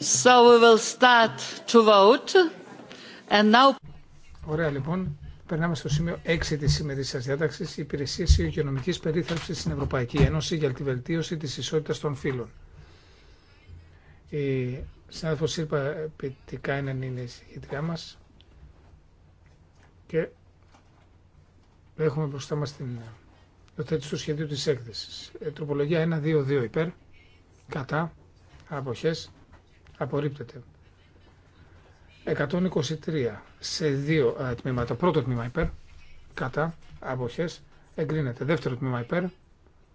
So we will start to vote. And now... Ωραία λοιπόν, περνάμε στο σημείο 6 της σημερινής σας διάταξης, οι υπηρεσίες οικονομικής περίθαλψης στην Ευρωπαϊκή Ένωση για τη βελτίωση της ισότητας των φύλων. Η συνάδελφος Σύρπα Πιτικάινεν είναι η συγκεκριά μας και έχουμε μπροστά μας την υιοθέτηση του σχεδίου της έκθεσης. Ε, τροπολογία 1-2-2 υπέρ, κατά, αποχές, Απορρίπτεται. 123 σε δύο ε, τμήματα. Πρώτο τμήμα υπέρ, κατά, αποχές, εγκρίνεται. Δεύτερο τμήμα υπέρ,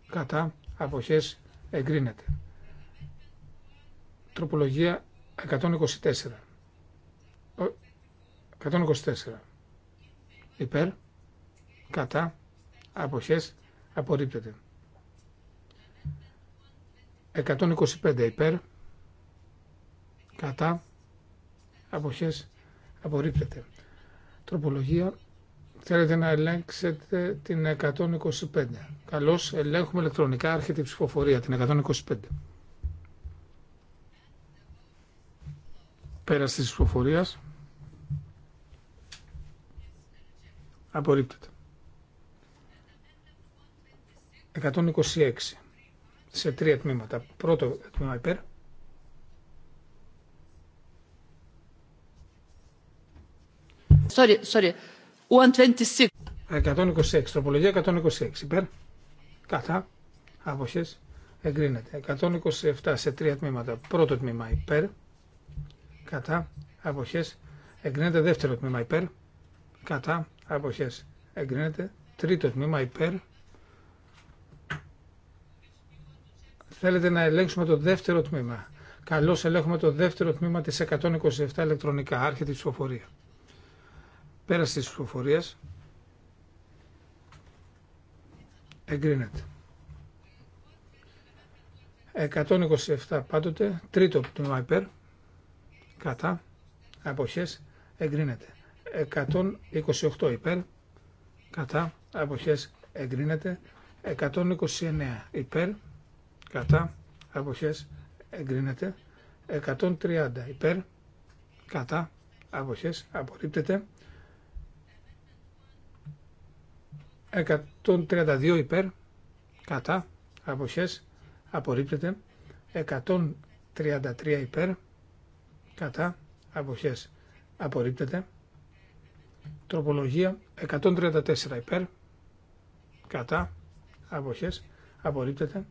κατά, αποχές, εγκρίνεται. Τροπολογία 124. 124. Υπέρ, κατά, αποχές, απορρίπτεται. 125 υπέρ, κατά αποχές απορρίπτεται. Τροπολογία θέλετε να ελέγξετε την 125. Καλώς ελέγχουμε ηλεκτρονικά άρχεται η ψηφοφορία την 125. Πέρα της ψηφοφορίας απορρίπτεται. 126 σε τρία τμήματα. Πρώτο τμήμα υπέρ Sorry, sorry. 126. 126. Τροπολογία 126. Υπέρ. Κατά. Αποχές. Εγκρίνεται. 127 σε τρία τμήματα. Πρώτο τμήμα υπέρ. Κατά. Αποχές. Εγκρίνεται. Δεύτερο τμήμα υπέρ. Κατά. Αποχές. Εγκρίνεται. Τρίτο τμήμα υπέρ. Θέλετε να ελέγξουμε το δεύτερο τμήμα. Καλώς ελέγχουμε το δεύτερο τμήμα της 127 ηλεκτρονικά. Άρχεται η ψηφοφορία. Πέραση της ψηφοφορίες Εγκρίνεται. 127 πάντοτε. Τρίτο τμήμα υπέρ. Κατά. Αποχές. Εγκρίνεται. 128 υπέρ. Κατά. Αποχές. Εγκρίνεται. 129 υπέρ. Κατά. Αποχές. Εγκρίνεται. 130 υπέρ. Κατά. Αποχές. Απορρίπτεται. 132 υπέρ κατά αποχές απορρίπτεται 133 υπέρ κατά αποχές απορρίπτεται τροπολογία 134 υπέρ κατά αποχές απορρίπτεται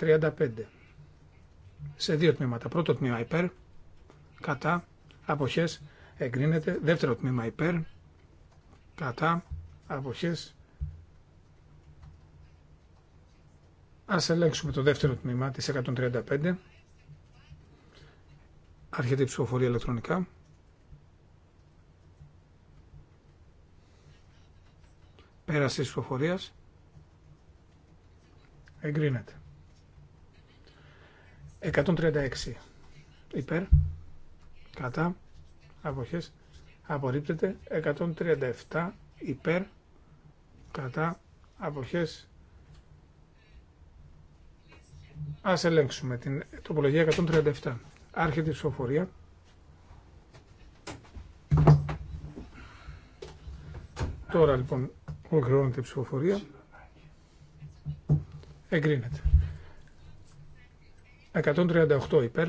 135 σε δύο τμήματα πρώτο τμήμα υπέρ κατά αποχές εγκρίνεται δεύτερο τμήμα υπέρ κατά αποχές Ας ελέγξουμε το δεύτερο τμήμα της 135. Αρχιτεί ψηφοφορία ηλεκτρονικά. Πέραση της ψηφοφορίας. Εγκρίνεται. 136. Υπέρ. Κατά. Αποχές απορρίπτεται 137 υπέρ κατά αποχές Ας ελέγξουμε την τοπολογία 137. Άρχεται η ψηφοφορία. Τώρα λοιπόν ολοκληρώνεται η ψηφοφορία. Εγκρίνεται. 138 υπέρ,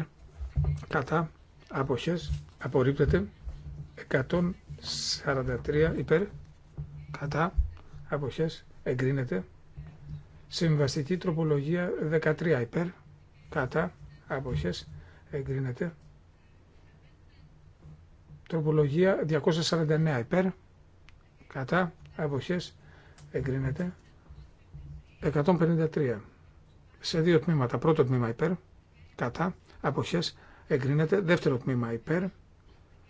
κατά, αποχές, απορρίπτεται. 143 υπέρ κατά αποχές εγκρίνεται συμβαστική τροπολογία 13 υπέρ κατά αποχές εγκρίνεται τροπολογία 249 υπέρ κατά αποχές εγκρίνεται 153 σε δύο τμήματα πρώτο τμήμα υπέρ κατά αποχές εγκρίνεται δεύτερο τμήμα υπέρ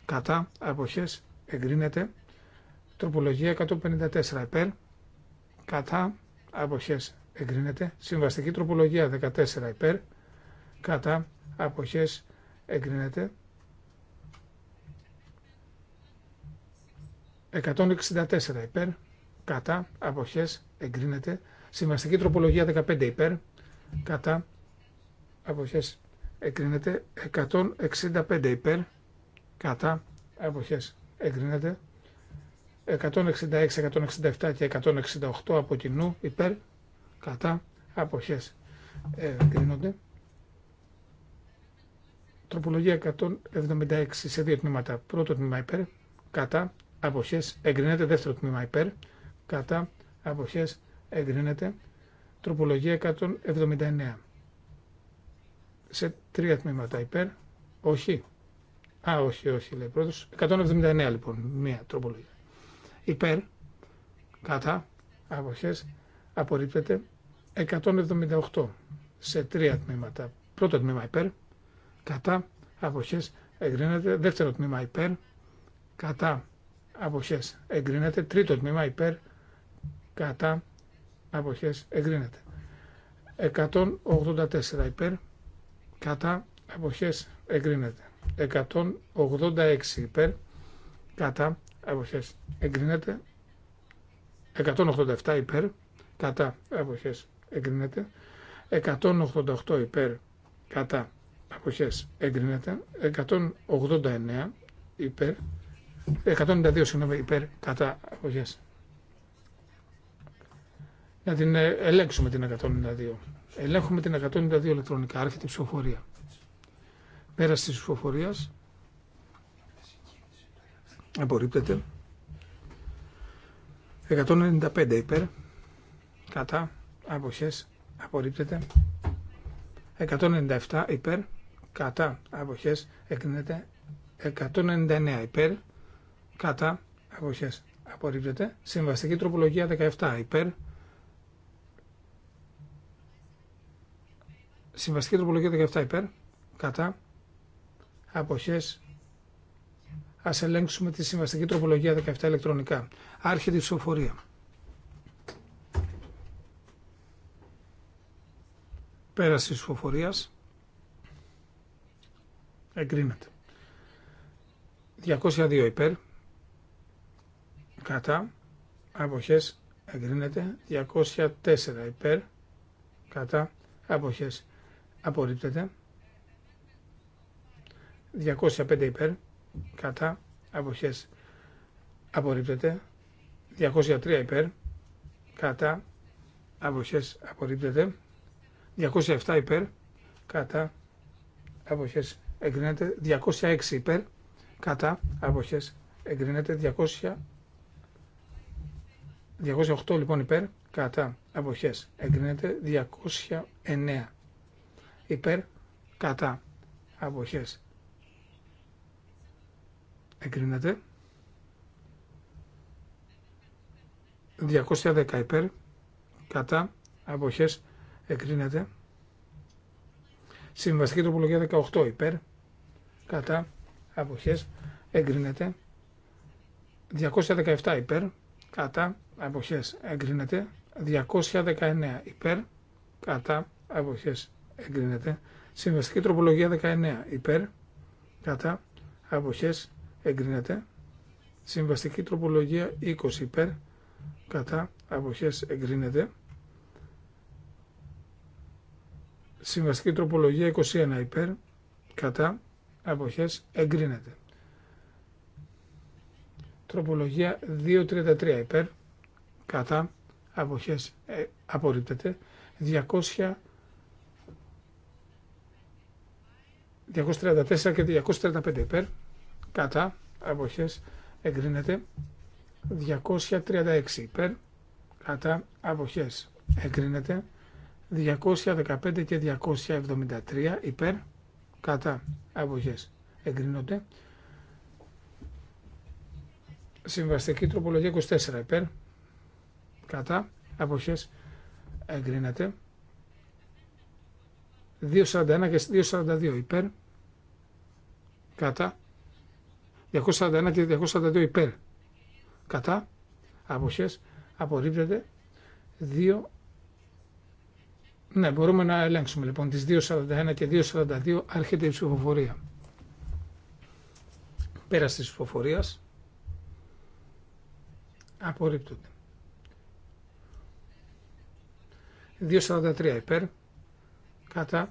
κατά αποχές εγκρίνεται τροπολογία 154 υπέρ κατά αποχές εγκρίνεται συμβαστική τροπολογία 14 υπέρ κατά αποχές εγκρίνεται 164 υπέρ κατά αποχές εγκρίνεται συμβαστική τροπολογία 15 υπέρ κατά αποχές εγκρίνεται 165 υπέρ κατά αποχές εγκρίνεται 166, 167 και 168 από κοινού υπέρ κατά αποχές εγκρίνονται τροπολογία 176 σε δύο τμήματα πρώτο τμήμα υπέρ κατά αποχές εγκρίνεται δεύτερο τμήμα υπέρ κατά αποχές εγκρίνεται τροπολογία 179 σε τρία τμήματα υπέρ όχι Α, όχι, όχι, λέει πρώτο. 179 λοιπόν, μία τροπολογία. Υπέρ, κατά, αποχές, απορρίπτεται 178 σε τρία τμήματα. Πρώτο τμήμα υπέρ, κατά, αποχές, εγκρίνεται. Δεύτερο τμήμα υπέρ, κατά, αποχές, εγκρίνεται. Τρίτο τμήμα υπέρ, κατά, αποχές, εγκρίνεται. 184 υπέρ, κατά, αποχές, εγκρίνεται. 186 υπέρ κατά εποχές εγκρίνεται 187 υπέρ κατά εποχές εγκρίνεται 188 υπέρ κατά εποχές εγκρίνεται 189 υπέρ 192 συγγνώμη υπέρ κατά εποχές να την ε, ελέγξουμε την 192 ελέγχουμε την 192 ηλεκτρονικά άρχεται η ψηφοφορία Πέρας της ψηφοφορίας. Απορρίπτεται. 195 υπέρ. Κατά. Αποχές. Απορρίπτεται. 197 υπέρ. Κατά. Αποχές. Εκρίνεται. 199 υπέρ. Κατά. Αποχές. Απορρίπτεται. Συμβαστική τροπολογία 17 υπέρ. Συμβαστική τροπολογία 17 υπέρ. Κατά αποχές ας ελέγξουμε τη συμβαστική τροπολογία 17 ηλεκτρονικά. Άρχεται η ψηφοφορία. Πέραση της ψηφοφορίας. Εγκρίνεται. 202 υπέρ. Κατά. Αποχές. Εγκρίνεται. 204 υπέρ. Κατά. Αποχές. Απορρίπτεται. 205 υπέρ, κατά, αποχές απορρίπτεται. 203 υπέρ, κατά, αποχές απορρίπτεται. 207 υπέρ, κατά, αποχές εγκρίνεται. 206 υπέρ, κατά, αποχές εγκρίνεται. 200 208 λοιπόν υπέρ, κατά, αποχές, εγκρίνεται 209 υπέρ, κατά, αποχές, εγκρίνεται 210 υπέρ κατά αποχές εγκρίνεται συμβαστική τροπολογία 18 υπέρ κατά αποχές εγκρίνεται 217 υπέρ κατά αποχές εγκρίνεται 219 υπέρ κατά αποχές εγκρίνεται συμβαστική τροπολογία 19 υπέρ κατά αποχές εγκρίνεται. Συμβαστική τροπολογία 20 υπέρ κατά αποχές εγκρίνεται. Συμβαστική τροπολογία 21 υπέρ κατά αποχές εγκρίνεται. Τροπολογία 233 υπέρ κατά αποχές ε, απορρίπτεται. 200 234 και 235 υπέρ κατά αποχές εγκρίνεται 236 υπέρ κατά αποχές εγκρίνεται 215 και 273 υπέρ κατά αποχές εγκρίνονται συμβαστική τροπολογία 24 υπέρ κατά αποχές εγκρίνεται 241 και 242 υπέρ κατά 241 και 242 υπέρ. Κατά. Αποχές. Απορρίπτεται. 2. Ναι, μπορούμε να ελέγξουμε λοιπόν τις 241 και 242 άρχεται η ψηφοφορία. πέρα της ψηφοφορίας απορρίπτονται. 2.43 υπέρ, κατά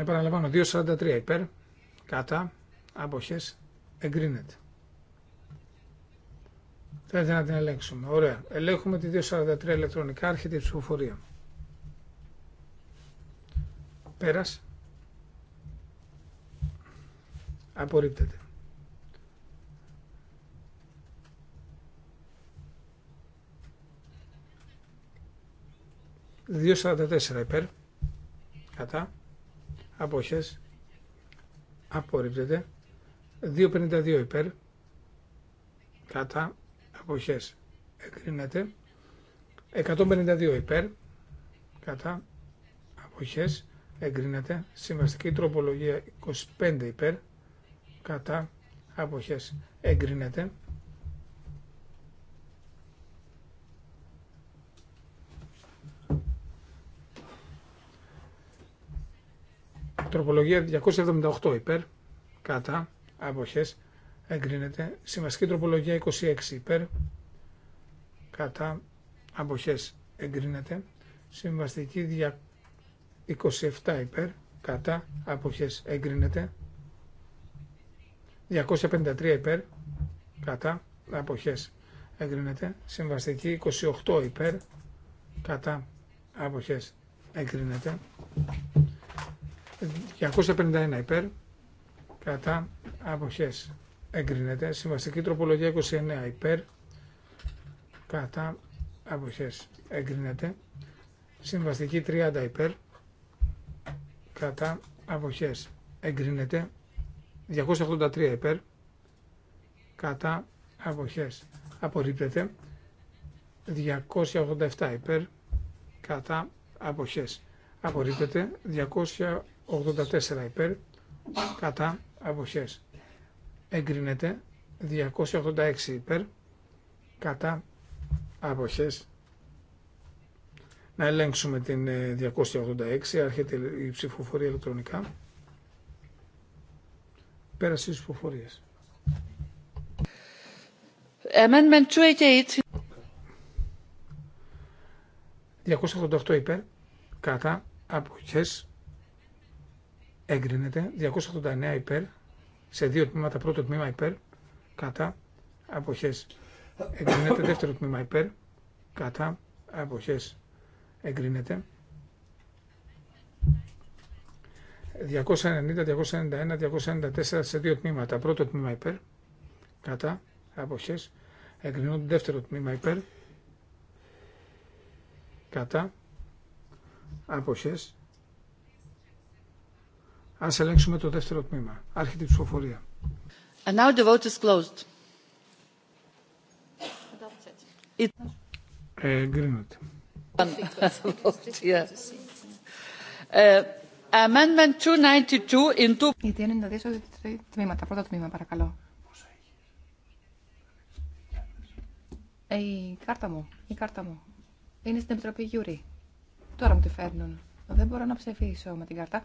Επαναλαμβάνω, 2.43 υπέρ, κατά, αποχές, εγκρίνεται. Θέλετε να την ελέγξουμε. Ωραία. Ελέγχουμε τη 2.43 ηλεκτρονικά, έρχεται η ψηφοφορία. Πέρας. Απορρίπτεται. 244 υπέρ, κατά, αποχές απορρίπτεται 2.52 υπέρ κατά αποχές εκρίνεται 152 υπέρ κατά αποχές εγκρίνεται συμβαστική τροπολογία 25 υπέρ κατά αποχές εγκρίνεται Τροπολογία 278 υπέρ, κατά, αποχές, εγκρίνεται. Συμβαστική τροπολογία 26 υπέρ, κατά, αποχές, εγκρίνεται. Συμβαστική 27 υπέρ, κατά, αποχές, εγκρίνεται. 253 υπέρ, κατά, αποχές, εγκρίνεται. Συμβαστική 28 υπέρ, κατά, αποχές, εγκρίνεται. 251 υπέρ, κατά αποχές εγκρίνεται. Συμβαστική τροπολογία 29 υπέρ, κατά αποχές εγκρίνεται. Συμβαστική 30 υπέρ, κατά αποχές εγκρίνεται. 283 υπέρ, κατά αποχές απορρίπτεται. 287 υπέρ, κατά αποχές απορρίπτεται. 200 84 υπέρ, κατά αποχές εγκρίνεται 286 υπέρ, κατά αποχές να ελέγξουμε την 286, ε, άρχεται η ψηφοφορία ηλεκτρονικά. Πέρασε της ψηφοφορίας. Amendment 288. 288 υπέρ, κατά, αποχές, Εγκρίνεται. 289 υπέρ. Σε δύο τμήματα. Πρώτο τμήμα υπέρ. Κατά. Αποχές. Εγκρίνεται. Δεύτερο τμήμα υπέρ. Κατά. Αποχές. Εγκρίνεται. 290, 291, 294 σε δύο τμήματα. Πρώτο τμήμα υπέρ. Κατά. άποχε, Εγκρίνονται. Δεύτερο τμήμα υπέρ. Κατά. Αποχές Ας ελέγξουμε το δεύτερο τμήμα. Άρχεται η ψηφοφορία. And now the vote is closed. It... Εγκρίνεται. Uh, amendment 292 in two... Η δεις. σε τρία τμήματα. Πρώτο τμήμα, παρακαλώ. Ε, η κάρτα μου, η κάρτα μου. Είναι στην Επιτροπή Γιούρι. Τώρα μου τη φέρνουν. Δεν μπορώ να ψηφίσω με την κάρτα.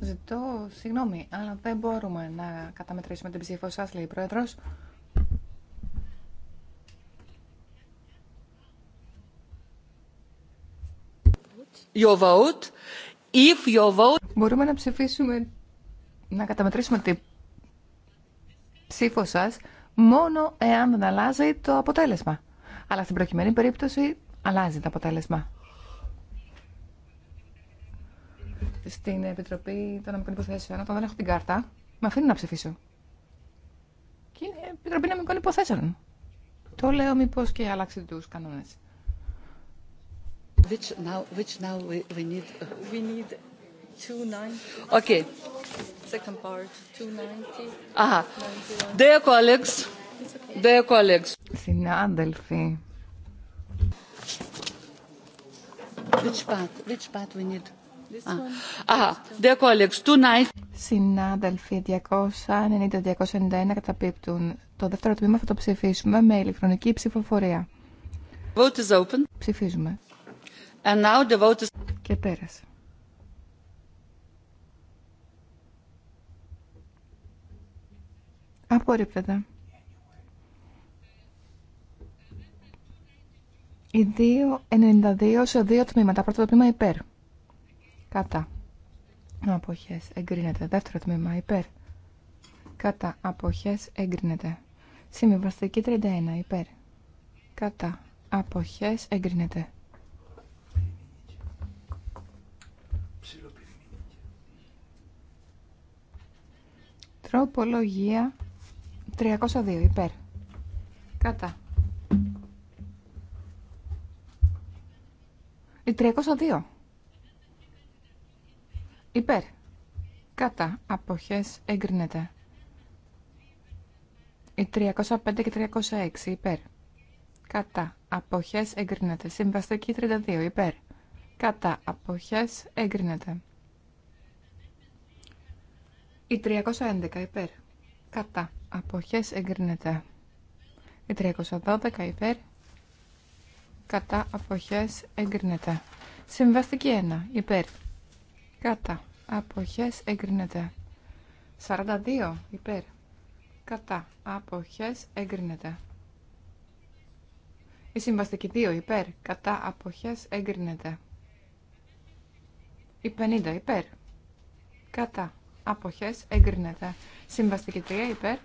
Ζητώ συγγνώμη, αλλά δεν μπορούμε να καταμετρήσουμε την ψήφο σας, λέει η Πρόεδρος. Μπορούμε να ψηφίσουμε, να καταμετρήσουμε την ψήφο σας, μόνο εάν δεν αλλάζει το αποτέλεσμα. Αλλά στην προκειμένη περίπτωση αλλάζει το αποτέλεσμα. Στην Επιτροπή των Νομικών Υποθέσεων, όταν δεν έχω την κάρτα, με αφήνουν να ψηφίσω. Και είναι Επιτροπή Νομικών Υποθέσεων. Το λέω μήπως και άλλαξε τους κανόνες. Which now, which now we, we need... Uh, we need... 290. Okay. Second part, 290. Aha. 90, Dear colleagues, Συνάδελφοι. Which part? Which ah. Ah, Συνάδελφοι, 290-291 καταπίπτουν. Το δεύτερο τμήμα θα το ψηφίσουμε με ηλεκτρονική ψηφοφορία. Vote Ψηφίζουμε. Και πέρασε. Απορρίπτεται. Η 2.92 σε δύο τμήματα. Πρώτο τμήμα υπέρ. Κατά. Αποχές εγκρίνεται. Δεύτερο τμήμα υπέρ. Κατά. Αποχές εγκρίνεται. Συμβιβαστική 31 υπέρ. Κατά. Αποχές εγκρίνεται. Τροπολογία 302 υπέρ. Κατά. 302. Υπέρ. Κατά. Αποχές εγκρίνεται. Η 305 και 306. Υπέρ. Κατά. Αποχές εγκρίνεται. Συμβαστική 32. Υπέρ. Κατά. Αποχές εγκρίνεται. Η 311. Υπέρ. Κατά. Αποχές εγκρίνεται. Η 312. Υπέρ κατά αποχές εγκρίνεται. Συμβαστική 1 υπέρ κατά αποχές εγκρίνεται. 42 υπέρ κατά αποχές εγκρίνεται. Η συμβαστική 2 υπέρ κατά αποχές εγκρίνεται. Η 50 υπέρ κατά αποχές εγκρίνεται. Συμβαστική 3 υπέρ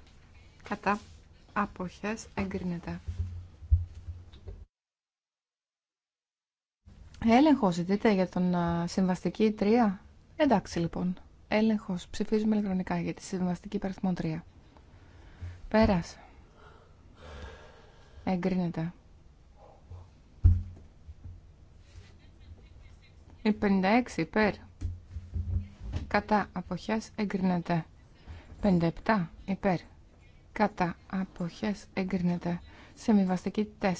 κατά αποχές εγκρίνεται. Έλεγχο ζητείτε για τον συμβαστική 3. Εντάξει λοιπόν. Έλεγχο. Ψηφίζουμε ηλεκτρονικά για τη συμβαστική υπαριθμό 3. Πέρασε. Εγκρίνεται. Η 56 υπέρ. Κατά αποχέ εγκρίνεται. 57 υπέρ. Κατά αποχέ εγκρίνεται. Σεμιβαστική 4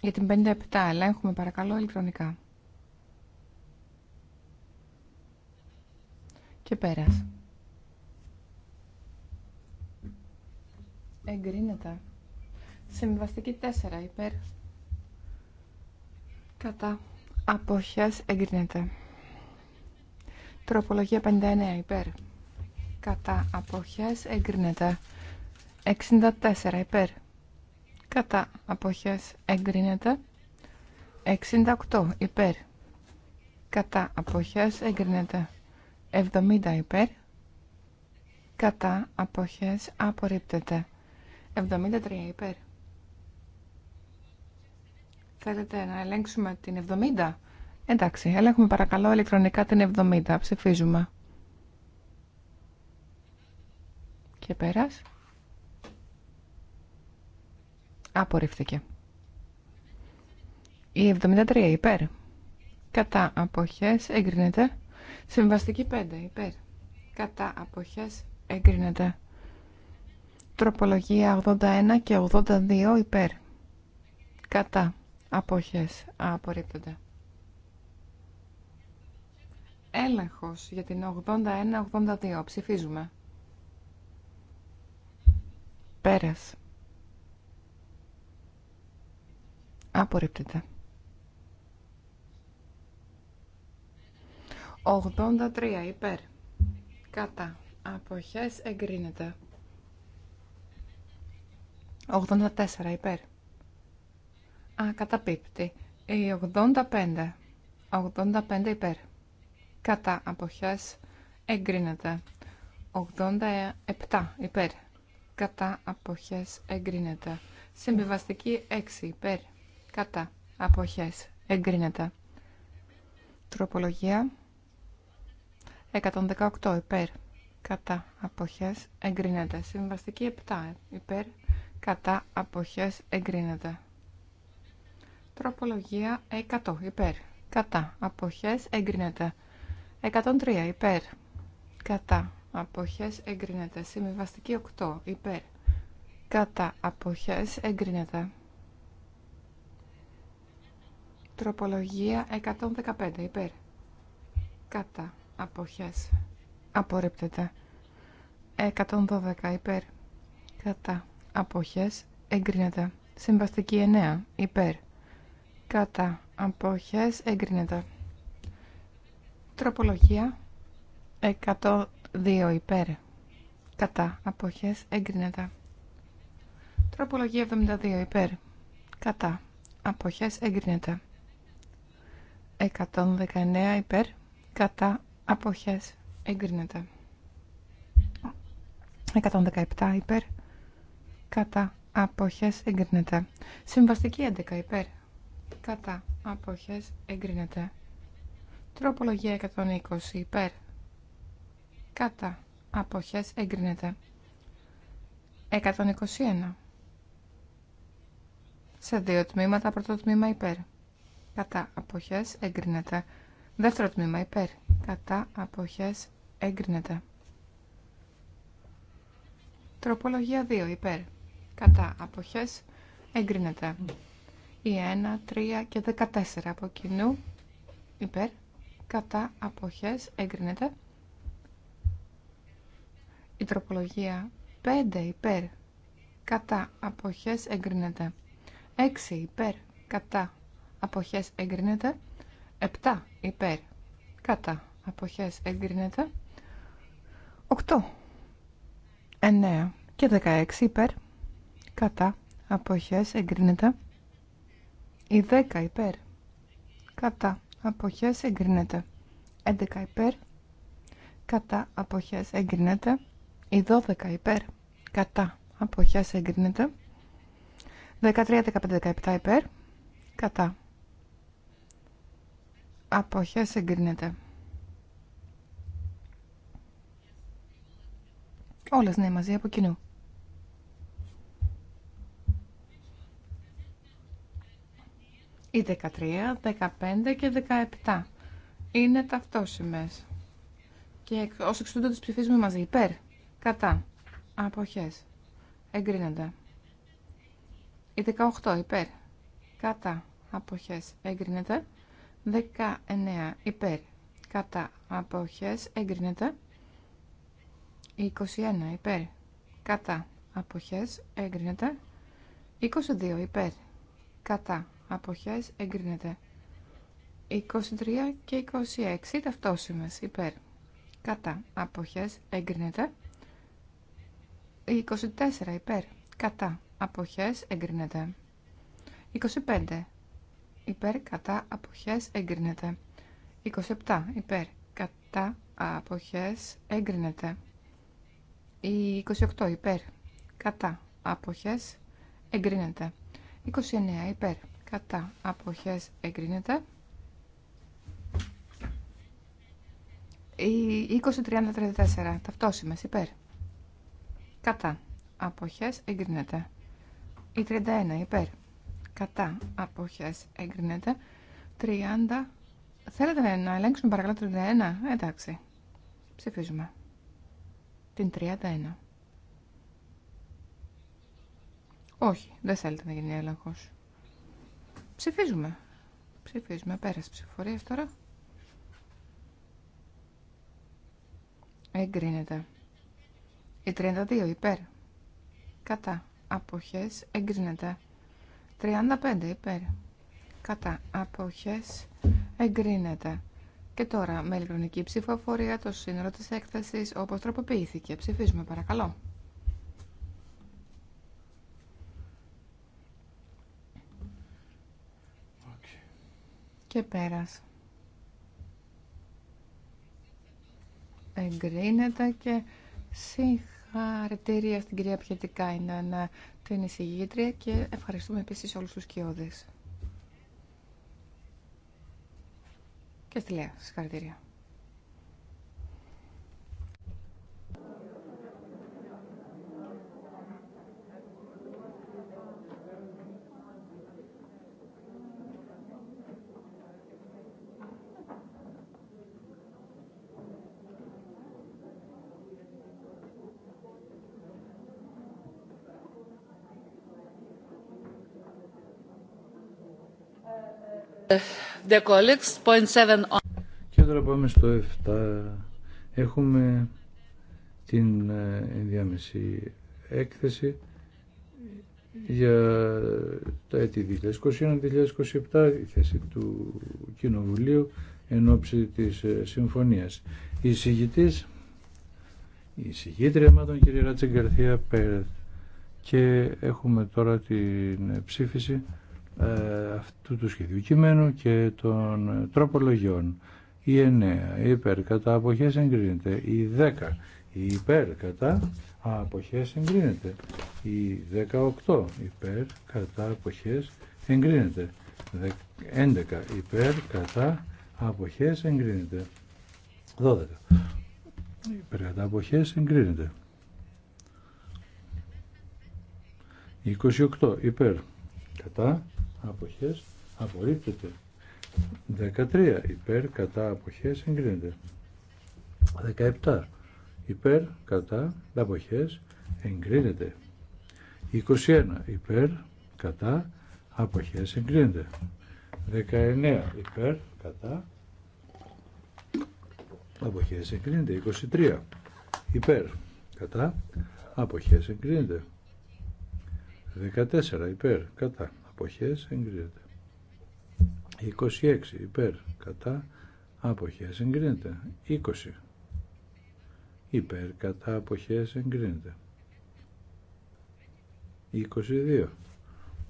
για την 57 ελέγχουμε παρακαλώ ηλεκτρονικά. Και πέρας. Εγκρίνεται. Συμβαστική 4 υπέρ. Κατά. Αποχές εγκρίνεται. Τροπολογία 59 υπέρ. Κατά. Αποχές εγκρίνεται. 64 υπέρ κατά αποχές εγκρίνεται 68 υπέρ κατά αποχές εγκρίνεται 70 υπέρ κατά αποχές απορρίπτεται 73 υπέρ Θέλετε να ελέγξουμε την 70 Εντάξει, ελέγχουμε παρακαλώ ηλεκτρονικά την 70 ψηφίζουμε και πέρας Απορρίφθηκε. Η 73 υπέρ. Κατά αποχές εγκρίνεται. Συμβαστική 5 υπέρ. Κατά αποχές εγκρίνεται. Τροπολογία 81 και 82 υπέρ. Κατά αποχές απορρίπτονται. Έλεγχος για την 81-82. Ψηφίζουμε. Πέρας. Απορρίπτεται. 83 υπέρ. Κατά. Αποχές εγκρίνεται. 84 υπέρ. Α, καταπίπτει. Η 85. 85 υπέρ. Κατά. Αποχές εγκρίνεται. 87 υπέρ. Κατά. Αποχές εγκρίνεται. Συμβιβαστική 6 υπέρ. Κατά. Αποχές. Εγκρίνεται. Τροπολογία. 118 υπέρ. Κατά. Αποχές. Εγκρίνεται. Συμβαστική 7 υπέρ. Κατά. Αποχές. Εγκρίνεται. Τροπολογία 100 υπέρ. Κατά. Αποχές. Εγκρίνεται. 103 υπέρ. Κατά. Αποχές. Εγκρίνεται. Συμβαστική 8 υπέρ. Κατά. Αποχές. Εγκρίνεται. Τροπολογία 115 υπέρ. Κατά. Αποχές. Απορρίπτεται. 112 υπέρ. Κατά. Αποχές. Εγκρίνεται. Συμβαστική 9 υπέρ. Κατά. Αποχές. Εγκρίνεται. Τροπολογία 102 υπέρ. Κατά. Αποχές. Εγκρίνεται. Τροπολογία 72 υπέρ. Κατά. Αποχές. Εγκρίνεται. 119 υπέρ κατά αποχές εγκρίνεται 117 υπέρ κατά αποχές εγκρίνεται συμβαστική 11 υπέρ κατά αποχές εγκρίνεται τροπολογία 120 υπέρ κατά αποχές εγκρίνεται 121 σε δύο τμήματα πρώτο τμήμα υπέρ κατά αποχές εγκρίνεται. Δεύτερο τμήμα υπέρ, κατά αποχές εγκρίνεται. Τροπολογία 2 υπέρ, κατά αποχές εγκρίνεται. Η 1, 3 και 14 από κοινού υπέρ, κατά αποχές εγκρίνεται. Η τροπολογία 5 υπέρ, κατά αποχές εγκρίνεται. 6 υπέρ, κατά αποχές εγκρίνεται. 7 υπέρ κατά αποχές εγκρίνεται. 8, 9 και 16 υπέρ κατά αποχές εγκρίνεται. Η 10 υπέρ κατά αποχές εγκρίνεται. 11 υπέρ κατά αποχές εγκρίνεται. Η 12 υπέρ κατά αποχές εγκρίνεται. 13, 15, 17 υπέρ κατά αποχές εγκρίνεται. Όλες ναι μαζί από κοινού. Οι 13, 15 και 17 είναι ταυτόσημες. Και ως εξουστούνται τις ψηφίζουμε μαζί. Υπέρ, κατά, αποχές, εγκρίνονται. Οι 18 υπέρ, κατά, αποχές, εγκρίνεται. 19 υπέρ κατά αποχές εγκρίνεται 21 υπέρ κατά αποχές εγκρίνεται 22 υπέρ κατά αποχές εγκρίνεται 23 και 26 ταυτόσημες υπέρ κατά αποχές εγκρίνεται 24 υπέρ κατά αποχές εγκρίνεται 25 υπέρ κατά αποχές εγκρίνεται. 27 υπέρ κατά αποχές εγκρίνεται. 28 υπέρ κατά αποχές εγκρίνεται. 29 υπέρ κατά αποχές εγκρίνεται. έγκρίνεται. 34 ταυτόσημες υπέρ κατά αποχές εγκρίνεται. Η 31 υπέρ κατά αποχές εγκρίνεται 30 θέλετε να ελέγξουμε παρακαλώ 31 εντάξει ψηφίζουμε την 31 όχι δεν θέλετε να γίνει έλεγχος ψηφίζουμε ψηφίζουμε πέρας ψηφορίες τώρα εγκρίνεται η 32 υπέρ κατά αποχές εγκρίνεται 35 υπέρ. Κατά αποχές εγκρίνεται. Και τώρα με ηλεκτρονική ψηφοφορία το σύνολο της έκθεσης όπως τροποποιήθηκε. Ψηφίζουμε παρακαλώ. Και πέρας. Εγκρίνεται και συγχαρητήρια στην κυρία Πιετικά είναι την εισηγήτρια και ευχαριστούμε επίσης όλους τους κοιόδες. Και στη Λέα, συγχαρητήρια. Και τώρα πάμε στο 7. Έχουμε την ε, ενδιάμεση έκθεση για τα έτη 2021-2027, η θέση του Κοινοβουλίου εν ώψη της ε, συμφωνίας. Η εισηγητής, η εισηγήτρια μάλλον κυρία Ράτσεγκαρθία Πέρεθ και έχουμε τώρα την ψήφιση ε, αυτού του σχεδίου κειμένου και των τροπολογιών. Η 9 υπέρ κατά αποχές εγκρίνεται. Η 10 υπέρ κατά αποχές εγκρίνεται. Η 18 υπέρ κατά αποχές εγκρίνεται. 11 υπέρ κατά αποχές εγκρίνεται. 12 υπέρ κατά αποχές εγκρίνεται. 28 υπέρ κατά αποχές απορρίπτεται 13 υπέρ κατά αποχές εγκρίνεται 17 υπέρ κατά αποχές εγκρίνεται 21 υπέρ κατά αποχές εγκρίνεται 19 υπέρ κατά αποχές εγκρίνεται 23 υπέρ κατά αποχές εγκρίνεται 14 υπέρ κατά αποχές εγκρίνεται 26 υπέρ κατά αποχές εγκρίνεται 20 υπέρ κατά αποχές εγκρίνεται 22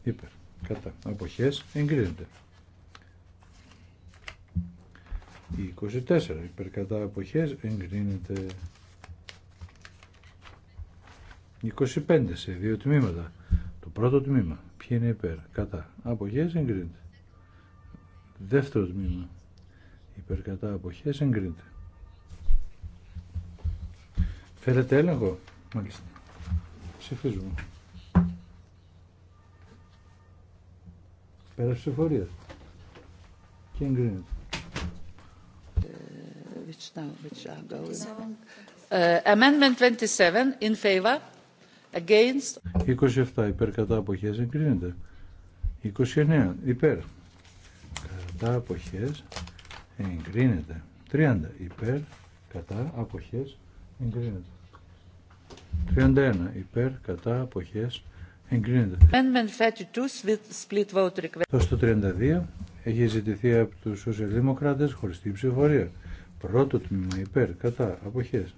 υπέρ κατά αποχές εγκρίνεται 24 υπέρ κατά αποχές εγκρίνεται 25 σε δύο τμήματα το πρώτο τμήμα Ποιοι είναι υπέρ, κατά. Αποχές εγκρίνεται. Δεύτερο τμήμα. Υπέρ κατά αποχές εγκρίνεται. Θέλετε έλεγχο. Μάλιστα. Ψηφίζουμε. Πέρα ψηφορία. Και εγκρίνεται. Ε, which now, which are Uh, amendment 27 in favor. 27 υπέρ κατά αποχές εγκρίνεται. 29 υπέρ κατά αποχές εγκρίνεται. 30 υπέρ κατά αποχές εγκρίνεται. 31 υπέρ κατά αποχές εγκρίνεται. Το στο 32 έχει ζητηθεί από τους σοσιαλδημοκράτες χωριστή ψηφορία. Πρώτο τμήμα υπέρ κατά αποχές.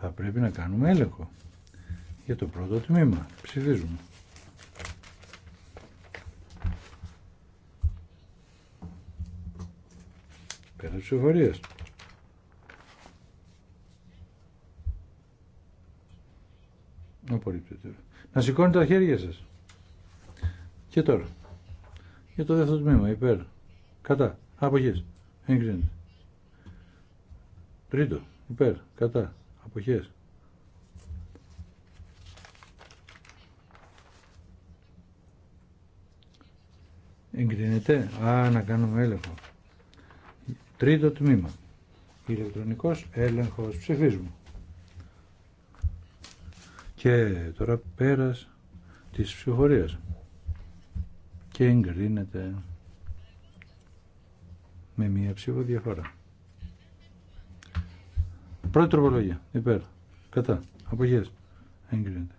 Θα πρέπει να κάνουμε έλεγχο για το πρώτο τμήμα. Ψηφίζουμε. Πέρα της Να σηκώνετε τα χέρια σας. Και τώρα. Για το δεύτερο τμήμα. Υπέρ. Κατά. Αποχές. Εγκρίνεται. Τρίτο. Υπέρ. Κατά. Αποχές. Εγκρίνεται. Α, να κάνουμε έλεγχο. Τρίτο τμήμα. Ηλεκτρονικός έλεγχος. ψηφίσμου, Και τώρα πέρας της ψηφορίας. Και εγκρίνεται με μία ψήφο διαφορά. Πρώτη τροπολογία. Υπέρ. Κατά. Αποχές. Εγκρίνεται.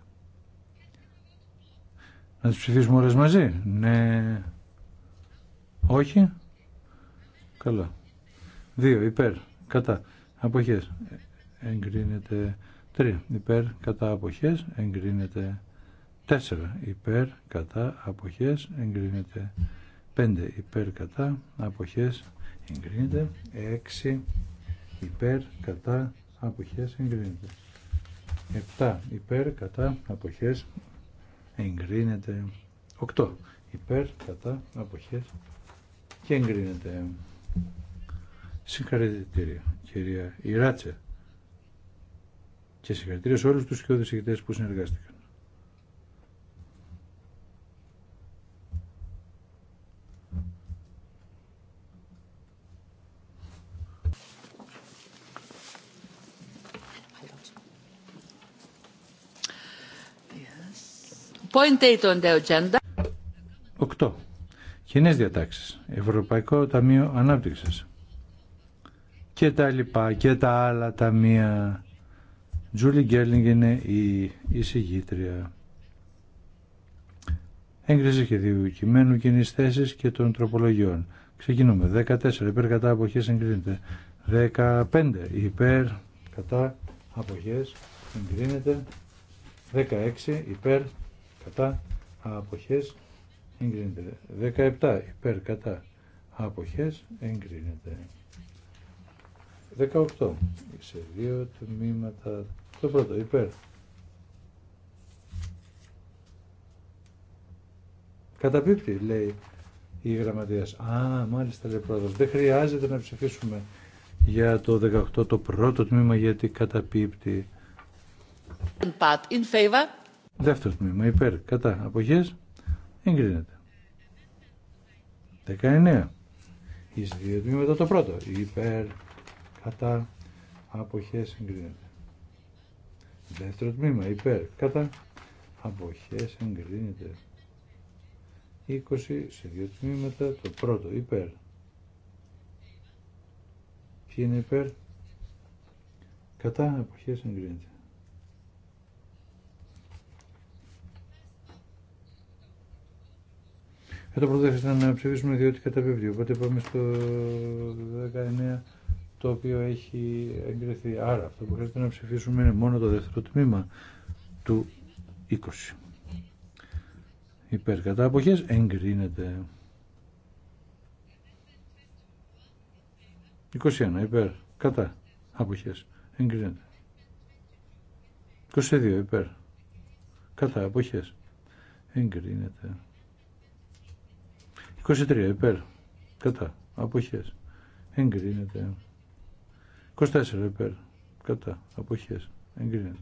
Να τις ψηφίσουμε όλες μαζί. Ναι. Όχι. Καλά. 2 υπέρ κατά αποχές εγκρίνεται 3 υπέρ κατά αποχές εγκρίνεται 4 υπέρ κατά αποχές εγκρίνεται 5 υπέρ κατά αποχές εγκρίνεται 6 υπέρ κατά αποχές εγκρίνεται 7 υπέρ κατά αποχές εγκρίνεται 8 υπέρ κατά αποχές και εγκρίνεται. Συγχαρητήρια, κυρία Ιράτσε. Και συγχαρητήρια σε όλους τους σκιώδες ηγητές που συνεργάστηκαν. Point on the agenda. Κοινέ διατάξεις, Ευρωπαϊκό Ταμείο Ανάπτυξης και τα λοιπά και τα άλλα ταμεία. Τζούλι Γκέρλινγκ είναι η εισηγήτρια. Έγκριση και διοικημένου κειμένου κοινή θέση και των τροπολογιών. Ξεκινούμε. 14 υπέρ κατά αποχές εγκρίνεται. 15 υπέρ κατά απόχέ, εγκρίνεται. 16 υπέρ κατά αποχές εγκρίνεται. 17 υπέρ κατά αποχές εγκρίνεται. 18 σε δύο τμήματα. Το πρώτο υπέρ. Καταπίπτει λέει η γραμματείας. Α, μάλιστα λέει πρόεδρος. Δεν χρειάζεται να ψηφίσουμε για το 18 το πρώτο τμήμα γιατί καταπίπτει. in favor. Δεύτερο τμήμα υπέρ κατά αποχές εγκρίνεται. 19. Εις δύο τμήματα το πρώτο. Υπέρ, κατά, αποχές εγκρίνεται. Δεύτερο τμήμα. Υπέρ, κατά, απόχέ εγκρίνεται. 20 σε δύο τμήματα το πρώτο. Υπέρ. Ποιοι είναι υπέρ. Κατά, αποχές εγκρίνεται. Ε, το πρώτο να ψηφίσουμε διότι βιβλίο. Οπότε πάμε στο 19 το οποίο έχει εγκριθεί. Άρα αυτό που χρειάζεται να ψηφίσουμε είναι μόνο το δεύτερο τμήμα του 20. Υπέρ κατά αποχές εγκρίνεται. 21 υπέρ κατά αποχές εγκρίνεται. 22 υπέρ κατά αποχές εγκρίνεται. 23 υπέρ. Κατά. αποχέ. Εγκρίνεται. 24 υπέρ. Κατά. Αποχέ. Εγκρίνεται.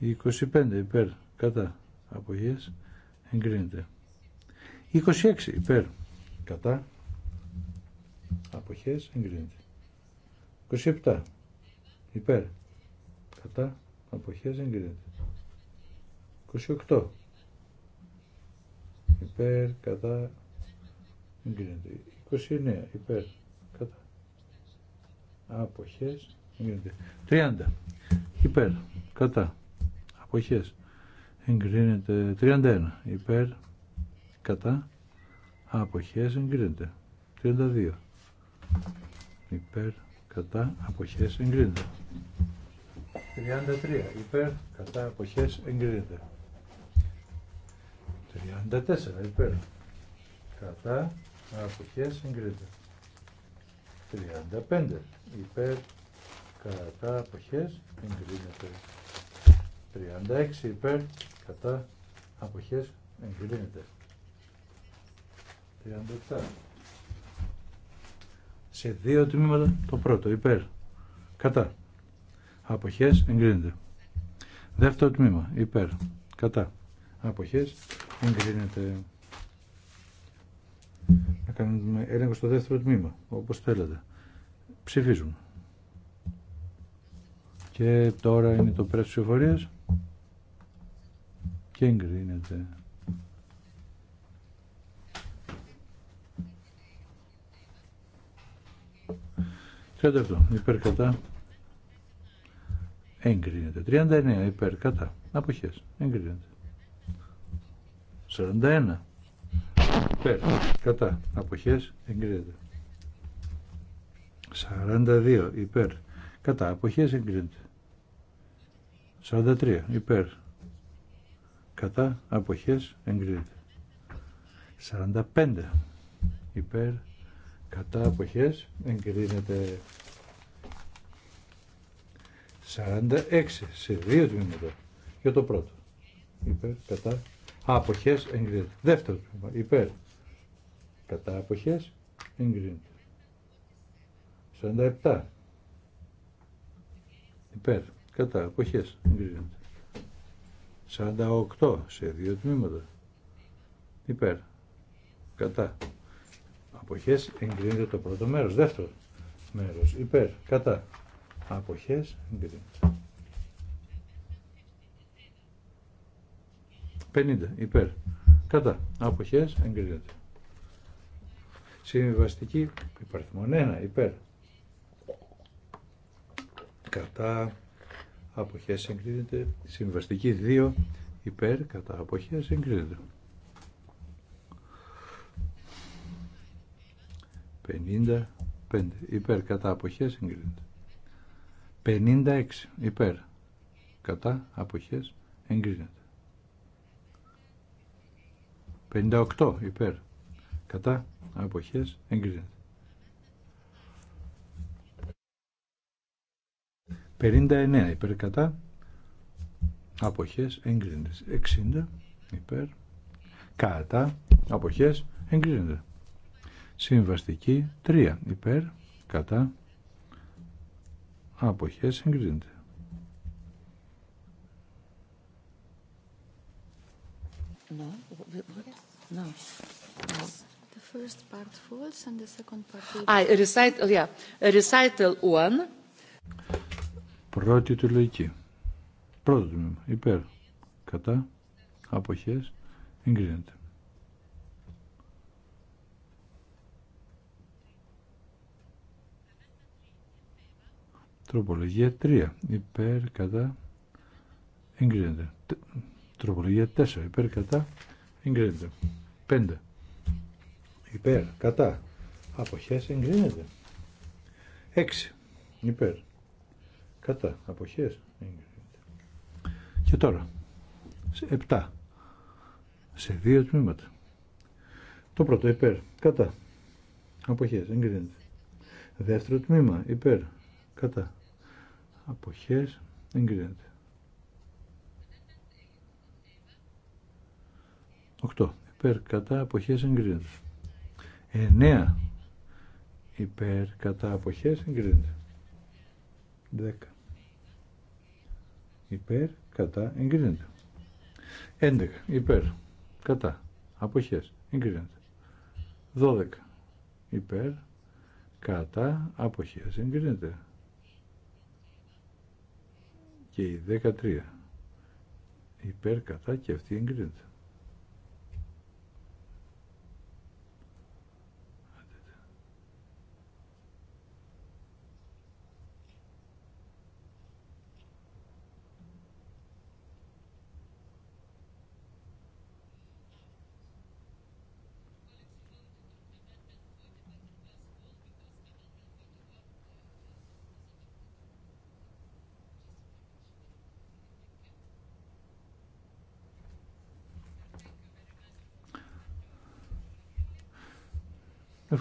25 υπέρ. Κατά. Αποχέ. Εγκρίνεται. 26 υπέρ. Κατά. απόχέ, Εγκρίνεται. 27 υπέρ. Κατά. απόχέ Εγκρίνεται. 28 υπέρ, κατά, εγκρίνεται. 29, υπέρ, κατά, αποχές, εγκρίνεται. 30, υπέρ, κατά, αποχές, εγκρίνεται. 31, υπέρ, κατά, αποχές, εγκρίνεται. 32, υπέρ, κατά, αποχές, εγκρίνεται. 33, υπέρ, κατά, αποχές, εγκρίνεται. 34 υπέρ. Κατά αποχές εγκρίνεται. 35 υπέρ. Κατά αποχές εγκρίνεται. 36 υπέρ. Κατά αποχές εγκρίνεται. 37. Σε δύο τμήματα το πρώτο υπέρ. Κατά. Αποχές εγκρίνεται. Δεύτερο τμήμα υπέρ. Κατά. Αποχές εγκρίνεται να κάνουμε έλεγχο στο δεύτερο τμήμα, όπως θέλετε. Ψηφίζουμε. Και τώρα είναι το πρέσβη ψηφορίας και εγκρίνεται. 37, υπέρ κατά, εγκρίνεται. 39 υπέρ κατά, αποχές, εγκρίνεται. 41. Υπέρ. Κατά. Αποχές. Εγκρίνεται. 42. Υπέρ. Κατά. Αποχές. Εγκρίνεται. 43. Υπέρ. Κατά. Αποχές. Εγκρίνεται. 45. Υπέρ. Κατά. Αποχές. Εγκρίνεται. 46 σε δύο τμήματα. Για το πρώτο. Υπέρ, κατά, Αποχέ εγκρίντε. εγκρίνεται. Δεύτερο τμήμα υπέρ κατά αποχές εγκρίνεται. 47 υπέρ κατά αποχε εγκρίνεται. 48 σε δύο τμήματα υπέρ κατά Αποχέ εγκρίνεται το πρώτο μέρος. Δεύτερο μέρος υπέρ κατά Αποχέ εγκρίνεται. 50 υπέρ. Κατά. Αποχές εγκρίνεται. Συμβιβαστική υπαριθμόν 1 υπέρ. Κατά. Αποχές εγκρίνεται. Συμβιβαστική 2 υπέρ. Κατά. Αποχές εγκρίνεται. 55 υπέρ κατά αποχές εγκρίνεται. 56 υπέρ κατά αποχές εγκρίνεται. 58 υπέρ. Κατά αποχές εγκρίνεται. 59 υπέρ κατά αποχές εγκρίνεται. 60 υπέρ κατά αποχές εγκρίνεται. Συμβαστική 3 υπέρ κατά αποχές εγκρίνεται. No. The first part falls and the second part... Ah, recital, yeah. Recital Πρώτη του λογική. Πρώτο τμήμα. Υπέρ. Κατά. Αποχές. Εγκρίνεται. Τροπολογία 3. Υπέρ, κατά, εγκρίνεται. Τροπολογία 4. Υπέρ, κατά, εγκρίνεται. 5. Υπέρ, κατά, αποχές, εγκρίνεται. 6. Υπέρ, κατά, αποχές, εγκρίνεται. Και τώρα, 7. Σε δύο τμήματα. Το πρώτο, υπέρ, κατά, αποχές, εγκρίνεται. Δεύτερο τμήμα, υπέρ, κατά, αποχές, εγκρίνεται. 8. Υπέρ κατά αποχές εγκρίνεται. 9. Υπέρ κατά αποχές εγκρίνεται. 10. Υπέρ κατά εγκρίνεται. 11. Υπέρ κατά αποχές εγκρίνεται. 12. Υπέρ κατά αποχές εγκρίνεται. Και η 13. Υπέρ κατά και αυτή εγκρίνεται.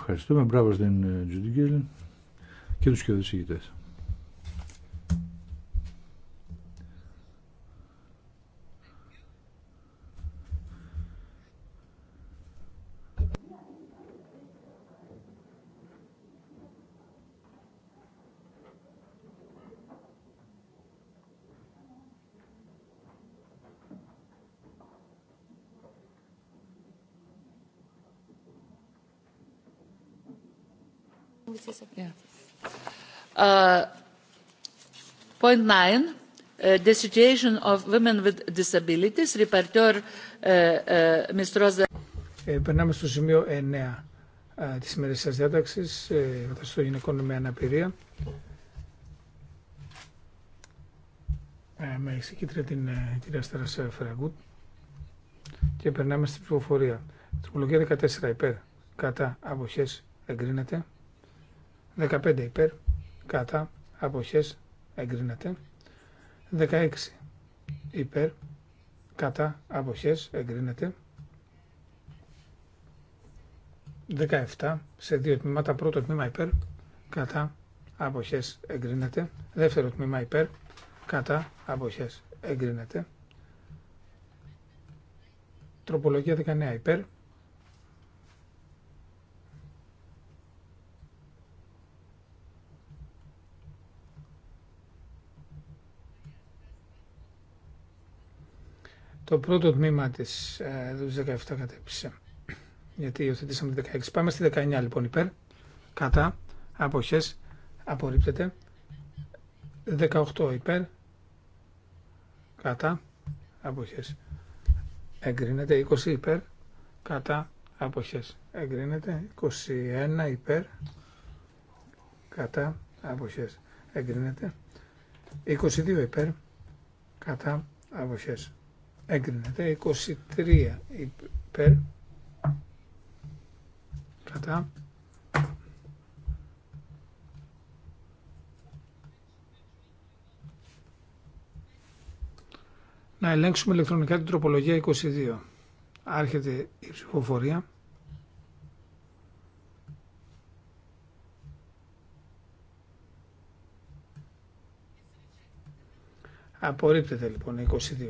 Ευχαριστούμε. Μπράβο στην Τζουντιγκέλη και του και τους nine uh, the situation of women with disabilities. Reporter, uh, uh, Ms. Rosa. Ε, περνάμε στο σημείο 9 ε, της σημερινής διάταξης, ε, των γυναικών με αναπηρία. Ε, με εξηγήτρια την ε, κυρία Στέρα Φραγκούτ. Και περνάμε στην ψηφοφορία. Τροπολογία 14 υπέρ, κατά αποχές εγκρίνεται. 15 υπέρ, κατά αποχές εγκρίνεται. 16 υπέρ κατά αποχές εγκρίνεται. 17 σε δύο τμήματα. Πρώτο τμήμα υπέρ κατά αποχές εγκρίνεται. Δεύτερο τμήμα υπέρ κατά αποχές εγκρίνεται. Τροπολογία 19 υπέρ Το πρώτο τμήμα της 17 ε, κατέπισε. Γιατί υιοθετήσαμε 16. Πάμε στη 19 λοιπόν υπέρ. Κατά. Αποχές. Απορρίπτεται. 18 υπέρ. Κατά. Αποχές. Εγκρίνεται. 20 υπέρ. Κατά. Αποχές. Εγκρίνεται. 21 υπέρ. Κατά. Αποχές. Εγκρίνεται. 22 υπέρ. Κατά. Αποχές Εγκρίνεται. 23 υπέρ. Κατά. Να ελέγξουμε ηλεκτρονικά την τροπολογία 22. Άρχεται η ψηφοφορία. Απορρίπτεται λοιπόν η 22.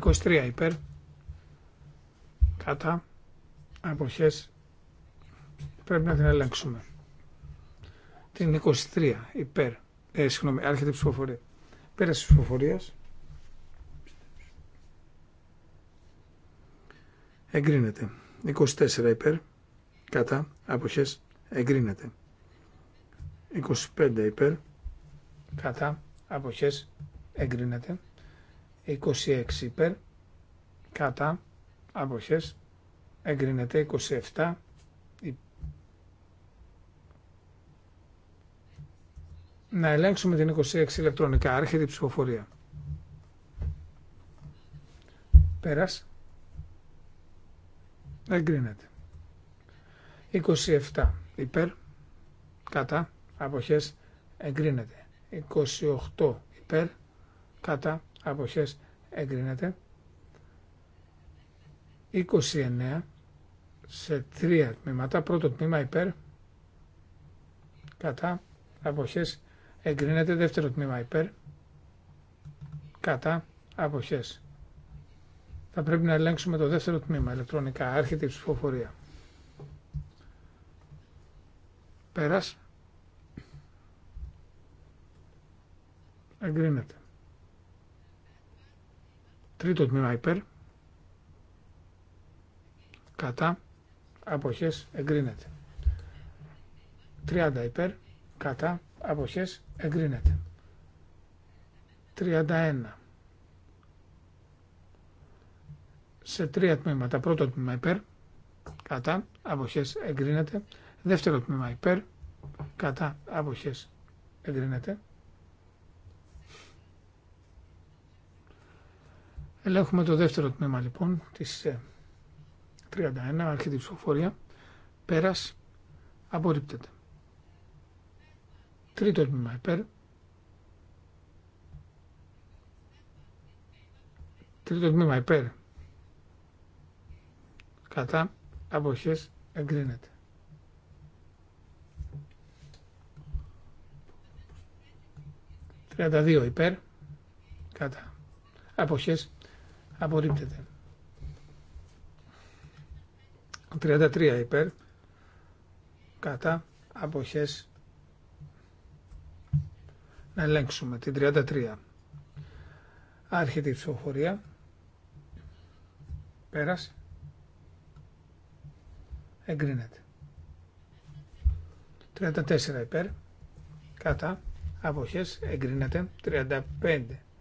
23 υπέρ κατά αποχές πρέπει να την ελέγξουμε. Την 23 υπέρ, ε, συγγνώμη, άρχεται η ψηφοφορία. Πέραση της ψηφοφορίας. Εγκρίνεται. 24 υπέρ, κατά, αποχές, εγκρίνεται. 25 υπέρ, κατά, αποχές, εγκρίνεται. 26 υπέρ κατά αποχές εγκρίνεται 27 Να ελέγξουμε την 26 ηλεκτρονικά. Άρχεται η ψηφοφορία. Πέρας. Εγκρίνεται. 27 υπέρ. Κατά. Αποχές. Εγκρίνεται. 28 υπέρ. Κατά αποχές εγκρίνεται 29 σε τρία τμήματα πρώτο τμήμα υπέρ κατά αποχές εγκρίνεται δεύτερο τμήμα υπέρ κατά αποχές θα πρέπει να ελέγξουμε το δεύτερο τμήμα ηλεκτρονικά άρχεται η ψηφοφορία πέρας εγκρίνεται Τρίτο τμήμα υπέρ. Κατά. Αποχές εγκρίνεται. 30 υπέρ. Κατά. Αποχές εγκρίνεται. 31. Σε τρία τμήματα. Πρώτο τμήμα υπέρ. Κατά. Αποχές εγκρίνεται. Δεύτερο τμήμα υπέρ. Κατά. Αποχές εγκρίνεται. Ελέγχουμε το δεύτερο τμήμα λοιπόν της 31, άρχεται η ψηφοφορία. Πέρας, απορρίπτεται. Τρίτο τμήμα υπέρ. Τρίτο τμήμα υπέρ. Κατά αποχές εγκρίνεται. Τριάντα δύο υπέρ. Κατά αποχές Απορρίπτεται. 33 υπέρ. Κατά. Αποχές. Να ελέγξουμε την 33. Άρχεται η ψηφοφορία. Πέρασε. Εγκρίνεται. 34 υπέρ. Κατά. Αποχές. Εγκρίνεται. 35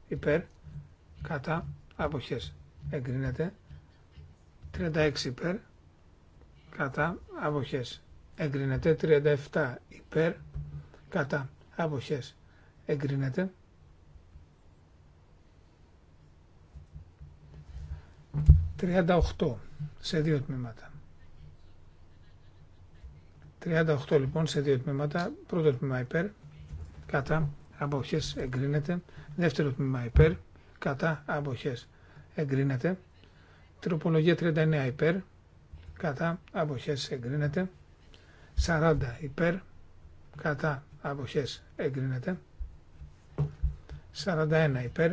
υπέρ. Κατά αποχές εγκρίνεται 36 υπέρ κατά αποχές εγκρίνεται 37 υπέρ κατά αποχές εγκρίνεται 38 σε δύο τμήματα 38 λοιπόν σε δύο τμήματα πρώτο τμήμα υπέρ κατά αποχές εγκρίνεται δεύτερο τμήμα υπέρ κατά αποχές εγκρίνεται. Τροπολογία 39 υπέρ κατά αποχές εγκρίνεται. 40 υπέρ κατά αποχές εγκρίνεται. 41 υπέρ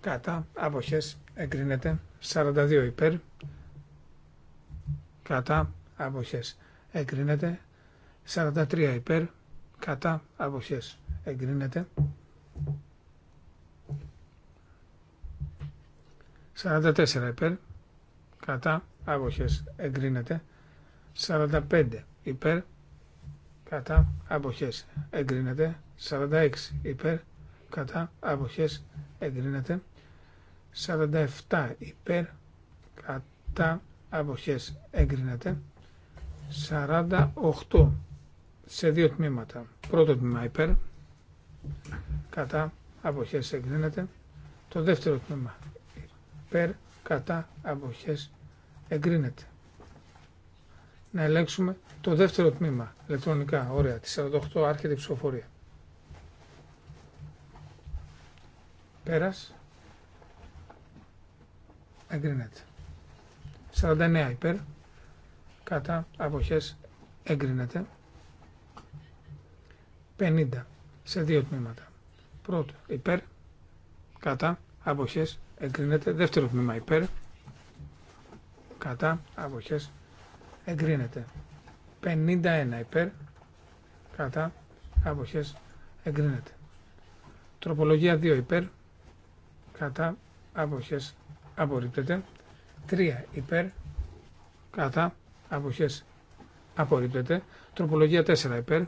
κατά αποχές εγκρίνεται. 42 υπέρ κατά αποχές εγκρίνεται. 43 υπέρ κατά αποχές εγκρίνεται. 44 υπέρ, κατά, άποχες εγκρίνεται. 45 υπέρ, κατά, άποχες εγκρίνεται. 46 υπέρ, κατά, άποχες εγκρίνεται. 47 υπέρ, κατά, άποχες εγκρίνεται. 48 σε δύο τμήματα. Πρώτο τμήμα υπέρ, κατά, αποχές εγκρίνεται. Το δεύτερο τμήμα υπέρ κατά αποχές εγκρίνεται. Να ελέγξουμε το δεύτερο τμήμα ηλεκτρονικά. Ωραία, τη 48 άρχεται η ψηφοφορία. Πέρας. Εγκρίνεται. 49 υπέρ. Κατά αποχές εγκρίνεται. 50 σε δύο τμήματα. Πρώτο υπέρ. Κατά αποχές εγκρίνεται. Δεύτερο τμήμα υπέρ, κατά, αποχές, εγκρίνεται. 51 υπέρ, κατά, αποχές, εγκρίνεται. Τροπολογία 2 υπέρ, κατά, αποχές, απορρίπτεται. 3 υπέρ, κατά, αποχές, απορρίπτεται. Τροπολογία 4 υπέρ,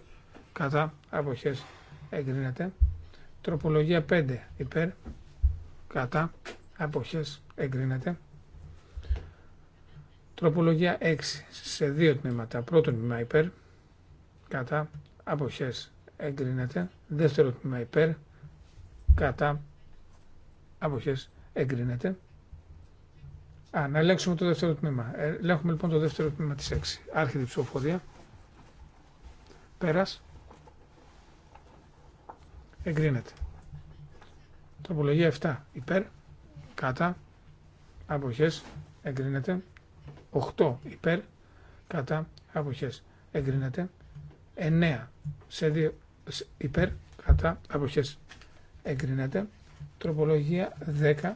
κατά, αποχές, εγκρίνεται. Τροπολογία 5 υπέρ, κατά, αποχές εγκρίνεται. Τροπολογία 6 σε δύο τμήματα. Πρώτο τμήμα υπέρ, κατά, αποχές εγκρίνεται. Δεύτερο τμήμα υπέρ, κατά, αποχές εγκρίνεται. Α, να ελέγξουμε το δεύτερο τμήμα. Ε, ελέγχουμε λοιπόν το δεύτερο τμήμα της 6. Άρχεται η ψηφοφορία. Πέρας. Εγκρίνεται. Τροπολογία 7. Υπέρ κατά αποχές εγκρίνεται 8 υπέρ κατά αποχές εγκρίνεται 9 σε 2 υπέρ κατά αποχές εγκρίνεται τροπολογία 10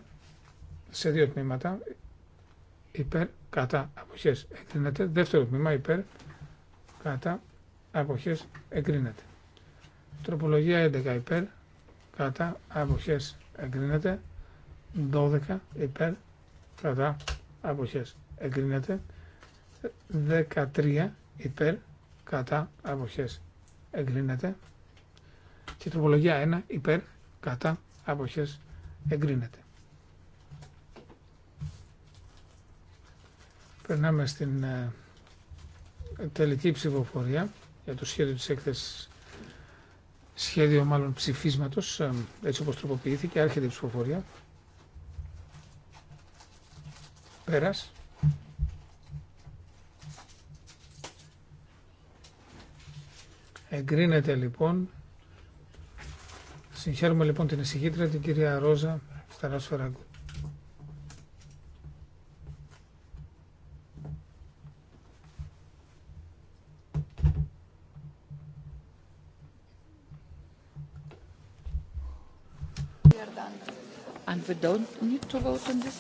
σε δύο τμήματα υπέρ κατά αποχές εγκρίνεται δεύτερο τμήμα υπέρ κατά αποχές εγκρίνεται τροπολογία 11 υπέρ κατά αποχές εγκρίνεται 12 υπέρ κατά αποχές εγκρίνεται 13 υπέρ κατά αποχές εγκρίνεται και τροπολογία 1 υπέρ κατά αποχές εγκρίνεται. Περνάμε στην ε, τελική ψηφοφορία για το σχέδιο της έκθεσης σχέδιο μάλλον ψηφίσματος ε, έτσι όπως τροποποιήθηκε άρχεται η ψηφοφορία Πέρας. Εγκρίνεται λοιπόν. Συγχαίρουμε λοιπόν την εισηγήτρια, την κυρία Ρόζα Σταράς Φεραγκού. we don't need to vote on this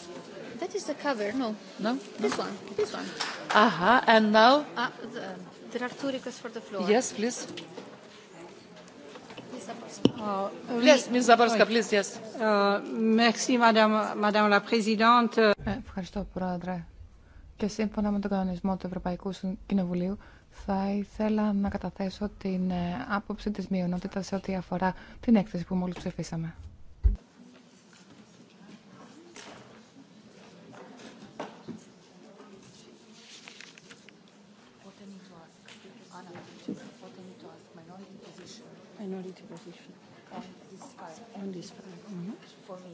is the cover. No. No. This no. one. This one. Aha. uh -huh. And now. Uh, the, There are two requests for the floor. Yes, please. Uh, yes, Ms. Zaborska, please. Yes. Uh, merci, Madame la Présidente. Ε, ευχαριστώ, Πρόεδρε. Και σύμφωνα με τον κανονισμό του Ευρωπαϊκού Κοινοβουλίου, θα ήθελα να καταθέσω την ε, άποψη της μειονότητας σε ό,τι αφορά την έκθεση που μόλις ψηφίσαμε. minority position. And this file. For me.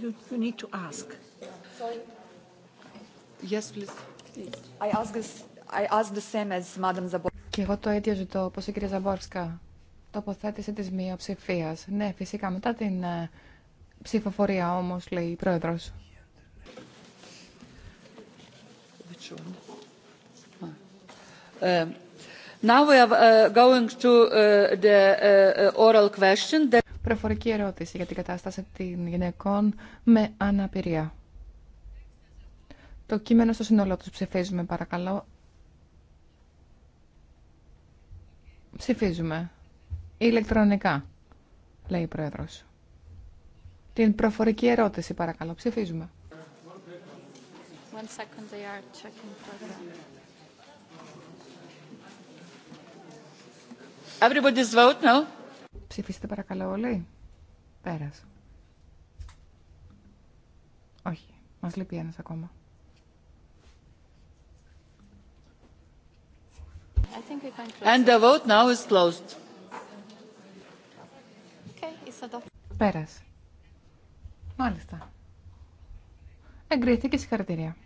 You, you need to ask. Sorry. Yes, please. I ask, this, I ask the same as Madam Zaborska. Και εγώ το ίδιο ζητώ, όπως η κυρία Ζαμπόρσκα, τοποθέτηση της μειοψηφίας. Ναι, φυσικά, μετά την ε, ψηφοφορία όμως, λέει η Πρόεδρος. Um, Προφορική ερώτηση για την κατάσταση των γυναικών με αναπηρία. Το κείμενο στο σύνολό του ψηφίζουμε, παρακαλώ. Ψηφίζουμε. Ηλεκτρονικά, λέει η Πρόεδρος. Την προφορική ερώτηση, παρακαλώ. Ψηφίζουμε. Everybody's vote now. Ψηφίστε παρακαλώ όλοι. Πέρας. Όχι, μας λείπει ένας ακόμα. I think we can close. And the vote now is closed. Okay, Πέρας. Μάλιστα. Εγκρίθηκε συγχαρητήρια.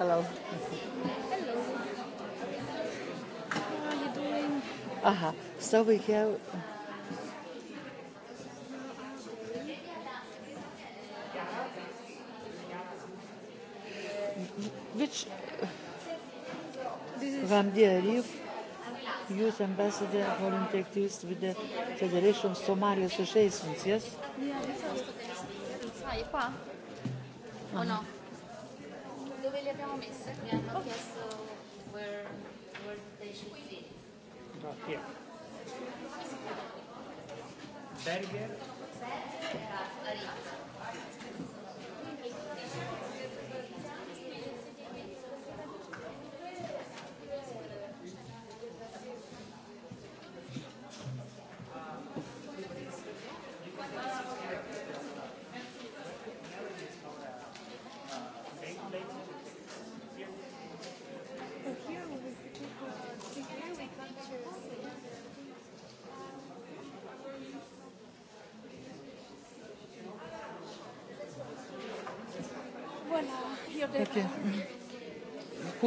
Hello. Hello. How are you doing? Aha, so we go. Which Van der Youth Ambassador volunteer activist with the Federation of Somali Associations, yes? Yeah, this also the Oh no dove le abbiamo messe? Mi hanno chiesto where, where they should be. No, Berger. Berger. Berger.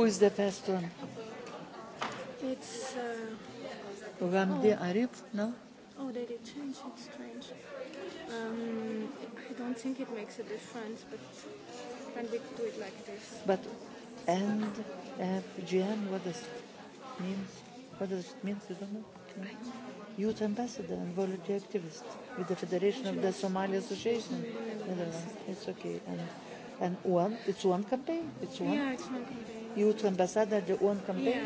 Who is the first one? It's. Uh, Ramdi oh. Arif, no? Oh, they did change it. Strange. Um, I don't think it makes a difference, but can we do it like this? But and FGM, what does it mean? What does it mean? You don't know? Youth ambassador and volunteer activist with the Federation of the Somali Association. It's okay. And and one, it's one campaign. It's one. Yeah, it's one campaign youth ambassador, the one campaign?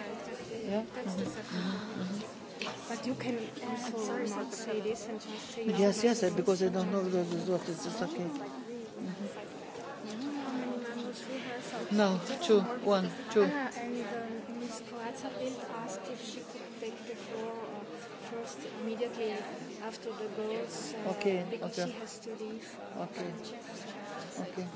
Yeah, that's the mm-hmm. But you can also not say this and just say... Yes, yes, because I don't know what is this. Okay. Mm-hmm. No, two, one, two. Ah, and uh, Ms. Corazza Bild asked if she could take the floor first immediately after the girls uh, okay, because okay. she has to leave. Okay. Okay.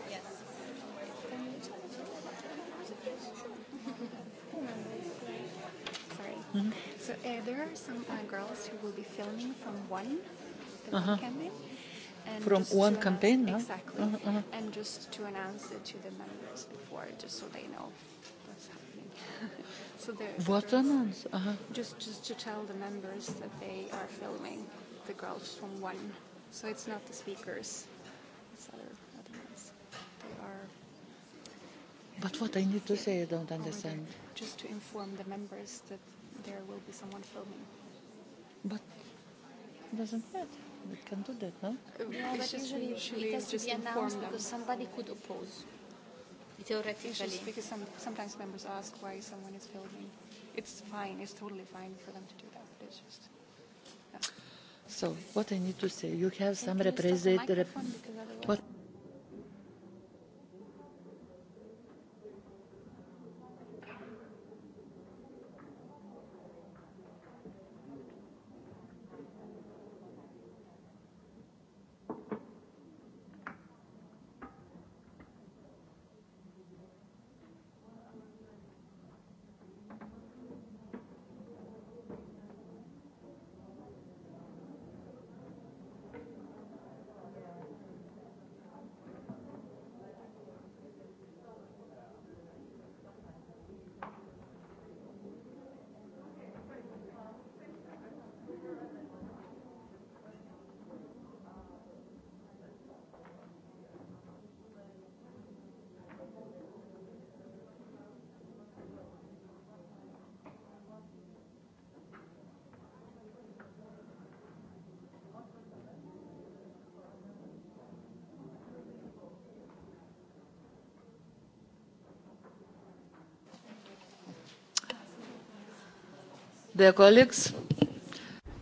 So there are some girls who will be filming from one campaign. From one campaign, Exactly. And just to announce it to the members before, just so they know what's happening. So What announce? Just just to tell the members that they are filming the girls from one. So it's not the speakers. It's other other ones. They are. But what I need to say, I don't understand. Just to inform the members that there will be someone filming. But it doesn't matter. We can do that, no? Yeah, but usually, usually it has to be announced because somebody could oppose. Theoretically. because some, sometimes members ask why someone is filming. It's fine. It's totally fine for them to do that. But it's just... So, what I need to say, you have some representative... What?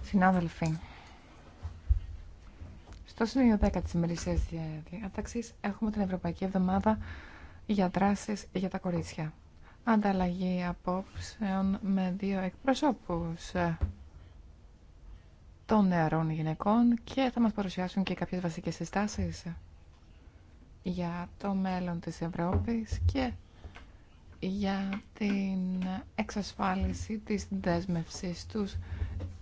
Συνάδελφοι, στο σημείο 10 της ημερησία διάταξη έχουμε την Ευρωπαϊκή Εβδομάδα για δράσεις για τα κορίτσια. Ανταλλαγή απόψεων με δύο εκπροσώπους των νεαρών γυναικών και θα μας παρουσιάσουν και κάποιες βασικές συστάσεις για το μέλλον της Ευρώπης και για την εξασφάλιση της δέσμευσης τους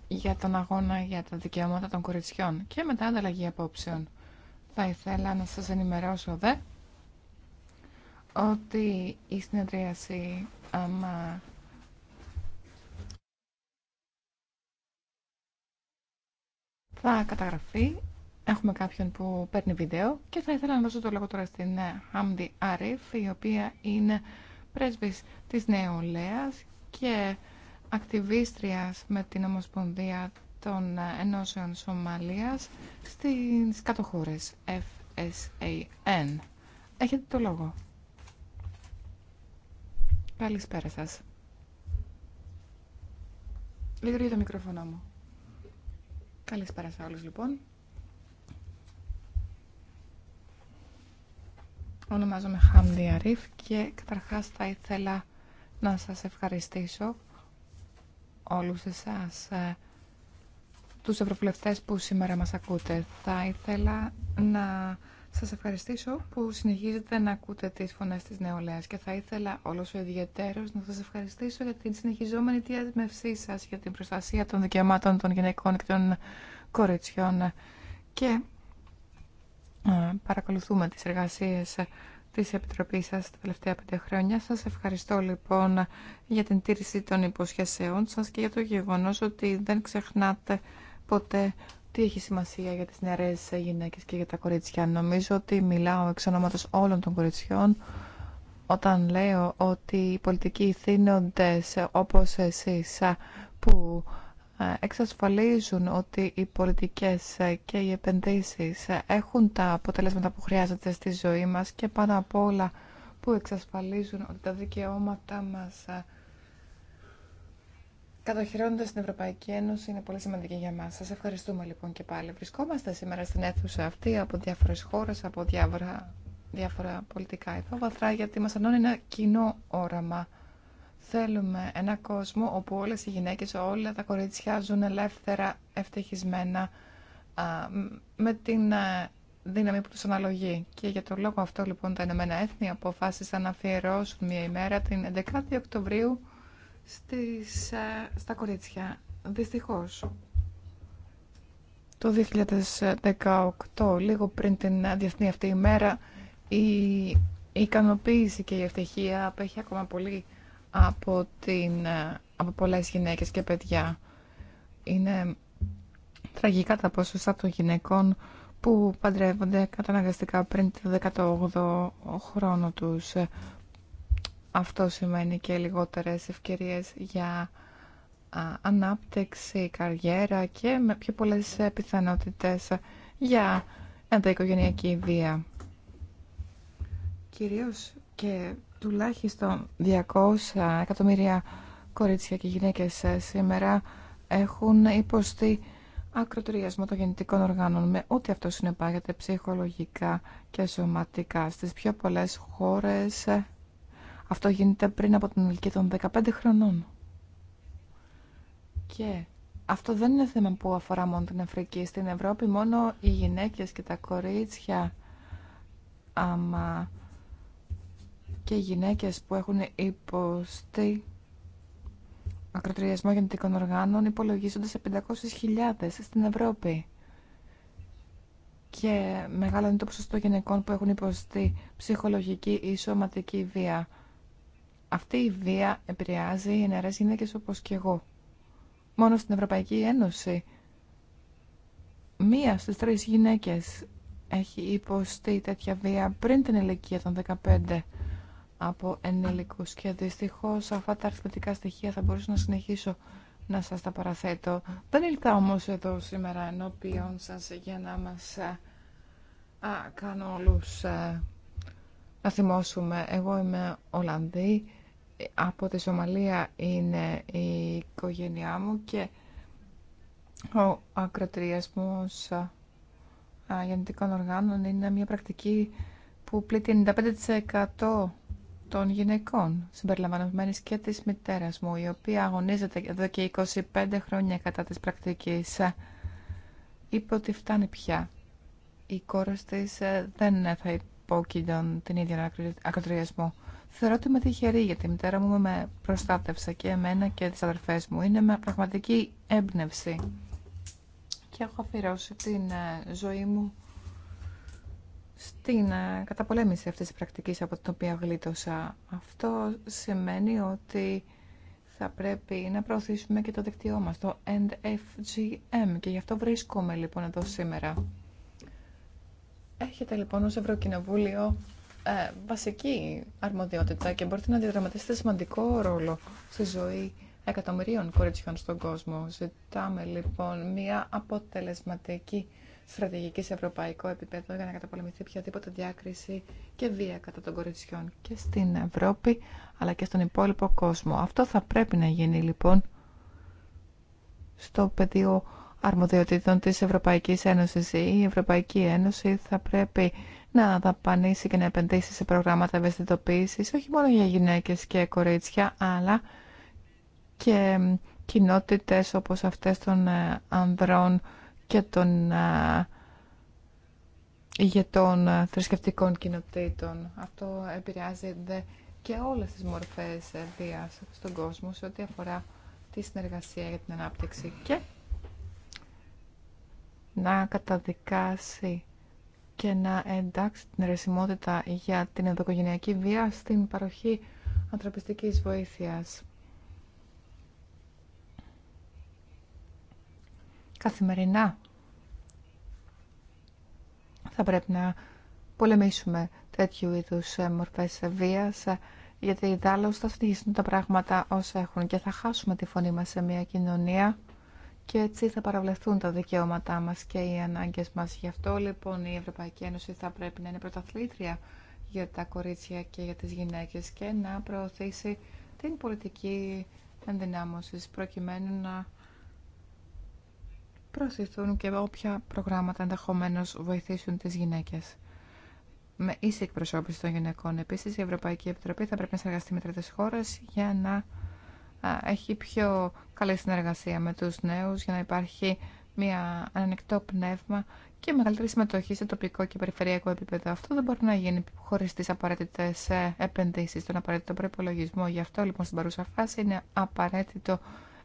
για τον αγώνα για τα δικαιώματα των κοριτσιών και μετά ανταλλαγή απόψεων. Θα ήθελα να σας ενημερώσω δε ότι η συνεδρίαση άμα θα καταγραφεί. Έχουμε κάποιον που παίρνει βίντεο και θα ήθελα να δώσω το λόγο τώρα στην Χάμντι Άριφ, η οποία είναι πρέσβης της νεολαίας και ακτιβίστριας με την Ομοσπονδία των Ενώσεων Σομαλίας στις κατοχώρες FSAN. Έχετε το λόγο. Καλησπέρα σας. Λειτουργεί το μικρόφωνο μου. Καλησπέρα σε όλους λοιπόν. Ονομάζομαι Χάμντι Αρίφ και καταρχάς θα ήθελα να σας ευχαριστήσω όλους εσάς ε, τους ευρωβουλευτές που σήμερα μας ακούτε. Θα ήθελα να σας ευχαριστήσω που συνεχίζετε να ακούτε τις φωνές της νεολαίας και θα ήθελα όλος ο ιδιαίτερος να σας ευχαριστήσω για την συνεχιζόμενη διαδημευσή σας για την προστασία των δικαιωμάτων των γυναικών και των κοριτσιών και ε, παρακολουθούμε τις εργασίες της Επιτροπής σας τα τελευταία πέντε χρόνια. Σας ευχαριστώ λοιπόν για την τήρηση των υποσχεσεών σας και για το γεγονός ότι δεν ξεχνάτε ποτέ τι έχει σημασία για τις νεαρές γυναίκες και για τα κορίτσια. Νομίζω ότι μιλάω εξ ονόματος όλων των κοριτσιών όταν λέω ότι οι πολιτικοί θύνοντες όπως εσείς που ε, εξασφαλίζουν ότι οι πολιτικές ε, και οι επενδύσεις ε, έχουν τα αποτελέσματα που χρειάζεται στη ζωή μας και πάνω απ' όλα που εξασφαλίζουν ότι τα δικαιώματά μας κατοχυρώνονται στην Ευρωπαϊκή Ένωση είναι πολύ σημαντική για μας. Σας ευχαριστούμε λοιπόν και πάλι. Βρισκόμαστε σήμερα στην αίθουσα αυτή από διάφορες χώρες, από διάφορα, πολιτικά υπόβαθρα, γιατί μας ανώνει ένα κοινό όραμα Θέλουμε ένα κόσμο όπου όλες οι γυναίκες, όλα τα κορίτσια ζουν ελεύθερα, ευτυχισμένα, με την ε, δύναμη που τους αναλογεί. Και για τον λόγο αυτό λοιπόν τα Ηνωμένα Έθνη αποφάσισαν να αφιερώσουν μια ημέρα την 11η Οκτωβρίου στις, ε, στα κορίτσια. Δυστυχώς. Το 2018, λίγο πριν την διεθνή αυτή ημέρα, η ικανοποίηση και η ευτυχία απέχει ακόμα πολύ από, την, ε, από πολλές γυναίκες και παιδιά. Είναι τραγικά τα ποσοστά των γυναικών που παντρεύονται καταναγκαστικά πριν το 18ο χρόνο τους. Ε, αυτό σημαίνει και λιγότερες ευκαιρίες για ανάπτυξη, καριέρα και με πιο πολλές ε, πιθανότητες για ενδοοικογενειακή βία. Κυρίως και τουλάχιστον 200 εκατομμύρια κορίτσια και γυναίκες ε, σήμερα έχουν υποστεί ακροτηριασμό των γεννητικών οργάνων με ό,τι αυτό συνεπάγεται ψυχολογικά και σωματικά. Στις πιο πολλές χώρες ε, αυτό γίνεται πριν από την ηλικία των 15 χρονών. Και αυτό δεν είναι θέμα που αφορά μόνο την Αφρική. Στην Ευρώπη μόνο οι γυναίκες και τα κορίτσια άμα και γυναίκες που έχουν υποστεί ακροτηριασμό γεννητικών οργάνων υπολογίζονται σε 500.000 στην Ευρώπη. Και μεγάλο είναι το ποσοστό γυναικών που έχουν υποστεί ψυχολογική ή σωματική βία. Αυτή η βία επηρεάζει οι νεαρές γυναίκες όπως και εγώ. Μόνο στην Ευρωπαϊκή Ένωση μία στις τρεις γυναίκες έχει υποστεί τέτοια βία πριν την ηλικία των 15 από ενήλικους και δυστυχώς αυτά τα αριθμητικά στοιχεία θα μπορούσα να συνεχίσω να σας τα παραθέτω. Δεν ήλθα όμως εδώ σήμερα ενώπιον σας για να μας ε, κάνω όλου ε, να θυμώσουμε. Εγώ είμαι Ολλανδή, από τη Σομαλία είναι η οικογένειά μου και ο ακροτηριασμός ε, γεννητικών οργάνων είναι μια πρακτική που πλήττει 95% των γυναικών, συμπεριλαμβανομένη και τη μητέρα μου, η οποία αγωνίζεται εδώ και 25 χρόνια κατά τη πρακτική είπε ότι φτάνει πια. Η κόρη τη ε, δεν θα υπόκεινταν την ίδια ακροτηριασμό. Θεωρώ ότι είμαι τυχερή γιατί η μητέρα μου με προστάτευσε και εμένα και τι αδερφές μου. Είναι με πραγματική έμπνευση. Και έχω αφιερώσει την ε, ζωή μου στην ε, καταπολέμηση αυτής της πρακτικής από την οποία γλίτωσα. Αυτό σημαίνει ότι θα πρέπει να προωθήσουμε και το δικτυό μας, το NFGM και γι' αυτό βρίσκομαι λοιπόν εδώ σήμερα. Έχετε λοιπόν ως Ευρωκοινοβούλιο ε, βασική αρμοδιότητα και μπορείτε να διαδραματίσετε σημαντικό ρόλο στη ζωή εκατομμυρίων κοριτσιών στον κόσμο. Ζητάμε λοιπόν μια αποτελεσματική στρατηγική σε ευρωπαϊκό επίπεδο για να καταπολεμηθεί οποιαδήποτε διάκριση και βία κατά των κοριτσιών και στην Ευρώπη αλλά και στον υπόλοιπο κόσμο. Αυτό θα πρέπει να γίνει λοιπόν στο πεδίο αρμοδιοτήτων της Ευρωπαϊκής Ένωσης. Η Ευρωπαϊκή Ένωση θα πρέπει να δαπανίσει και να επενδύσει σε προγράμματα ευαισθητοποίησης όχι μόνο για γυναίκες και κορίτσια αλλά και κοινότητες όπως αυτές των ανδρών και των ηγετών θρησκευτικών κοινοτήτων. Αυτό επηρεάζει και όλες τις μορφές βίας στον κόσμο σε ό,τι αφορά τη συνεργασία για την ανάπτυξη και να καταδικάσει και να εντάξει την ρεσιμότητα για την ενδοκογενειακή βία στην παροχή ανθρωπιστικής βοήθειας. καθημερινά θα πρέπει να πολεμήσουμε τέτοιου είδους ε, μορφές βίας ε, γιατί δάλλως θα συνεχίσουν τα πράγματα όσα έχουν και θα χάσουμε τη φωνή μας σε μια κοινωνία και έτσι θα παραβλεφθούν τα δικαιώματά μας και οι ανάγκες μας. Γι' αυτό λοιπόν η Ευρωπαϊκή Ένωση θα πρέπει να είναι πρωταθλήτρια για τα κορίτσια και για τις γυναίκες και να προωθήσει την πολιτική ενδυνάμωσης προκειμένου να προσθεθούν και όποια προγράμματα ενδεχομένω βοηθήσουν τι γυναίκε. Με ίση εκπροσώπηση των γυναικών. Επίση, η Ευρωπαϊκή Επιτροπή θα πρέπει να συνεργαστεί με τρίτε χώρε για να έχει πιο καλή συνεργασία με του νέου, για να υπάρχει μια ανοιχτό πνεύμα και μεγαλύτερη συμμετοχή σε τοπικό και περιφερειακό επίπεδο. Αυτό δεν μπορεί να γίνει χωρί τι απαραίτητε ε, επενδύσει, τον απαραίτητο προπολογισμό. Γι' αυτό λοιπόν στην παρούσα φάση είναι απαραίτητο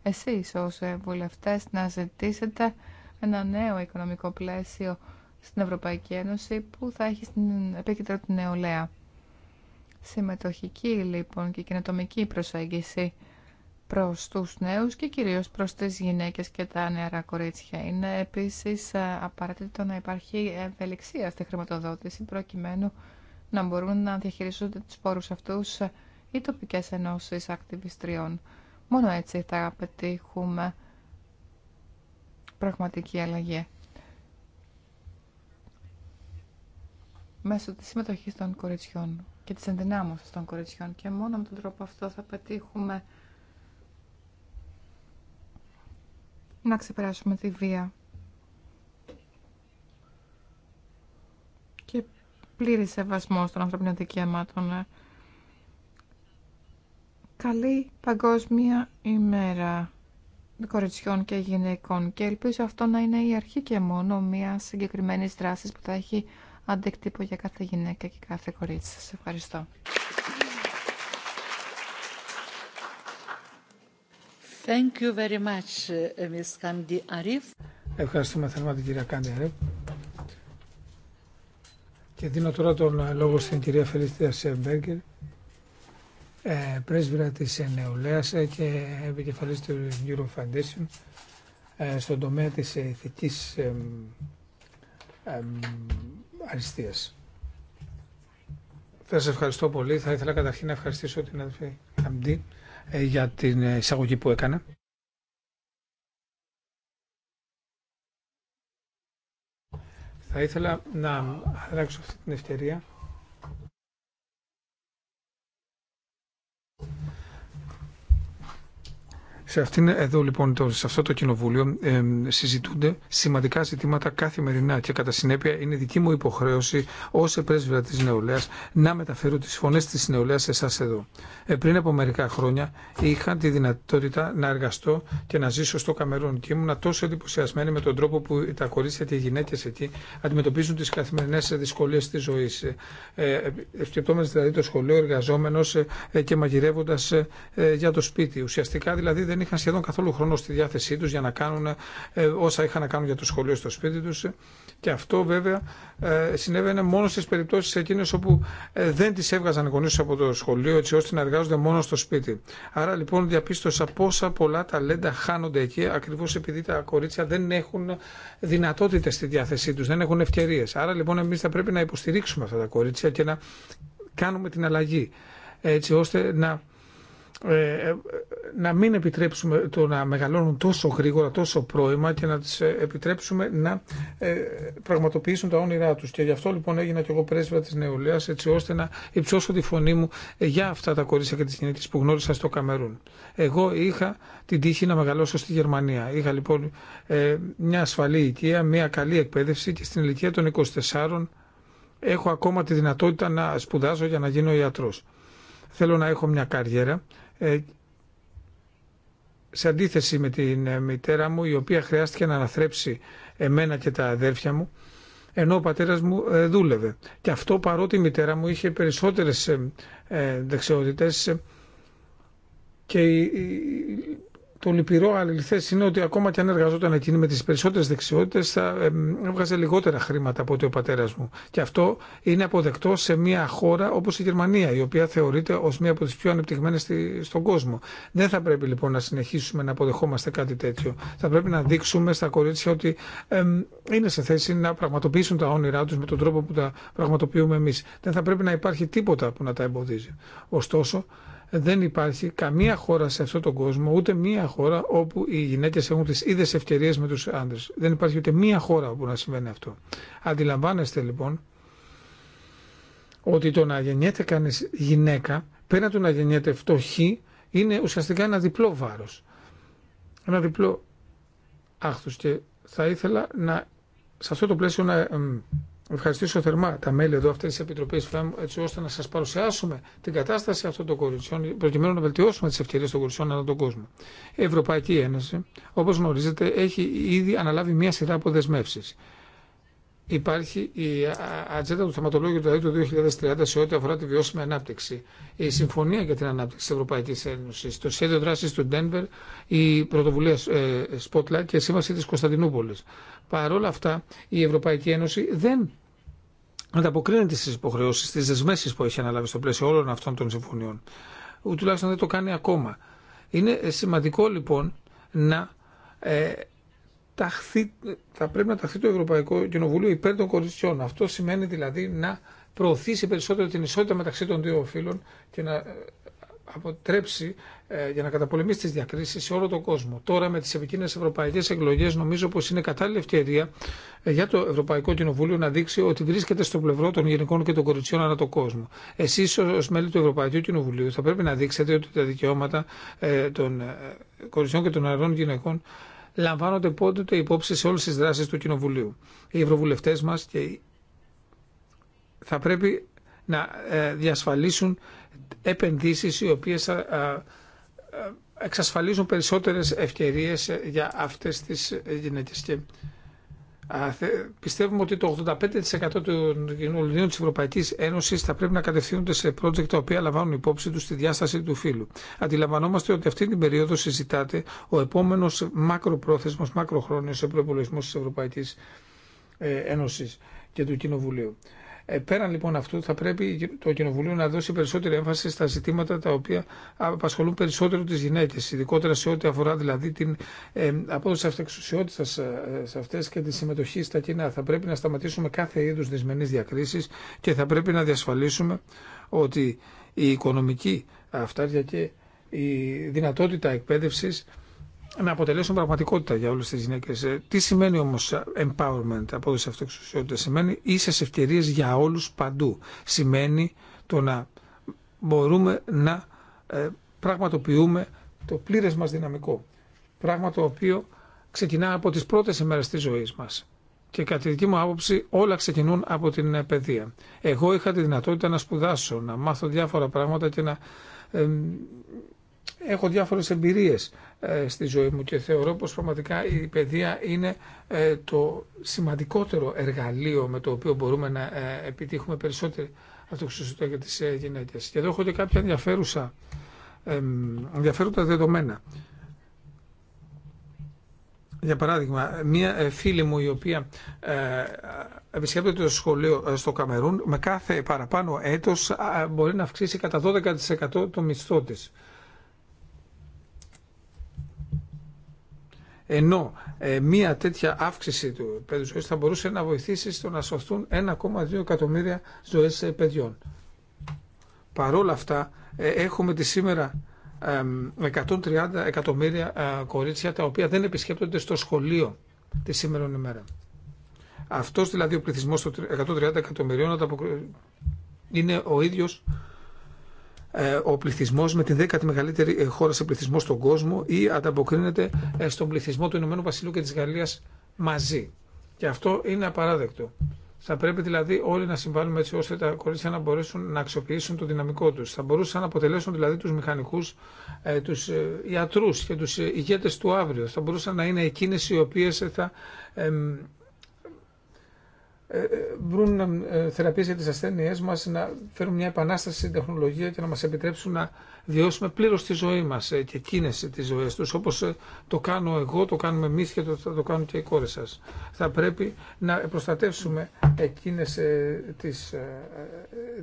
εσείς ως ε, βουλευτές να ζητήσετε ένα νέο οικονομικό πλαίσιο στην Ευρωπαϊκή Ένωση που θα έχει στην επίκεντρο την νεολαία. Συμμετοχική λοιπόν και κοινοτομική προσέγγιση προς τους νέους και κυρίως προς τις γυναίκες και τα νεαρά κορίτσια. Είναι επίσης ε, απαραίτητο να υπάρχει ευελιξία στη χρηματοδότηση προκειμένου να μπορούν να διαχειρίζονται τους πόρους αυτούς ε, οι τοπικές ενώσεις ακτιβιστριών. Μόνο έτσι θα πετύχουμε πραγματική αλλαγή. Μέσω της συμμετοχής των κοριτσιών και της ενδυνάμωσης των κοριτσιών και μόνο με τον τρόπο αυτό θα πετύχουμε να ξεπεράσουμε τη βία και πλήρη σεβασμό των ανθρωπίνων δικαιωμάτων ε. Καλή Παγκόσμια ημέρα κοριτσιών και γυναικών και ελπίζω αυτό να είναι η αρχή και μόνο μια συγκεκριμένη δράση που θα έχει αντεκτύπω για κάθε γυναίκα και κάθε κορίτσι. Σας ευχαριστώ. Thank you very much, uh, Ms. Kandi Arif. Ευχαριστούμε θερμά την κυρία Κάντι Αρεπ. Και δίνω τώρα τον ε, λόγο στην κυρία Φελίστια Σεμπέργκερ ε, πρέσβυρα της νεολαίας και επικεφαλής του Euro Foundation ε, στον τομέα της ηθικής αριστείας. Θα σας ευχαριστώ πολύ. Θα ήθελα καταρχήν να ευχαριστήσω την αδερφή Χαμντή ε, για την εισαγωγή που έκανα. Θα ήθελα να αλλάξω αυτή την ευκαιρία Σε αυτήν εδώ λοιπόν, το, σε αυτό το κοινοβούλιο ε, συζητούνται σημαντικά ζητήματα καθημερινά και κατά συνέπεια είναι δική μου υποχρέωση ω πρέσβυρα τη νεολαία να μεταφέρω τι φωνέ τη νεολαία σε εσά εδώ. Ε, πριν από μερικά χρόνια είχα τη δυνατότητα να εργαστώ και να ζήσω στο Καμερούν και ήμουν τόσο εντυπωσιασμένη με τον τρόπο που τα κορίτσια και οι γυναίκε εκεί αντιμετωπίζουν τι καθημερινέ δυσκολίε τη ζωή. Ε, ε Σκεπτόμενο δηλαδή το σχολείο, εργαζόμενο ε, ε, και μαγειρεύοντα για το σπίτι. Ουσιαστικά δηλαδή δεν είχαν σχεδόν καθόλου χρόνο στη διάθεσή τους για να κάνουν ε, όσα είχαν να κάνουν για το σχολείο στο σπίτι τους και αυτό βέβαια ε, συνέβαινε μόνο στις περιπτώσεις εκείνες όπου ε, δεν τις έβγαζαν οι γονείς από το σχολείο έτσι ώστε να εργάζονται μόνο στο σπίτι. Άρα λοιπόν διαπίστωσα πόσα πολλά ταλέντα χάνονται εκεί ακριβώς επειδή τα κορίτσια δεν έχουν δυνατότητες στη διάθεσή τους, δεν έχουν ευκαιρίες. Άρα λοιπόν εμείς θα πρέπει να υποστηρίξουμε αυτά τα κορίτσια και να κάνουμε την αλλαγή έτσι ώστε να ε, ε, να μην επιτρέψουμε το να μεγαλώνουν τόσο γρήγορα, τόσο πρόημα και να τις ε, επιτρέψουμε να πραγματοποιήσουν τα όνειρά τους. Και γι' αυτό λοιπόν έγινα και εγώ πρέσβα της νεολαίας έτσι ώστε να υψώσω τη φωνή μου για αυτά τα κορίτσια και τις γυναίκες που γνώρισα στο Καμερούν. Εγώ είχα την τύχη να μεγαλώσω στη Γερμανία. Είχα λοιπόν μια ασφαλή οικία, μια καλή εκπαίδευση και στην ηλικία των 24 έχω ακόμα τη δυνατότητα να σπουδάζω για να γίνω ιατρός θέλω να έχω μια καριέρα ε, σε αντίθεση με την ε, μητέρα μου η οποία χρειάστηκε να αναθρέψει εμένα και τα αδέρφια μου ενώ ο πατέρας μου ε, δούλευε. Και αυτό παρότι η μητέρα μου είχε περισσότερες δεξιότητες και το λυπηρό αληθέ είναι ότι ακόμα και αν εργαζόταν εκείνη με τι περισσότερε δεξιότητε, θα έβγαζε λιγότερα χρήματα από ότι ο πατέρα μου. Και αυτό είναι αποδεκτό σε μια χώρα όπω η Γερμανία, η οποία θεωρείται ω μια από τι πιο ανεπτυγμένε στον κόσμο. Δεν θα πρέπει λοιπόν να συνεχίσουμε να αποδεχόμαστε κάτι τέτοιο. Θα πρέπει να δείξουμε στα κορίτσια ότι είναι σε θέση να πραγματοποιήσουν τα όνειρά του με τον τρόπο που τα πραγματοποιούμε εμεί. Δεν θα πρέπει να υπάρχει τίποτα που να τα εμποδίζει. Ωστόσο, δεν υπάρχει καμία χώρα σε αυτόν τον κόσμο, ούτε μία χώρα όπου οι γυναίκε έχουν τι ίδιε ευκαιρίε με του άντρε. Δεν υπάρχει ούτε μία χώρα όπου να συμβαίνει αυτό. Αντιλαμβάνεστε λοιπόν ότι το να γεννιέται κανεί γυναίκα, πέρα του να γεννιέται φτωχή, είναι ουσιαστικά ένα διπλό βάρο. Ένα διπλό άχθο. Και θα ήθελα να, σε αυτό το πλαίσιο να ευχαριστήσω θερμά τα μέλη εδώ αυτή τη Επιτροπή ΦΕΜ, έτσι ώστε να σα παρουσιάσουμε την κατάσταση αυτών των κοριτσιών, προκειμένου να βελτιώσουμε τι ευκαιρίε των κοριτσιών ανά τον κόσμο. Η Ευρωπαϊκή Ένωση, όπω γνωρίζετε, έχει ήδη αναλάβει μία σειρά από δεσμεύσει. Υπάρχει η ατζέντα του θεματολόγιου του 2030 σε ό,τι αφορά τη βιώσιμη ανάπτυξη, η Συμφωνία για την Ανάπτυξη τη Ευρωπαϊκή Ένωση, το Σχέδιο Δράση του Ντένβερ, η Πρωτοβουλία ε, Spotlight και η Σύμβαση τη Κωνσταντινούπολη. Παρ' όλα αυτά, η Ευρωπαϊκή Ένωση δεν ανταποκρίνεται στι υποχρεώσει, στι δεσμεύσει που έχει αναλάβει στο πλαίσιο όλων αυτών των συμφωνιών. Ούτε τουλάχιστον δεν το κάνει ακόμα. Είναι ε, σημαντικό λοιπόν να ε, ταχθεί, ε, θα πρέπει να ταχθεί το Ευρωπαϊκό Κοινοβούλιο υπέρ των κοριτσιών. Αυτό σημαίνει δηλαδή να προωθήσει περισσότερο την ισότητα μεταξύ των δύο φύλων και να ε, αποτρέψει ε, για να καταπολεμήσει τι διακρίσει σε όλο τον κόσμο. Τώρα με τι επικίνδυνε ευρωπαϊκέ εκλογέ νομίζω πω είναι κατάλληλη ευκαιρία ε, για το Ευρωπαϊκό Κοινοβούλιο να δείξει ότι βρίσκεται στο πλευρό των γυναικών και των κοριτσιών ανά τον κόσμο. Εσεί ω μέλη του Ευρωπαϊκού Κοινοβουλίου θα πρέπει να δείξετε ότι τα δικαιώματα ε, των κοριτσιών και των αρρών γυναικών λαμβάνονται πόντοτε υπόψη σε όλε τι δράσει του Κοινοβουλίου. Οι ευρωβουλευτέ μα και θα πρέπει να διασφαλίσουν επενδύσεις οι οποίες εξασφαλίζουν περισσότερες ευκαιρίες για αυτές τις γυναίκες. Και πιστεύουμε ότι το 85% των κοινωνιών της Ευρωπαϊκής Ένωσης θα πρέπει να κατευθύνονται σε project τα οποία λαμβάνουν υπόψη τους στη διάσταση του φύλου. Αντιλαμβανόμαστε ότι αυτή την περίοδο συζητάται ο επόμενος μακροπρόθεσμος, μακροχρόνιος προπολογισμό της Ευρωπαϊκής ε, Ένωσης και του Κοινοβουλίου. Ε, πέραν λοιπόν αυτού θα πρέπει το Κοινοβουλίο να δώσει περισσότερη έμφαση στα ζητήματα τα οποία απασχολούν περισσότερο τι γυναίκε, ειδικότερα σε ό,τι αφορά δηλαδή την ε, απόδοση αυτεξουσιότητα ε, σε αυτές και τη συμμετοχή στα κοινά. Θα πρέπει να σταματήσουμε κάθε είδους δυσμενείς διακρίσεις και θα πρέπει να διασφαλίσουμε ότι η οικονομική αυτάρια και η δυνατότητα εκπαίδευσης να αποτελέσουν πραγματικότητα για όλες τις γυναίκες. Ε, τι σημαίνει όμως empowerment, απόδοση αυτοεξουσιότητα, Σημαίνει ίσες ευκαιρίες για όλους παντού. Σημαίνει το να μπορούμε να ε, πραγματοποιούμε το πλήρες μας δυναμικό. Πράγμα το οποίο ξεκινά από τις πρώτες ημέρες της ζωής μας. Και κατά τη δική μου άποψη όλα ξεκινούν από την ε, παιδεία. Εγώ είχα τη δυνατότητα να σπουδάσω, να μάθω διάφορα πράγματα και να έχω διάφορες εμπειρίες ε, στη ζωή μου και θεωρώ πως πραγματικά η παιδεία είναι ε, το σημαντικότερο εργαλείο με το οποίο μπορούμε να ε, επιτύχουμε περισσότερη αυτοξουσία για τις γυναίκες. Και εδώ έχω και κάποια ενδιαφέρουσα, ενδιαφέροντα δεδομένα. Για παράδειγμα, μία φίλη μου η οποία επισκέπτεται το σχολείο στο Καμερούν με κάθε παραπάνω έτος μπορεί να αυξήσει κατά 12% το μισθό της. Ενώ ε, μία τέτοια αύξηση του παιδιού ζωής θα μπορούσε να βοηθήσει στο να σωθούν 1,2 εκατομμύρια ζωές ε, παιδιών. Παρόλα αυτά ε, έχουμε τη σήμερα 130 εκατομμύρια κορίτσια τα οποία δεν επισκέπτονται στο σχολείο τη σήμερα ημέρα. Αυτός δηλαδή ο πληθυσμός των 130 εκατομμυρίων είναι ο ίδιος ε, ο πληθυσμό με την δέκατη μεγαλύτερη ε, χώρα σε πληθυσμό στον κόσμο ή ανταποκρίνεται ε, στον πληθυσμό του Ηνωμένου Βασιλείου και τη Γαλλία μαζί. Και αυτό είναι απαράδεκτο. Θα πρέπει δηλαδή όλοι να συμβάλλουμε έτσι ώστε τα κορίτσια να μπορέσουν να αξιοποιήσουν το δυναμικό του. Θα μπορούσαν να αποτελέσουν δηλαδή του μηχανικού, του ιατρού και του ηγέτε του αύριο. Θα μπορούσαν να είναι εκείνε οι οποίε θα ε, ε, βρουν ε, θεραπείες για τις ασθένειές μας, να φέρουν μια επανάσταση στην τεχνολογία και να μας επιτρέψουν να διώσουμε πλήρως τη ζωή μας και εκείνες τις ζωές τους, όπως το κάνω εγώ, το κάνουμε εμείς και το, θα το κάνουν και οι κόρες σας. Θα πρέπει να προστατεύσουμε εκείνες τις,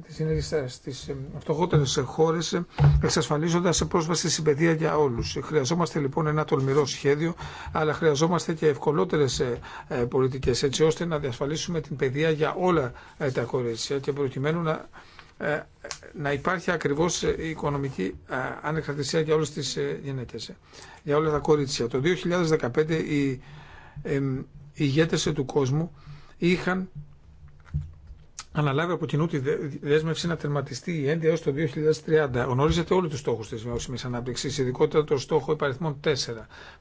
τις χώρε, στις φτωχότερες χώρες, εξασφαλίζοντας πρόσβαση στην παιδεία για όλους. Χρειαζόμαστε λοιπόν ένα τολμηρό σχέδιο, αλλά χρειαζόμαστε και ευκολότερες πολιτικές, έτσι ώστε να διασφαλίσουμε την παιδεία για όλα ε, τα κορίτσια και προκειμένου να, ε, να υπάρχει ακριβώς η ε, οικονομική ανεξαρτησία για όλες τις γυναίκες, για όλα τα κορίτσια. Το 2015 οι ηγέτες του κόσμου είχαν αναλάβει από κοινού τη δέσμευση να τερματιστεί η Ένδια έως το 2030. Γνωρίζετε όλοι τους στόχους της βιώσιμης ανάπτυξης, ειδικότερα το στόχο υπαριθμών 4,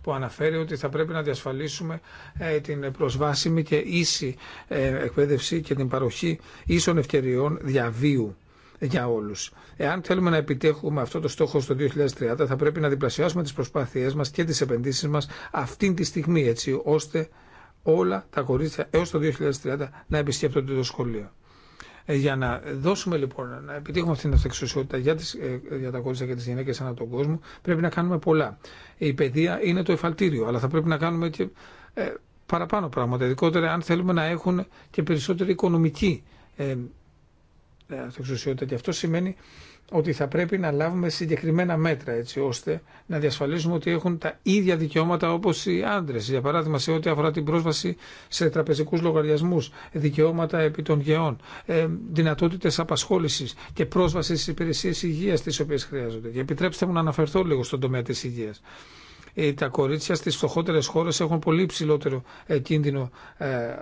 που αναφέρει ότι θα πρέπει να διασφαλίσουμε ε, την προσβάσιμη και ίση ε, εκπαίδευση και την παροχή ίσων ευκαιριών διαβίου για όλου. Εάν θέλουμε να επιτέχουμε αυτό το στόχο στο 2030, θα πρέπει να διπλασιάσουμε τι προσπάθειέ μα και τι επενδύσει μα αυτή τη στιγμή, έτσι ώστε όλα τα κορίτσια έω το 2030 να επισκέπτονται το σχολείο. Ε, για να δώσουμε λοιπόν, να επιτύχουμε αυτήν την αυτεξουσιότητα για, τις, ε, για τα κόρτσα και τι γυναίκε ανά τον κόσμο, πρέπει να κάνουμε πολλά. Η παιδεία είναι το εφαλτήριο, αλλά θα πρέπει να κάνουμε και ε, παραπάνω πράγματα. Ειδικότερα αν θέλουμε να έχουν και περισσότερη οικονομική ε, Και αυτό σημαίνει ότι θα πρέπει να λάβουμε συγκεκριμένα μέτρα έτσι ώστε να διασφαλίσουμε ότι έχουν τα ίδια δικαιώματα όπως οι άντρες. Για παράδειγμα σε ό,τι αφορά την πρόσβαση σε τραπεζικούς λογαριασμούς, δικαιώματα επί των γεών, ε, δυνατότητες απασχόλησης και πρόσβαση στις υπηρεσίες υγείας τις οποίες χρειάζονται. Και επιτρέψτε μου να αναφερθώ λίγο στον τομέα της υγείας ε, τα κορίτσια στις φτωχότερες χώρες έχουν πολύ υψηλότερο ε, κίνδυνο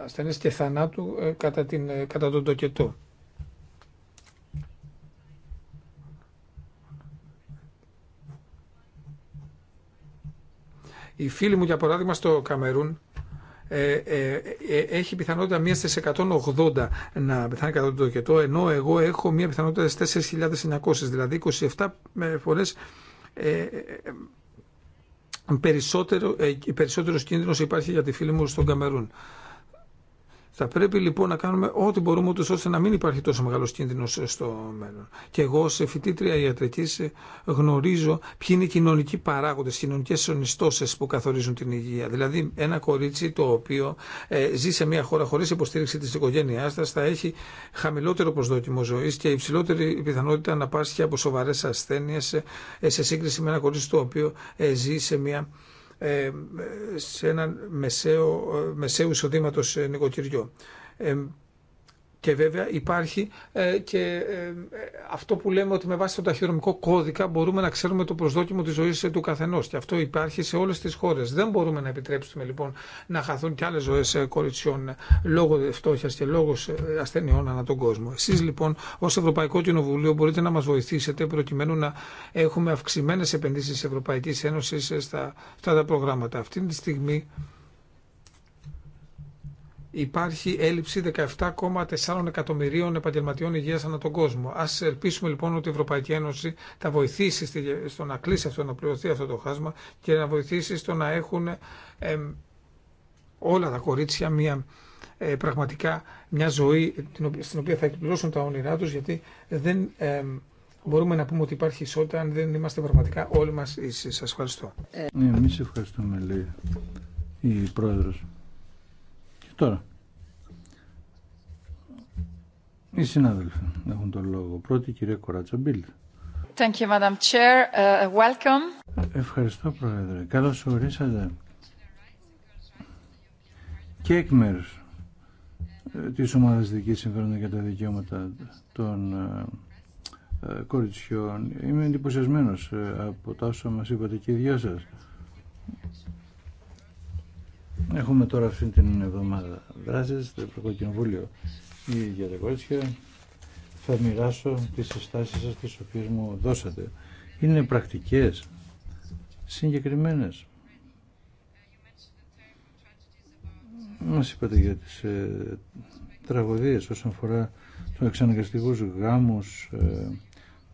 ασθενές και θανάτου κατά, την, κατά τον τοκετό. Η φίλη μου, για παράδειγμα, στο Καμερούν ε, ε, έχει πιθανότητα μία στις 180 να πεθάνει κατά το τοκετό, ενώ εγώ έχω μία πιθανότητα στις 4.900, δηλαδή 27 φορές ε, περισσότερο, περισσότερος κίνδυνος υπάρχει για τη φίλη μου στον Καμερούν. Θα πρέπει λοιπόν να κάνουμε ό,τι μπορούμε ούτως ώστε να μην υπάρχει τόσο μεγάλος κίνδυνος στο μέλλον. Και εγώ σε φοιτήτρια ιατρικής γνωρίζω ποιοι είναι οι κοινωνικοί παράγοντες, κοινωνικές ονιστώσεις που καθορίζουν την υγεία. Δηλαδή ένα κορίτσι το οποίο ε, ζει σε μια χώρα χωρίς υποστήριξη της οικογένειάς της θα έχει χαμηλότερο προσδόκιμο ζωής και υψηλότερη πιθανότητα να πάσχει από σοβαρές ασθένειες ε, σε σύγκριση με ένα κορίτσι το οποίο ε, ζει σε μια ε, σε έναν ε, μεσαίου εισοδήματο ε, νοικοκυριό. Και βέβαια υπάρχει ε, και ε, ε, αυτό που λέμε ότι με βάση το ταχυδρομικό κώδικα μπορούμε να ξέρουμε το προσδόκιμο τη ζωή του καθενό. Και αυτό υπάρχει σε όλε τι χώρε. Δεν μπορούμε να επιτρέψουμε λοιπόν να χαθούν κι άλλε ζωέ κοριτσιών λόγω φτώχεια και λόγω ασθενειών ανά τον κόσμο. Εσεί λοιπόν ω Ευρωπαϊκό Κοινοβουλίο μπορείτε να μα βοηθήσετε προκειμένου να έχουμε αυξημένε επενδύσει τη Ευρωπαϊκή Ένωση στα αυτά τα προγράμματα. Αυτή τη στιγμή υπάρχει έλλειψη 17,4 εκατομμυρίων επαγγελματιών υγείας ανά τον κόσμο. Ας ελπίσουμε λοιπόν ότι η Ευρωπαϊκή Ένωση θα βοηθήσει στο να κλείσει αυτό, να πληρωθεί αυτό το χάσμα και να βοηθήσει στο να έχουν όλα τα κορίτσια μια ε, πραγματικά μια ζωή στην οποία θα εκπληρώσουν τα όνειρά τους γιατί δεν ε, μπορούμε να πούμε ότι υπάρχει ισότητα αν δεν είμαστε πραγματικά όλοι μας ίσοι. Σας ευχαριστώ. Ε, εμείς ευχαριστούμε λέει η Πρόεδρος. Τώρα, οι συνάδελφοι έχουν τον λόγο. Πρώτη, κυρία Κοράτσα Μπίλτ. Thank you, Madam Chair. Uh, welcome. Ευχαριστώ, Πρόεδρε. Καλώ ορίσατε. Και εκ μέρου ε, τη ομάδα δική συμφέροντα για τα δικαιώματα των κοριτσιών. Είμαι εντυπωσιασμένο από τα όσα μα είπατε και οι δυο σα. Έχουμε τώρα αυτή την εβδομάδα δράσεις στο Ευρωπαϊκό Κοινοβούλιο για τα κότσια. Θα μοιράσω τις συστάσεις σας τις οποίες μου δώσατε. Είναι πρακτικές, συγκεκριμένες. Μα είπατε για τις ε, τραγωδίες όσον αφορά του εξαναγκαστικούς γάμους, ε,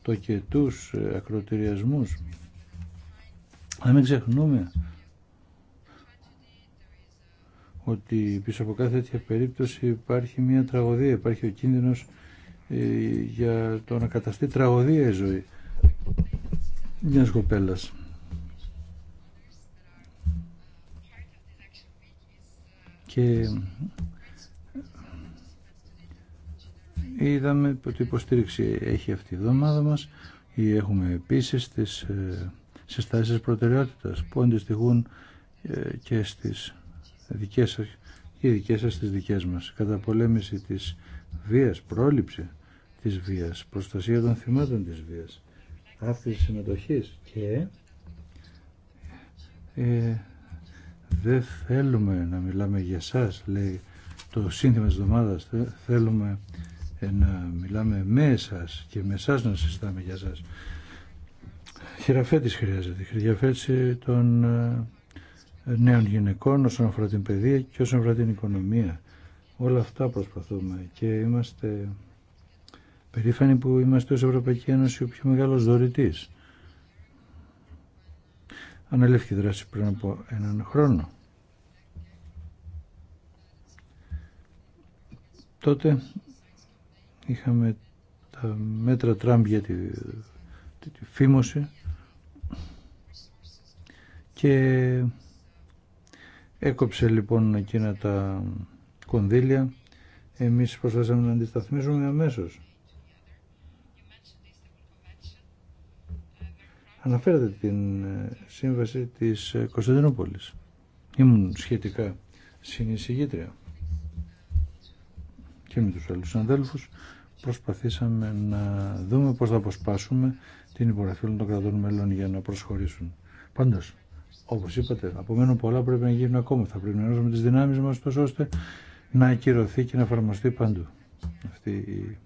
τοκετούς, ε, ακροτηριασμούς. Να μην ξεχνούμε ότι πίσω από κάθε τέτοια περίπτωση υπάρχει μια τραγωδία, υπάρχει ο κίνδυνος ε, για το να καταστεί τραγωδία η ζωή μιας κοπέλας. Και είδαμε ότι υποστήριξη έχει αυτή η εβδομάδα μας ή έχουμε επίσης τις ε, συστάσεις προτεραιότητας που αντιστοιχούν ε, και στις δικές σας και οι δικές σας τις δικές μας. πολέμηση της βίας, πρόληψη της βίας, προστασία των θυμάτων της βίας, αύξηση συμμετοχής και ε, δεν θέλουμε να μιλάμε για σας, λέει το σύνθημα της εβδομάδας, θέλουμε ε, να μιλάμε με εσάς και με εσάς να συστάμε για σας. Χειραφέτης χρειάζεται, χειραφέτηση των ε, νέων γυναικών όσον αφορά την παιδεία και όσον αφορά την οικονομία. Όλα αυτά προσπαθούμε και είμαστε περήφανοι που είμαστε ως Ευρωπαϊκή Ένωση ο πιο μεγάλος δωρητής. η δράση πριν από έναν χρόνο. Τότε είχαμε τα μέτρα Τραμπ για τη, τη φήμωση και Έκοψε λοιπόν εκείνα τα κονδύλια. Εμείς προσπαθήσαμε να αντισταθμίζουμε αμέσως. Αναφέρατε την ε, σύμβαση της Κωνσταντινούπολης. Ήμουν σχετικά συνεισηγήτρια και με τους άλλους συναδέλφους προσπαθήσαμε να δούμε πώς θα αποσπάσουμε την υπογραφή των κρατών μελών για να προσχωρήσουν. Πάντως, Όπω είπατε, απομένουν πολλά πρέπει να γίνουν ακόμα. Θα πρέπει να ενώσουμε τι δυνάμει μα, ώστε να ακυρωθεί και να εφαρμοστεί παντού αυτή η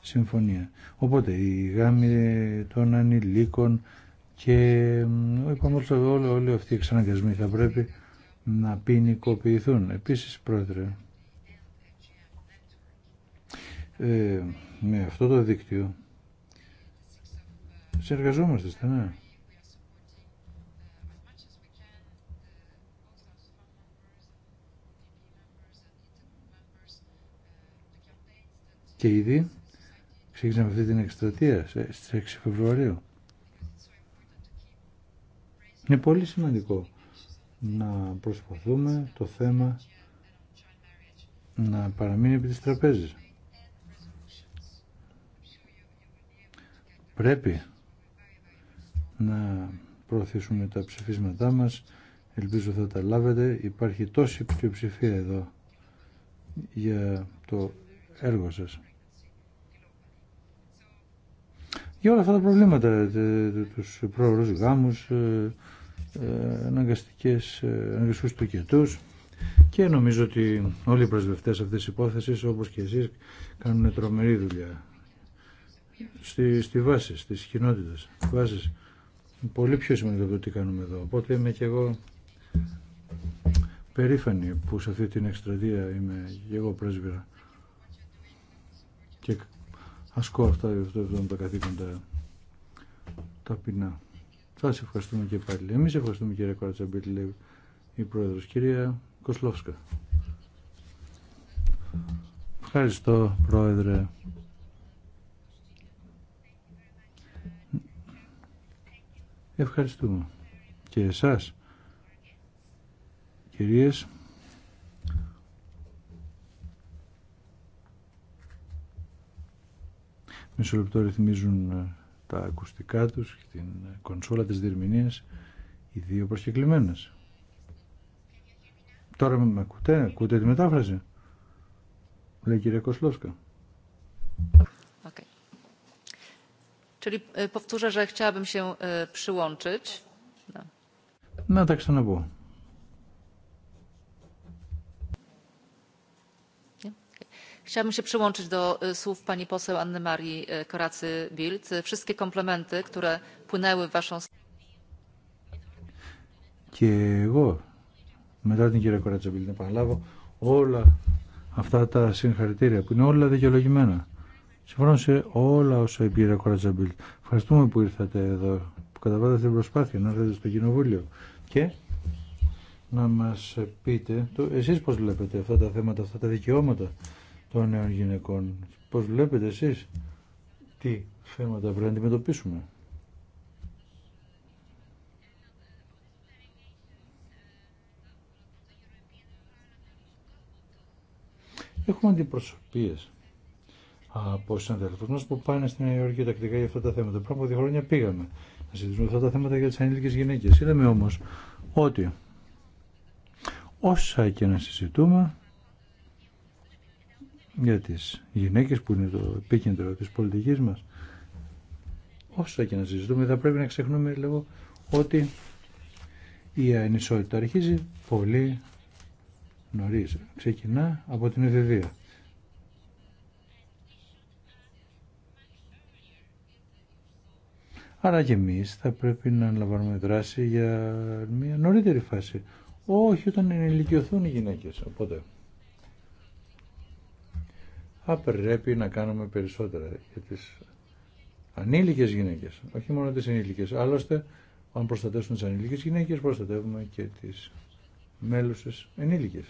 συμφωνία. Οπότε, η γάμη των ανηλίκων και όλοι, όλοι αυτοί οι εξαναγκασμοί θα πρέπει να ποινικοποιηθούν. Επίσης, πρόεδρε, ε, με αυτό το δίκτυο συνεργαζόμαστε στενά. Ναι. Και ήδη ξεκινήσαμε αυτή την εκστρατεία στις 6 Φεβρουαρίου. Είναι πολύ σημαντικό να προσπαθούμε το θέμα να παραμείνει επί της τραπέζης. Πρέπει να προωθήσουμε τα ψηφίσματά μας. Ελπίζω θα τα λάβετε. Υπάρχει τόση πλειοψηφία εδώ για το έργο σας. για όλα αυτά τα προβλήματα, ε, τους πρόωρους γάμους, ε, ε, αναγκαστικές, αναγκαστικούς τοκετούς και νομίζω ότι όλοι οι προσβευτές αυτής της υπόθεσης όπως και εσείς κάνουν τρομερή δουλειά στη, στη βάση, στις κοινότητες, στη Πολύ πιο σημαντικό το τι κάνουμε εδώ. Οπότε είμαι και εγώ περήφανη που σε αυτή την εκστρατεία είμαι και εγώ πρέσβυρα και ασκώ αυτά, τα καθήκοντα ταπεινά. Σα ευχαριστούμε και πάλι. Εμεί ευχαριστούμε κύριε Κορατσαμπίλη, η πρόεδρο, κυρία Κοσλόφσκα. Ευχαριστώ, πρόεδρε. Ευχαριστούμε και εσάς, κυρίες Μισό λεπτό ρυθμίζουν ε, τα ακουστικά τους και την ε, κονσόλα της διερμηνίας οι δύο προσκεκλημένες. Τώρα με ακούτε, ακούτε τη μετάφραση. Λέει η κυρία Κοσλόσκα. Ε, Να τα powtórzę, Chciałabym się przyłączyć do e, słów pani poseł Anny Marii e, bildt. E, wszystkie komplementy, które płynęły w waszą stronę. κυρία να όλα αυτά τα συγχαρητήρια που είναι όλα δικαιολογημένα. Συμφωνώ σε όλα όσα είπε η κυρία Κορατσαμπίλη. Ευχαριστούμε που ήρθατε εδώ, που καταβάλλατε την προσπάθεια να έρθετε στο Κοινοβούλιο και να μας πείτε, το, εσείς πώς βλέπετε αυτά τα θέματα, αυτά τα δικαιώματα των νέων γυναικών. Πώς βλέπετε εσείς τι θέματα πρέπει να αντιμετωπίσουμε. Έχουμε αντιπροσωπείες από συναδελφού μας που πάνε στην Νέα τακτικά για αυτά τα θέματα. Πριν από δύο χρόνια πήγαμε να συζητήσουμε αυτά τα θέματα για τις ανήλικες γυναίκες. Είδαμε όμως ότι όσα και να συζητούμε, για τις γυναίκες που είναι το επίκεντρο της πολιτικής μας όσο και να συζητούμε θα πρέπει να ξεχνούμε λίγο ότι η ανισότητα αρχίζει πολύ νωρίς ξεκινά από την εφηβεία Άρα και εμεί θα πρέπει να λαμβάνουμε δράση για μια νωρίτερη φάση. Όχι όταν ενηλικιωθούν οι γυναίκες. Οπότε θα πρέπει να κάνουμε περισσότερα για τις ανήλικες γυναίκες, όχι μόνο τις ενήλικες. Άλλωστε, αν προστατεύσουμε τις ανήλικες γυναίκες, προστατεύουμε και τις μέλουσες ενήλικες.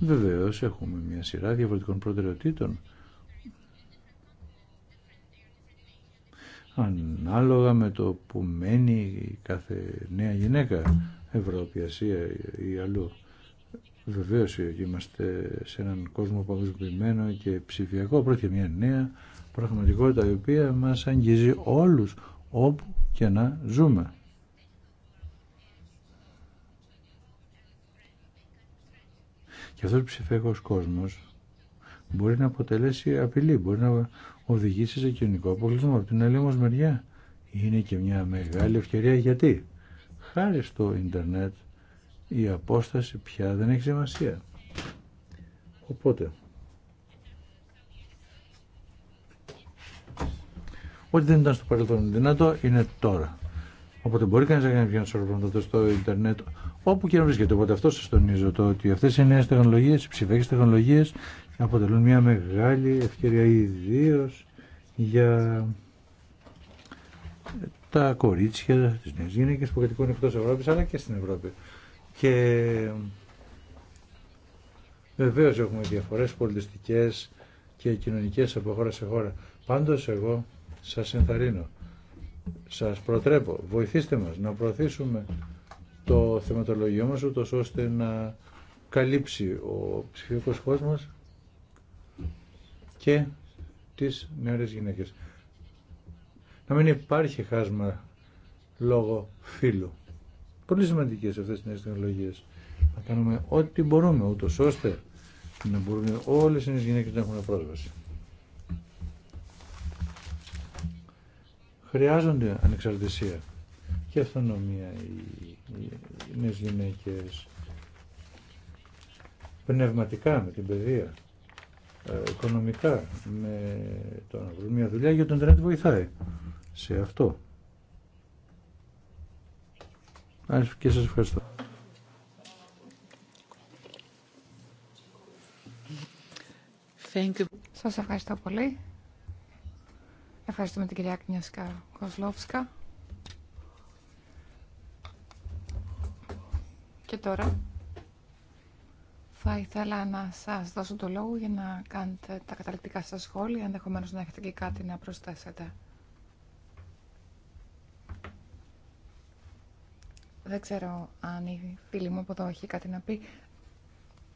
Βεβαίω έχουμε μια σειρά διαφορετικών προτεραιοτήτων ανάλογα με το που μένει κάθε νέα γυναίκα, Ευρώπη, Ασία ή αλλού. Βεβαίως είμαστε σε έναν κόσμο παγκοσμιοποιημένο και ψηφιακό, η οποία μας αγγίζει όλους όπου και να ζούμε. Και αυτός ο ψηφιακός κόσμος μπορεί να αποτελέσει απειλή, μπορεί να οδηγήσει σε κοινωνικό αποκλεισμό. Από την άλλη όμως μεριά είναι και μια μεγάλη ευκαιρία γιατί χάρη στο ίντερνετ η απόσταση πια δεν έχει σημασία. Οπότε, ό,τι δεν ήταν στο παρελθόν δυνατό είναι τώρα. Οπότε μπορεί κανεί να κάνει μια σωροπρόντοτο στο Ιντερνετ η αποσταση πια δεν εχει σημασια οποτε οτι δεν ηταν στο παρελθον δυνατο ειναι τωρα οποτε μπορει κανει να κανει πια ενα στο ιντερνετ οπου και να βρίσκεται. Οπότε αυτό σα τονίζω το ότι αυτέ οι νέε τεχνολογίε, οι ψηφιακέ τεχνολογίε αποτελούν μια μεγάλη ευκαιρία ιδίω για τα κορίτσια, τις νέες γυναίκες που κατοικούν εκτός Ευρώπης αλλά και στην Ευρώπη. Και βεβαίως έχουμε διαφορές πολιτιστικές και κοινωνικές από χώρα σε χώρα. Πάντως εγώ σας ενθαρρύνω, σας προτρέπω, βοηθήστε μας να προωθήσουμε το θεματολογιό μας ούτως ώστε να καλύψει ο ψηφιακός κόσμος και τις νεαρές γυναίκες. Να μην υπάρχει χάσμα λόγω φίλου. Πολύ σημαντικές αυτές οι νέες τεχνολογίες. Να κάνουμε ό,τι μπορούμε, ούτω ώστε να μπορούν όλες οι νέες γυναίκες να έχουν πρόσβαση. Χρειάζονται ανεξαρτησία και αυτονομία οι νέες γυναίκες πνευματικά με την παιδεία ε, οικονομικά με το να βρουν μια δουλειά για το Ιντερνετ βοηθάει σε αυτό. Και σας ευχαριστώ. Thank Σας ευχαριστώ πολύ. Ευχαριστούμε την κυρία Κνιάσκα Κοσλόφσκα. Και τώρα θα ήθελα να σας δώσω το λόγο για να κάνετε τα καταληκτικά σας σχόλια, ενδεχομένως να έχετε και κάτι να προσθέσετε. Δεν ξέρω αν η φίλη μου από εδώ έχει κάτι να πει.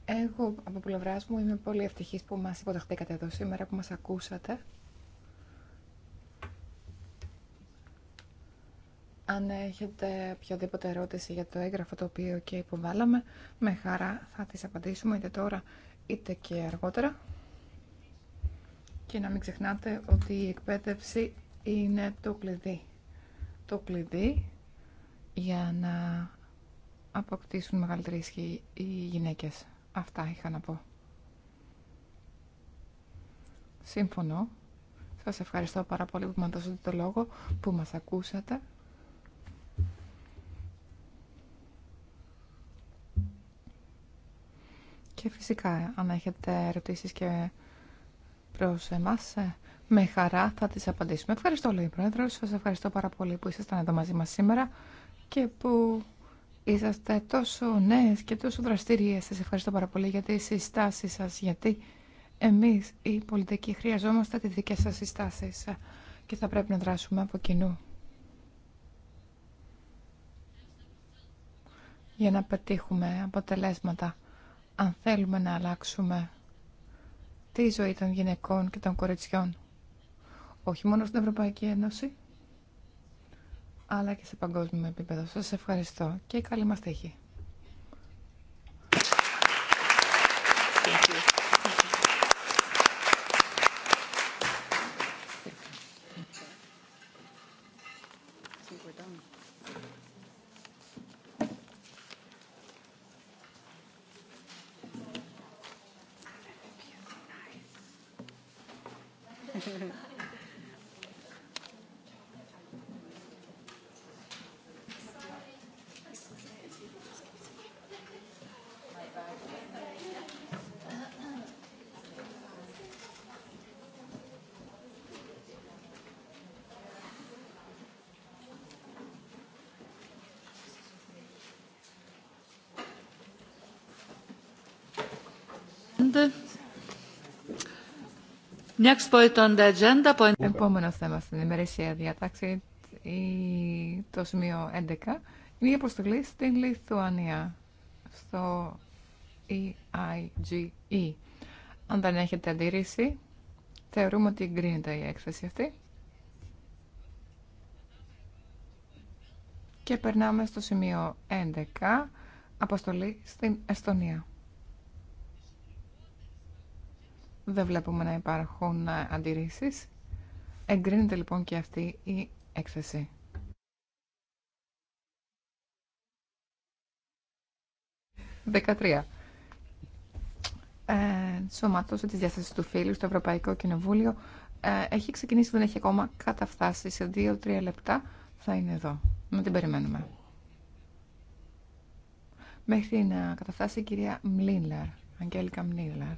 Εγώ από πλευρά μου είμαι πολύ ευτυχής που μας υποδεχτήκατε εδώ σήμερα, που μας ακούσατε. Αν έχετε οποιαδήποτε ερώτηση για το έγγραφο το οποίο και υποβάλαμε, με χαρά θα τις απαντήσουμε είτε τώρα είτε και αργότερα. Και να μην ξεχνάτε ότι η εκπαίδευση είναι το κλειδί. Το κλειδί για να αποκτήσουν μεγαλύτερη ισχύ οι γυναίκες. Αυτά είχα να πω. Σύμφωνο. Σας ευχαριστώ πάρα πολύ που μου δώσατε το λόγο, που μας ακούσατε. Και φυσικά, αν έχετε ερωτήσεις και προς εμάς, ε, με χαρά θα τις απαντήσουμε. Ευχαριστώ, λέει η Πρόεδρος. Σας ευχαριστώ πάρα πολύ που ήσασταν εδώ μαζί μας σήμερα και που είσαστε τόσο νέες και τόσο δραστήριες. Σας ευχαριστώ πάρα πολύ για τις συστάσεις σας, γιατί εμείς οι πολιτικοί χρειαζόμαστε τις δικές σας συστάσεις και θα πρέπει να δράσουμε από κοινού. για να πετύχουμε αποτελέσματα αν θέλουμε να αλλάξουμε τη ζωή των γυναικών και των κοριτσιών, όχι μόνο στην Ευρωπαϊκή Ένωση, αλλά και σε παγκόσμιο επίπεδο. Σας ευχαριστώ και καλή μας τύχη. Runde. Επόμενο θέμα στην ημερήσια διατάξη, το σημείο 11, η αποστολή στην Λιθουανία, στο EIGE. E. Αν δεν έχετε αντίρρηση, θεωρούμε ότι εγκρίνεται η έκθεση αυτή. Και περνάμε στο σημείο 11, αποστολή στην Εστονία. Δεν βλέπουμε να υπάρχουν ε, αντιρρήσεις. Εγκρίνεται λοιπόν και αυτή η έκθεση. Δεκατρία. Ε, σωματώσε τη διάσταση του φίλου στο Ευρωπαϊκό Κοινοβούλιο. Ε, έχει ξεκινήσει, δεν έχει ακόμα καταφτάσει. Σε δύο-τρία λεπτά θα είναι εδώ. Να την περιμένουμε. Μέχρι να καταφτάσει η κυρία Μλίνλερ, Αγγέλικα Μλίνλερ.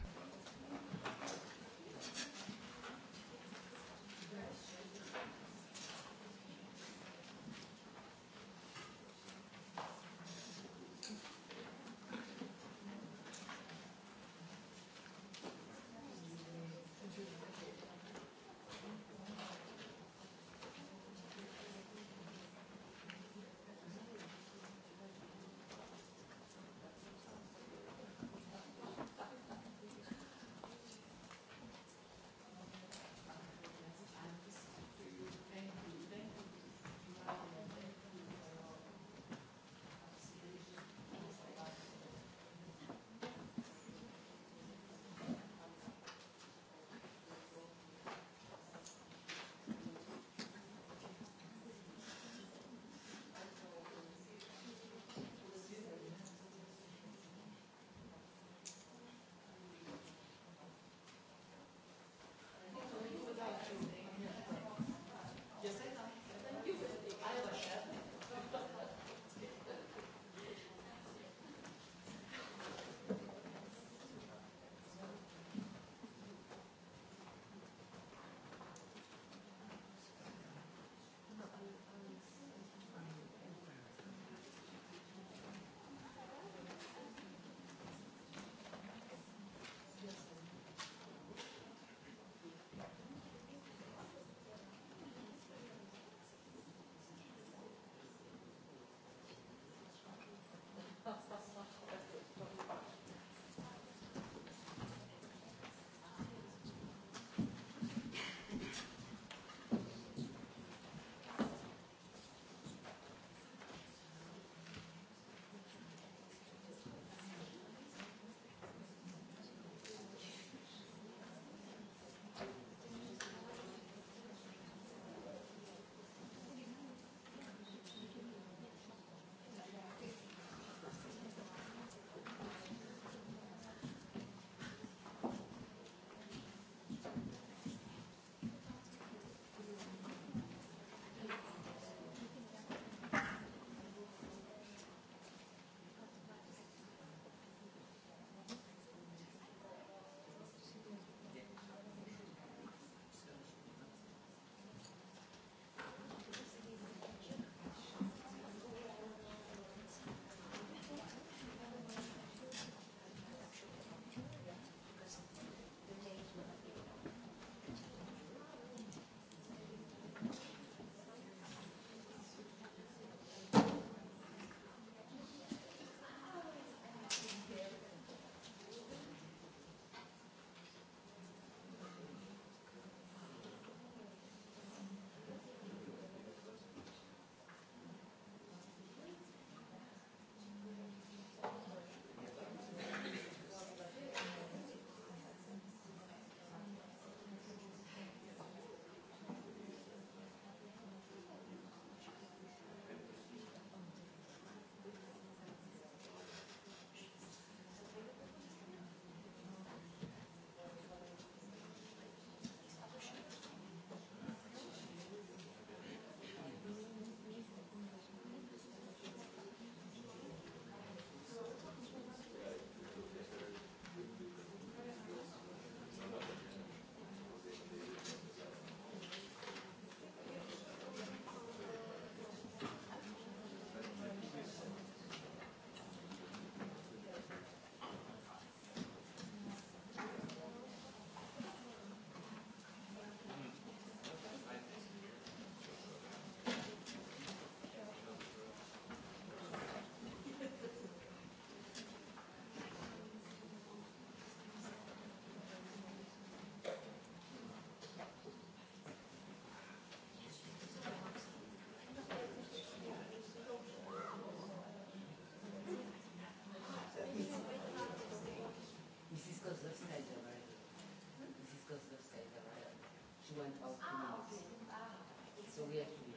went out to Mars. Ah. Okay. So we have to leave.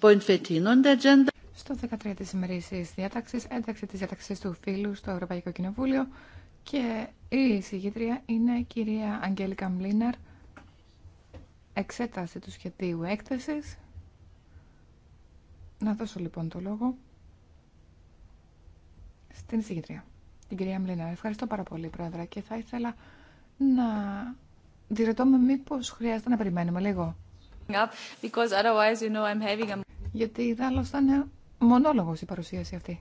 Point 15 on the agenda. 13 της ημερήσης διάταξης, ένταξη της διάταξης του φίλου στο Ευρωπαϊκό Κοινοβούλιο και η συγγήτρια είναι η κυρία Αγγέλικα Μλίναρ, εξέταση του σχεδίου έκθεσης. Να δώσω λοιπόν το λόγο στην συγγήτρια, την κυρία Μλίναρ. Ευχαριστώ πάρα πολύ, Πρόεδρα, και θα ήθελα να διρετώ με μήπως χρειάζεται να περιμένουμε λίγο. Γιατί άλλο θα είναι μονόλογος η παρουσίαση αυτή.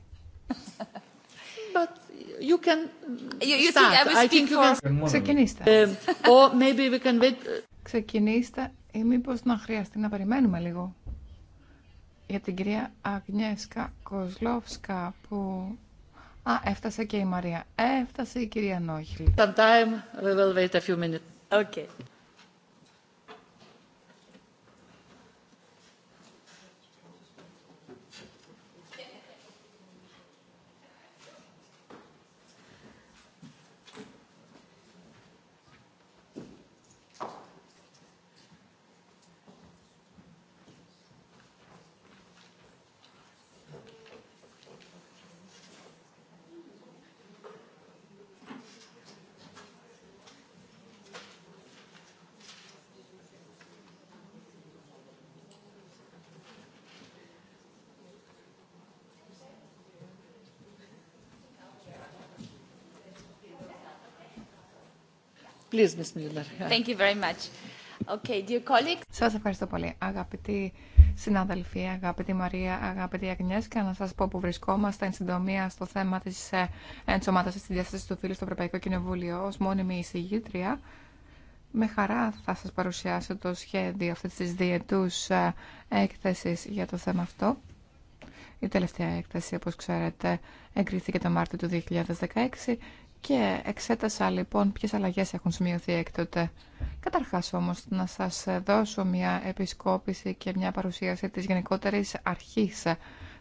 But you can you, I Ξεκινήστε. Ε, or maybe we can wait. Ξεκινήστε ή μήπως να χρειαστεί να περιμένουμε λίγο για την κυρία Αγνιέσκα Κοσλόφσκα που... Α, έφτασε και η Μαρία. Έφτασε η κυρία Νόχιλ. time we will wait a few minutes. Okay. Σα Thank you very much. Okay, dear colleagues. Σας ευχαριστώ πολύ. Αγαπητοί συναδελφοί, αγαπητή Μαρία, αγαπητή Αγνιέσκα, να σας πω που βρισκόμαστε εν συντομία στο θέμα της ε, ενσωμάτωσης τη διάσταση του φίλου στο Ευρωπαϊκό Κοινοβούλιο ως μόνιμη εισηγήτρια. Με χαρά θα σας παρουσιάσω το σχέδιο αυτή της διετούς ε, έκθεσης για το θέμα αυτό. Η τελευταία έκθεση, όπως ξέρετε, εγκρίθηκε το Μάρτιο του 2016 και εξέτασα λοιπόν ποιες αλλαγές έχουν σημειωθεί έκτοτε. Καταρχάς όμως να σας δώσω μια επισκόπηση και μια παρουσίαση της γενικότερης αρχής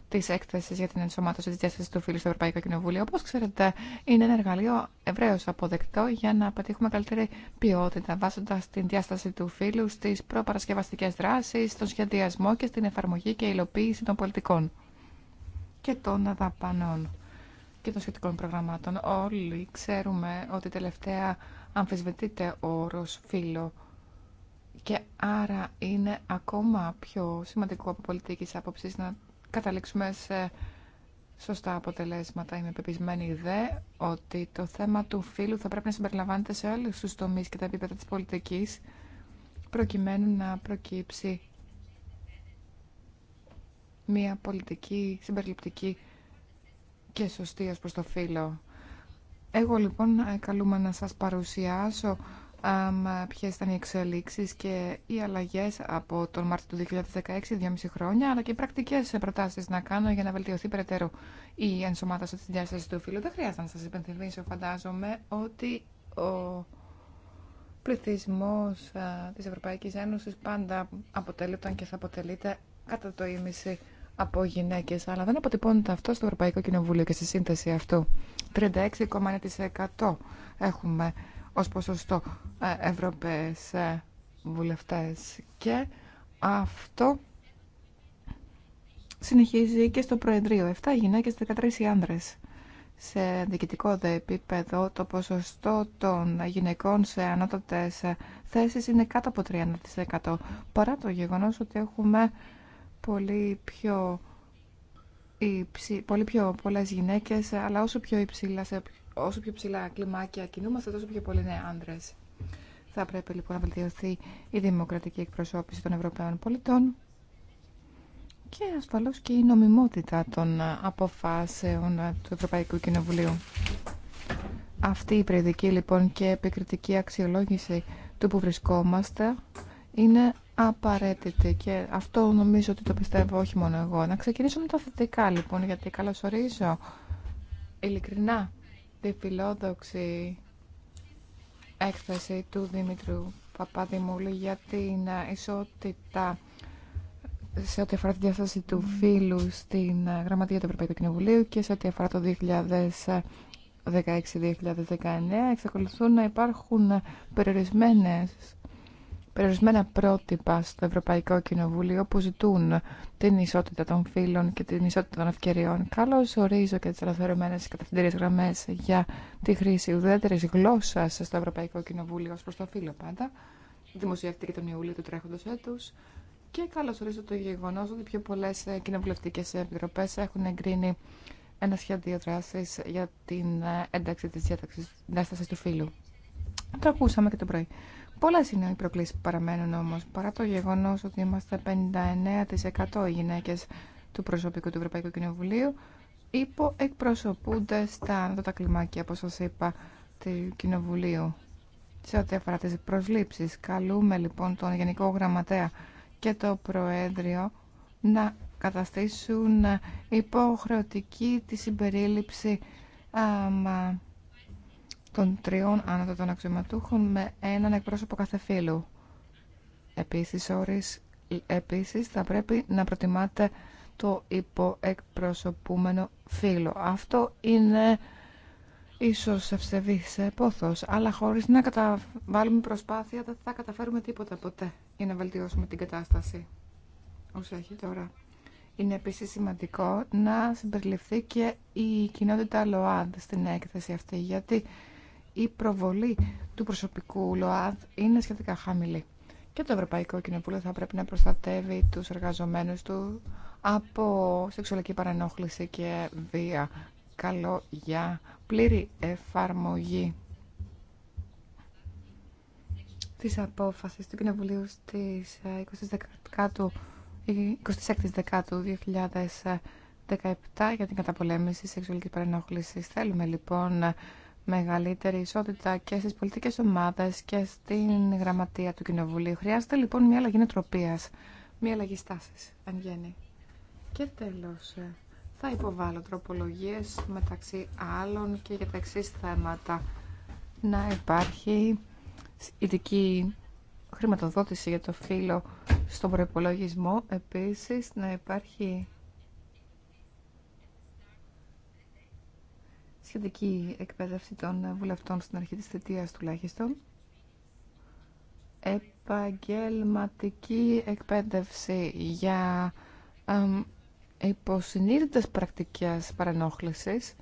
τη έκθεση για την ενσωμάτωση τη διάσταση του φίλου στο Ευρωπαϊκό Κοινοβούλιο. Όπω ξέρετε, είναι ένα εργαλείο ευρέω αποδεκτό για να πετύχουμε καλύτερη ποιότητα, βάζοντα την διάσταση του φίλου στι προπαρασκευαστικέ δράσει, στον σχεδιασμό και στην εφαρμογή και υλοποίηση των πολιτικών και των δαπανών και των σχετικών προγραμμάτων. Όλοι ξέρουμε ότι τελευταία αμφισβητείται ο όρος φίλο και άρα είναι ακόμα πιο σημαντικό από πολιτικής άποψη να καταλήξουμε σε σωστά αποτελέσματα. Είμαι πεπισμένη δε ότι το θέμα του φίλου θα πρέπει να συμπεριλαμβάνεται σε όλους τους τομείς και τα επίπεδα της πολιτικής προκειμένου να προκύψει μια πολιτική συμπεριληπτική και σωστή ως προς το φύλλο. Εγώ λοιπόν ε, καλούμε να σας παρουσιάσω ποιες ήταν οι εξελίξεις και οι αλλαγές από τον Μάρτιο του 2016, 2,5 χρόνια, αλλά και οι πρακτικές ε, προτάσεις να κάνω για να βελτιωθεί περαιτέρω η ενσωμάτωση της διάστασης του φύλλου. Δεν χρειάζεται να σας υπενθυμίσω, φαντάζομαι, ότι ο πληθυσμός ε, της Ευρωπαϊκής Ένωσης πάντα αποτελείται και θα αποτελείται κατά το ίμιση από γυναίκε, αλλά δεν αποτυπώνεται αυτό στο Ευρωπαϊκό Κοινοβούλιο και στη σύνθεση αυτού. 36,1% έχουμε ω ποσοστό ε, Ευρωπαίε ε, βουλευτές και αυτό συνεχίζει και στο Προεδρείο. 7 γυναίκε 13 άνδρες. Σε διοικητικό δε επίπεδο το ποσοστό των γυναικών σε ανώτατε θέσει είναι κάτω από 30% παρά το γεγονό ότι έχουμε πολύ πιο, υψη, πολύ πιο πολλές γυναίκες, αλλά όσο πιο, υψηλά, όσο πιο ψηλά κλιμάκια κινούμαστε, τόσο πιο πολλοί είναι άντρες. Θα πρέπει λοιπόν να βελτιωθεί η δημοκρατική εκπροσώπηση των Ευρωπαίων πολιτών και ασφαλώς και η νομιμότητα των αποφάσεων του Ευρωπαϊκού Κοινοβουλίου. Αυτή η πρεδική λοιπόν και επικριτική αξιολόγηση του που βρισκόμαστε είναι απαραίτητη και αυτό νομίζω ότι το πιστεύω όχι μόνο εγώ. Να ξεκινήσω με τα θετικά λοιπόν, γιατί καλωσορίζω ειλικρινά τη φιλόδοξη έκθεση του Δημήτρου Παπαδημούλη για την ε, ισότητα σε ό,τι αφορά τη διάσταση του φίλου στην ε, Γραμματεία του Ευρωπαϊκού Κοινοβουλίου και σε ό,τι αφορά το 2016-2019 εξακολουθούν να υπάρχουν περιορισμένες περιορισμένα πρότυπα στο Ευρωπαϊκό Κοινοβούλιο που ζητούν την ισότητα των φύλων και την ισότητα των ευκαιριών. Καλώ ορίζω και τι αναφερομένε κατευθυντήριε γραμμέ για τη χρήση ουδέτερη γλώσσα στο Ευρωπαϊκό Κοινοβούλιο ω προ το φύλλο πάντα. Δημοσιεύτηκε τον Ιούλιο του τρέχοντο έτου. Και καλώ ορίζω το γεγονό ότι πιο πολλέ κοινοβουλευτικέ επιτροπέ έχουν εγκρίνει ένα σχέδιο δράση για την ένταξη τη διάσταση του φύλου. Το ακούσαμε και το πρωί. Πολλέ είναι οι προκλήσει που παραμένουν όμω, παρά το γεγονό ότι είμαστε 59% οι γυναίκε του προσωπικού του Ευρωπαϊκού Κοινοβουλίου εκπροσωπούνται στα ανώτατα κλιμάκια, όπως σας είπα, του Κοινοβουλίου. Σε ό,τι αφορά τι προσλήψει. καλούμε λοιπόν τον Γενικό Γραμματέα και το Προέδριο να καταστήσουν υποχρεωτική τη συμπερίληψη των τριών άνω των αξιωματούχων με έναν εκπρόσωπο κάθε φύλου. Επίσης, επίσης θα πρέπει να προτιμάτε το υποεκπροσωπούμενο φύλο. Αυτό είναι ίσως σε πόθος, αλλά χωρίς να καταβάλουμε προσπάθεια δεν θα καταφέρουμε τίποτα ποτέ για να βελτιώσουμε την κατάσταση όσο έχει τώρα. Είναι επίση σημαντικό να συμπεριληφθεί και η κοινότητα ΛΟΑΔ στην έκθεση αυτή, γιατί η προβολή του προσωπικού ΛΟΑΔ είναι σχετικά χαμηλή. Και το Ευρωπαϊκό Κοινοβούλιο θα πρέπει να προστατεύει τους εργαζομένους του από σεξουαλική παρενόχληση και βία. Καλό για πλήρη εφαρμογή της απόφασης του Κοινοβουλίου στις 26 ε, Δεκάτου 2017 για την καταπολέμηση σεξουαλικής παρενόχλησης. Θέλουμε λοιπόν μεγαλύτερη ισότητα και στις πολιτικές ομάδες και στην γραμματεία του Κοινοβουλίου. Χρειάζεται λοιπόν μια αλλαγή νοτροπίας, μια αλλαγή στάσης, αν γίνει. Και τέλος, ε, θα υποβάλω τροπολογίες μεταξύ άλλων και για τα εξή θέματα. Να υπάρχει ειδική χρηματοδότηση για το φύλλο στον προπολογισμό, επίσης να υπάρχει σχετική εκπαίδευση των βουλευτών στην αρχή της θετίας τουλάχιστον, επαγγελματική εκπαίδευση για υποσυνείδητες πρακτικές παρενόχλησης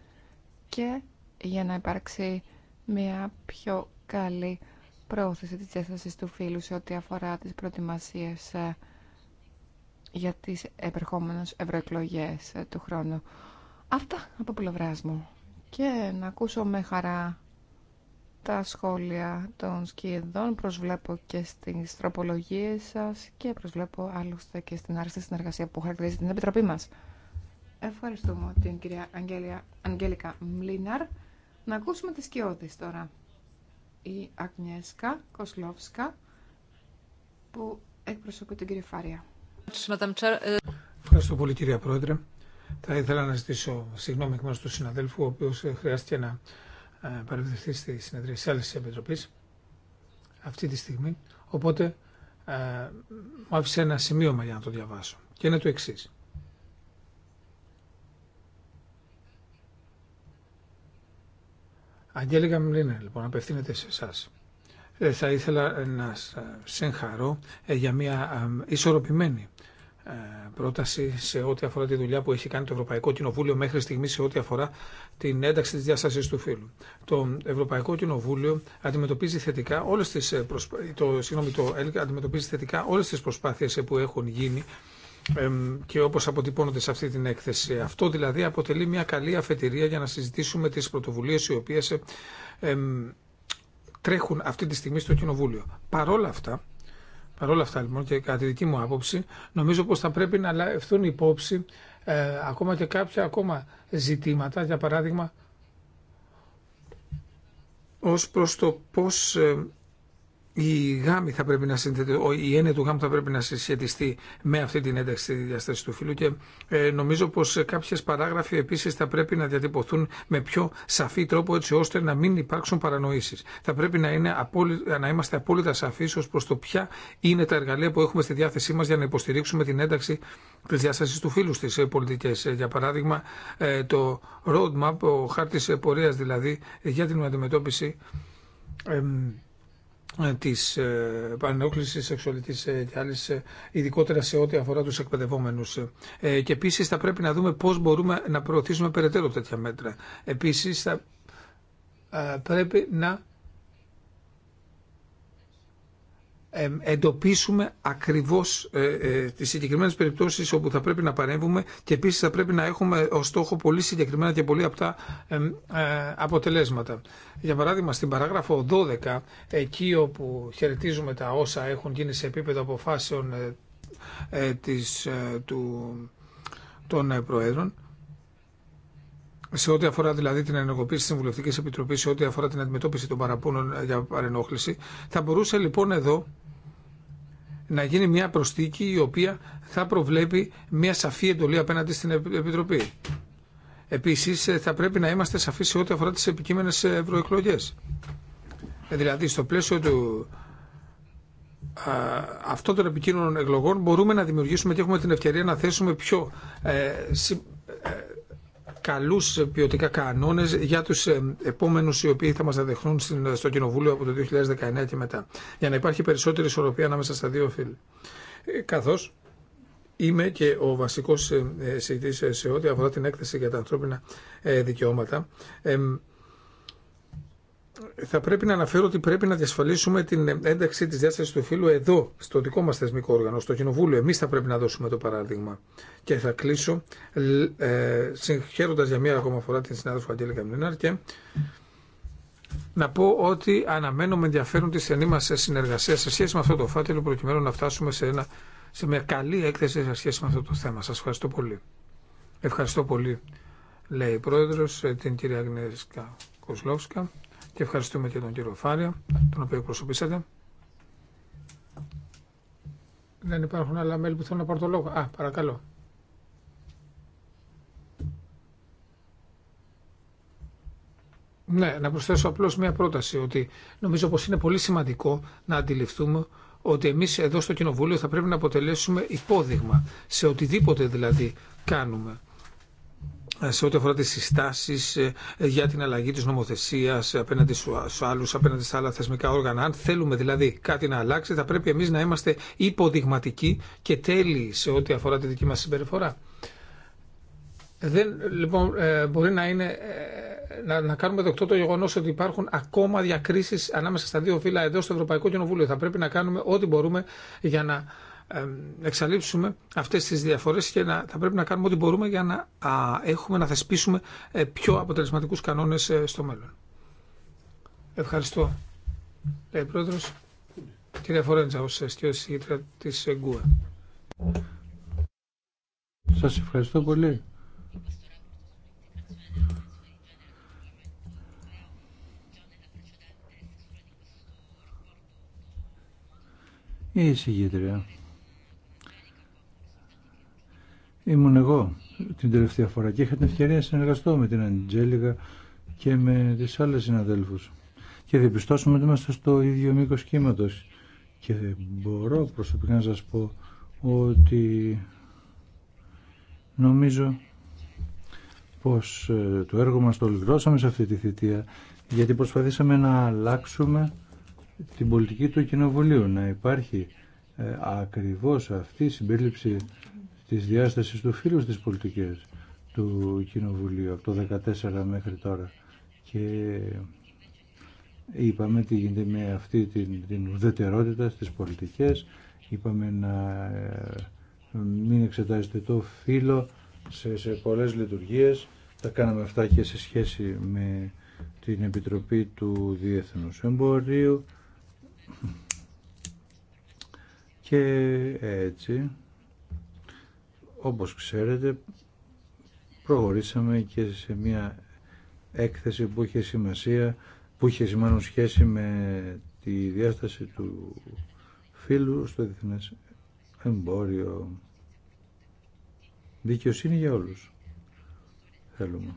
και για να υπάρξει μια πιο καλή πρόθεση της έστασης του φίλου σε ό,τι αφορά τις προετοιμασίες ε, για τις επερχόμενες ευρωεκλογές ε, του χρόνου. Αυτά από πλευρά μου και να ακούσω με χαρά τα σχόλια των σκιεδών. Προσβλέπω και στις τροπολογίες σας και προσβλέπω άλλωστε και στην άριστη συνεργασία που χαρακτηρίζει την Επιτροπή μας. Ευχαριστούμε την κυρία Αγγέλια, Αγγέλικα Μλίναρ. Να ακούσουμε τις σκιώδεις τώρα. Η Αγνιέσκα Κοσλόφσκα που εκπροσωπεί την κυρία Φάρια. Ευχαριστώ πολύ κυρία Πρόεδρε. Θα ήθελα να ζητήσω συγγνώμη εκ μέρου του συναδέλφου, ο οποίο ε, χρειάστηκε να ε, παρευρεθεί στη συνεδρία τη άλλη επιτροπή αυτή τη στιγμή. Οπότε ε, μου άφησε ένα σημείωμα για να το διαβάσω. Και είναι το εξή. Αγγέλικα Μιλίνε, λοιπόν, απευθύνεται σε εσά. Θα ήθελα να σε συγχαρώ για μια ισορροπημένη ε, πρόταση σε ό,τι αφορά τη δουλειά που έχει κάνει το Ευρωπαϊκό Κοινοβούλιο μέχρι στιγμή σε ό,τι αφορά την ένταξη τη διάσταση του φύλου. Το Ευρωπαϊκό Κοινοβούλιο αντιμετωπίζει θετικά όλες τις το, προσπάθειες που έχουν γίνει και όπω αποτυπώνονται σε αυτή την έκθεση. Αυτό δηλαδή αποτελεί μια καλή αφετηρία για να συζητήσουμε τι πρωτοβουλίε, οι οποίε ε, τρέχουν αυτή τη στιγμή στο Κοινοβούλιο. Παρόλα αυτά, Παρ' όλα αυτά λοιπόν και κατά τη δική μου άποψη νομίζω πως θα πρέπει να λαφθούν υπόψη ε, ακόμα και κάποια ακόμα ζητήματα για παράδειγμα ως προς το πώς ε, η θα πρέπει να η έννοια του γάμου θα πρέπει να συσχετιστεί με αυτή την ένταξη τη διαστάση του φίλου. και ε, νομίζω πως κάποιες παράγραφοι επίσης θα πρέπει να διατυπωθούν με πιο σαφή τρόπο έτσι ώστε να μην υπάρξουν παρανοήσεις. Θα πρέπει να, είναι απόλυ... να είμαστε απόλυτα σαφείς ως προς το ποια είναι τα εργαλεία που έχουμε στη διάθεσή μας για να υποστηρίξουμε την ένταξη τη διάσταση του φίλου στι ε, πολιτικέ. Ε, για παράδειγμα το roadmap, ο χάρτης πορεία δηλαδή για την αντιμετώπιση ε, της ε, πανενόχλησης σεξουαλικής ε, και άλλης, ειδικότερα σε ό,τι αφορά τους εκπαιδευόμενους. Και επίσης θα πρέπει να δούμε πώς μπορούμε να προωθήσουμε περαιτέρω τέτοια μέτρα. Επίσης θα πρέπει να εντοπίσουμε ακριβώς ε, ε, τις συγκεκριμένες περιπτώσεις όπου θα πρέπει να παρέμβουμε και επίσης θα πρέπει να έχουμε ως στόχο πολύ συγκεκριμένα και πολύ απτά ε, αποτελέσματα. Για παράδειγμα, στην παράγραφο 12, εκεί όπου χαιρετίζουμε τα όσα έχουν γίνει σε επίπεδο αποφάσεων της, του, των Προέδρων, σε ό,τι αφορά δηλαδή την ενεργοποίηση τη Συμβουλευτική Επιτροπή, σε ό,τι αφορά την αντιμετώπιση των παραπούνων ε, για παρενόχληση, θα μπορούσε λοιπόν εδώ να γίνει μια προσθήκη η οποία θα προβλέπει μια σαφή εντολή απέναντι στην Επιτροπή. Επίση, ε, θα πρέπει να είμαστε σαφεί σε ό,τι αφορά τι επικείμενε ευρωεκλογέ. Ε, δηλαδή, στο πλαίσιο του αυτών των επικείμενων εκλογών μπορούμε να δημιουργήσουμε και έχουμε την ευκαιρία να θέσουμε πιο Καλού ποιοτικά κανόνε για του ε, επόμενου οι οποίοι θα μας δεχθούν στο Κοινοβούλιο από το 2019 και μετά. Για να υπάρχει περισσότερη ισορροπία ανάμεσα στα δύο φύλλα. Ε, Καθώ είμαι και ο βασικό ε, συζητή σε ό,τι αφορά την έκθεση για τα ανθρώπινα δικαιώματα θα πρέπει να αναφέρω ότι πρέπει να διασφαλίσουμε την ένταξη τη διάσταση του φύλου εδώ, στο δικό μα θεσμικό όργανο, στο Κοινοβούλιο. Εμεί θα πρέπει να δώσουμε το παράδειγμα. Και θα κλείσω ε, συγχαίροντα για μία ακόμα φορά την συνάδελφο Αγγέλη Μινάρ και να πω ότι αναμένω με ενδιαφέρον τη στενή μα συνεργασία σε σχέση με αυτό το φάτελο προκειμένου να φτάσουμε σε, ένα, σε μια καλή έκθεση σε σχέση με αυτό το θέμα. Σα ευχαριστώ πολύ. Ευχαριστώ πολύ, λέει η Πρόεδρο, ε, την κυρία Αγνέσκα Κοσλόφσκα και ευχαριστούμε και τον κύριο Φάρια, τον οποίο εκπροσωπήσατε. Δεν υπάρχουν άλλα μέλη που θέλουν να πάρουν το λόγο. Α, παρακαλώ. Ναι, να προσθέσω απλώς μια πρόταση ότι νομίζω πως είναι πολύ σημαντικό να αντιληφθούμε ότι εμείς εδώ στο Κοινοβούλιο θα πρέπει να αποτελέσουμε υπόδειγμα σε οτιδήποτε δηλαδή κάνουμε σε ό,τι αφορά τις συστάσεις ε, για την αλλαγή της νομοθεσίας απέναντι στους άλλους, απέναντι στα άλλα θεσμικά όργανα. Αν θέλουμε δηλαδή κάτι να αλλάξει, θα πρέπει εμείς να είμαστε υποδειγματικοί και τέλειοι σε ό,τι αφορά τη δική μας συμπεριφορά. Δεν, λοιπόν, ε, μπορεί να είναι ε, να, να κάνουμε δεκτό το γεγονό ότι υπάρχουν ακόμα διακρίσει ανάμεσα στα δύο φύλλα εδώ στο Ευρωπαϊκό Κοινοβούλιο. Θα πρέπει να κάνουμε ό,τι μπορούμε για να εξαλείψουμε αυτές τις διαφορές και να, θα πρέπει να κάνουμε ό,τι μπορούμε για να έχουμε να θεσπίσουμε ε, πιο αποτελεσματικούς κανόνες ε, στο μέλλον. Ευχαριστώ. Λέει Πρόεδρος, κυρία Φορέντζα, ως αστιός της ΕΓΚΟΕ. Σας ευχαριστώ πολύ. Η εισηγήτρια ήμουν εγώ την τελευταία φορά και είχα την ευκαιρία να συνεργαστώ με την Αντζέλικα και με τι άλλε συναδέλφου και διαπιστώσαμε ότι είμαστε στο ίδιο μήκο κύματο. και μπορώ προσωπικά να σας πω ότι νομίζω πως ε, το έργο μας το ολοκληρώσαμε σε αυτή τη θητεία γιατί προσπαθήσαμε να αλλάξουμε την πολιτική του Κοινοβουλίου να υπάρχει ε, ακριβώς αυτή η συμπέριληψη τη διάσταση του φίλου στις πολιτικές του Κοινοβουλίου από το 2014 μέχρι τώρα και είπαμε τι γίνεται με αυτή την, την ουδετερότητα στις πολιτικές είπαμε να ε, μην εξετάζεται το φίλο σε, σε πολλές λειτουργίες τα κάναμε αυτά και σε σχέση με την Επιτροπή του Διεθνούς Εμπορίου και έτσι όπως ξέρετε, προχωρήσαμε και σε μια έκθεση που είχε σημασία, που είχε σημαίνουν σχέση με τη διάσταση του φίλου στο διεθνές εμπόριο. Δικαιοσύνη για όλους θέλουμε.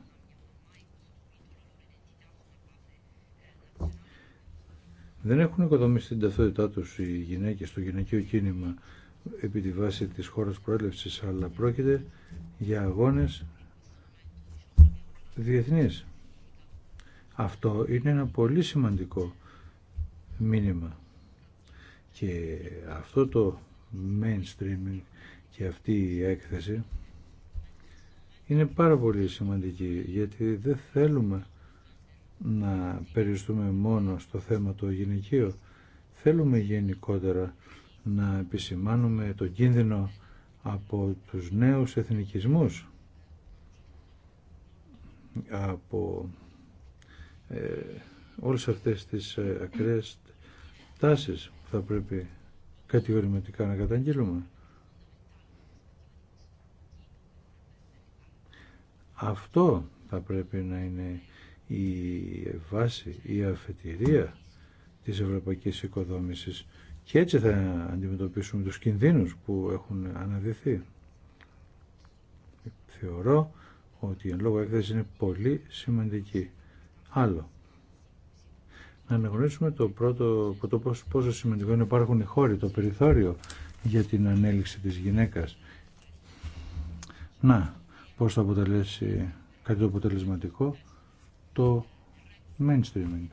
Δεν έχουν οικοδομήσει την ταυτότητά τους οι γυναίκες στο γυναικείο κίνημα επί τη βάση της χώρας προέλευσης, αλλά πρόκειται για αγώνες διεθνείς. Αυτό είναι ένα πολύ σημαντικό μήνυμα. Και αυτό το mainstream και αυτή η έκθεση είναι πάρα πολύ σημαντική γιατί δεν θέλουμε να περιστούμε μόνο στο θέμα το γυναικείο θέλουμε γενικότερα να επισημάνουμε τον κίνδυνο από τους νέους εθνικισμούς από ε, όλες αυτές τις ε, τάσεις που θα πρέπει κατηγορηματικά να καταγγείλουμε. Αυτό θα πρέπει να είναι η βάση, η αφετηρία της ευρωπαϊκής οικοδόμησης και έτσι θα αντιμετωπίσουμε τους κινδύνους που έχουν αναδυθεί. Θεωρώ ότι η εν λόγω έκθεση είναι πολύ σημαντική. Άλλο. Να αναγνωρίσουμε το πρώτο, το πόσο, πόσο σημαντικό είναι υπάρχουν οι χώροι, το περιθώριο για την ανέλυξη της γυναίκας. Να, πώς θα αποτελέσει κάτι το αποτελεσματικό, το mainstreaming.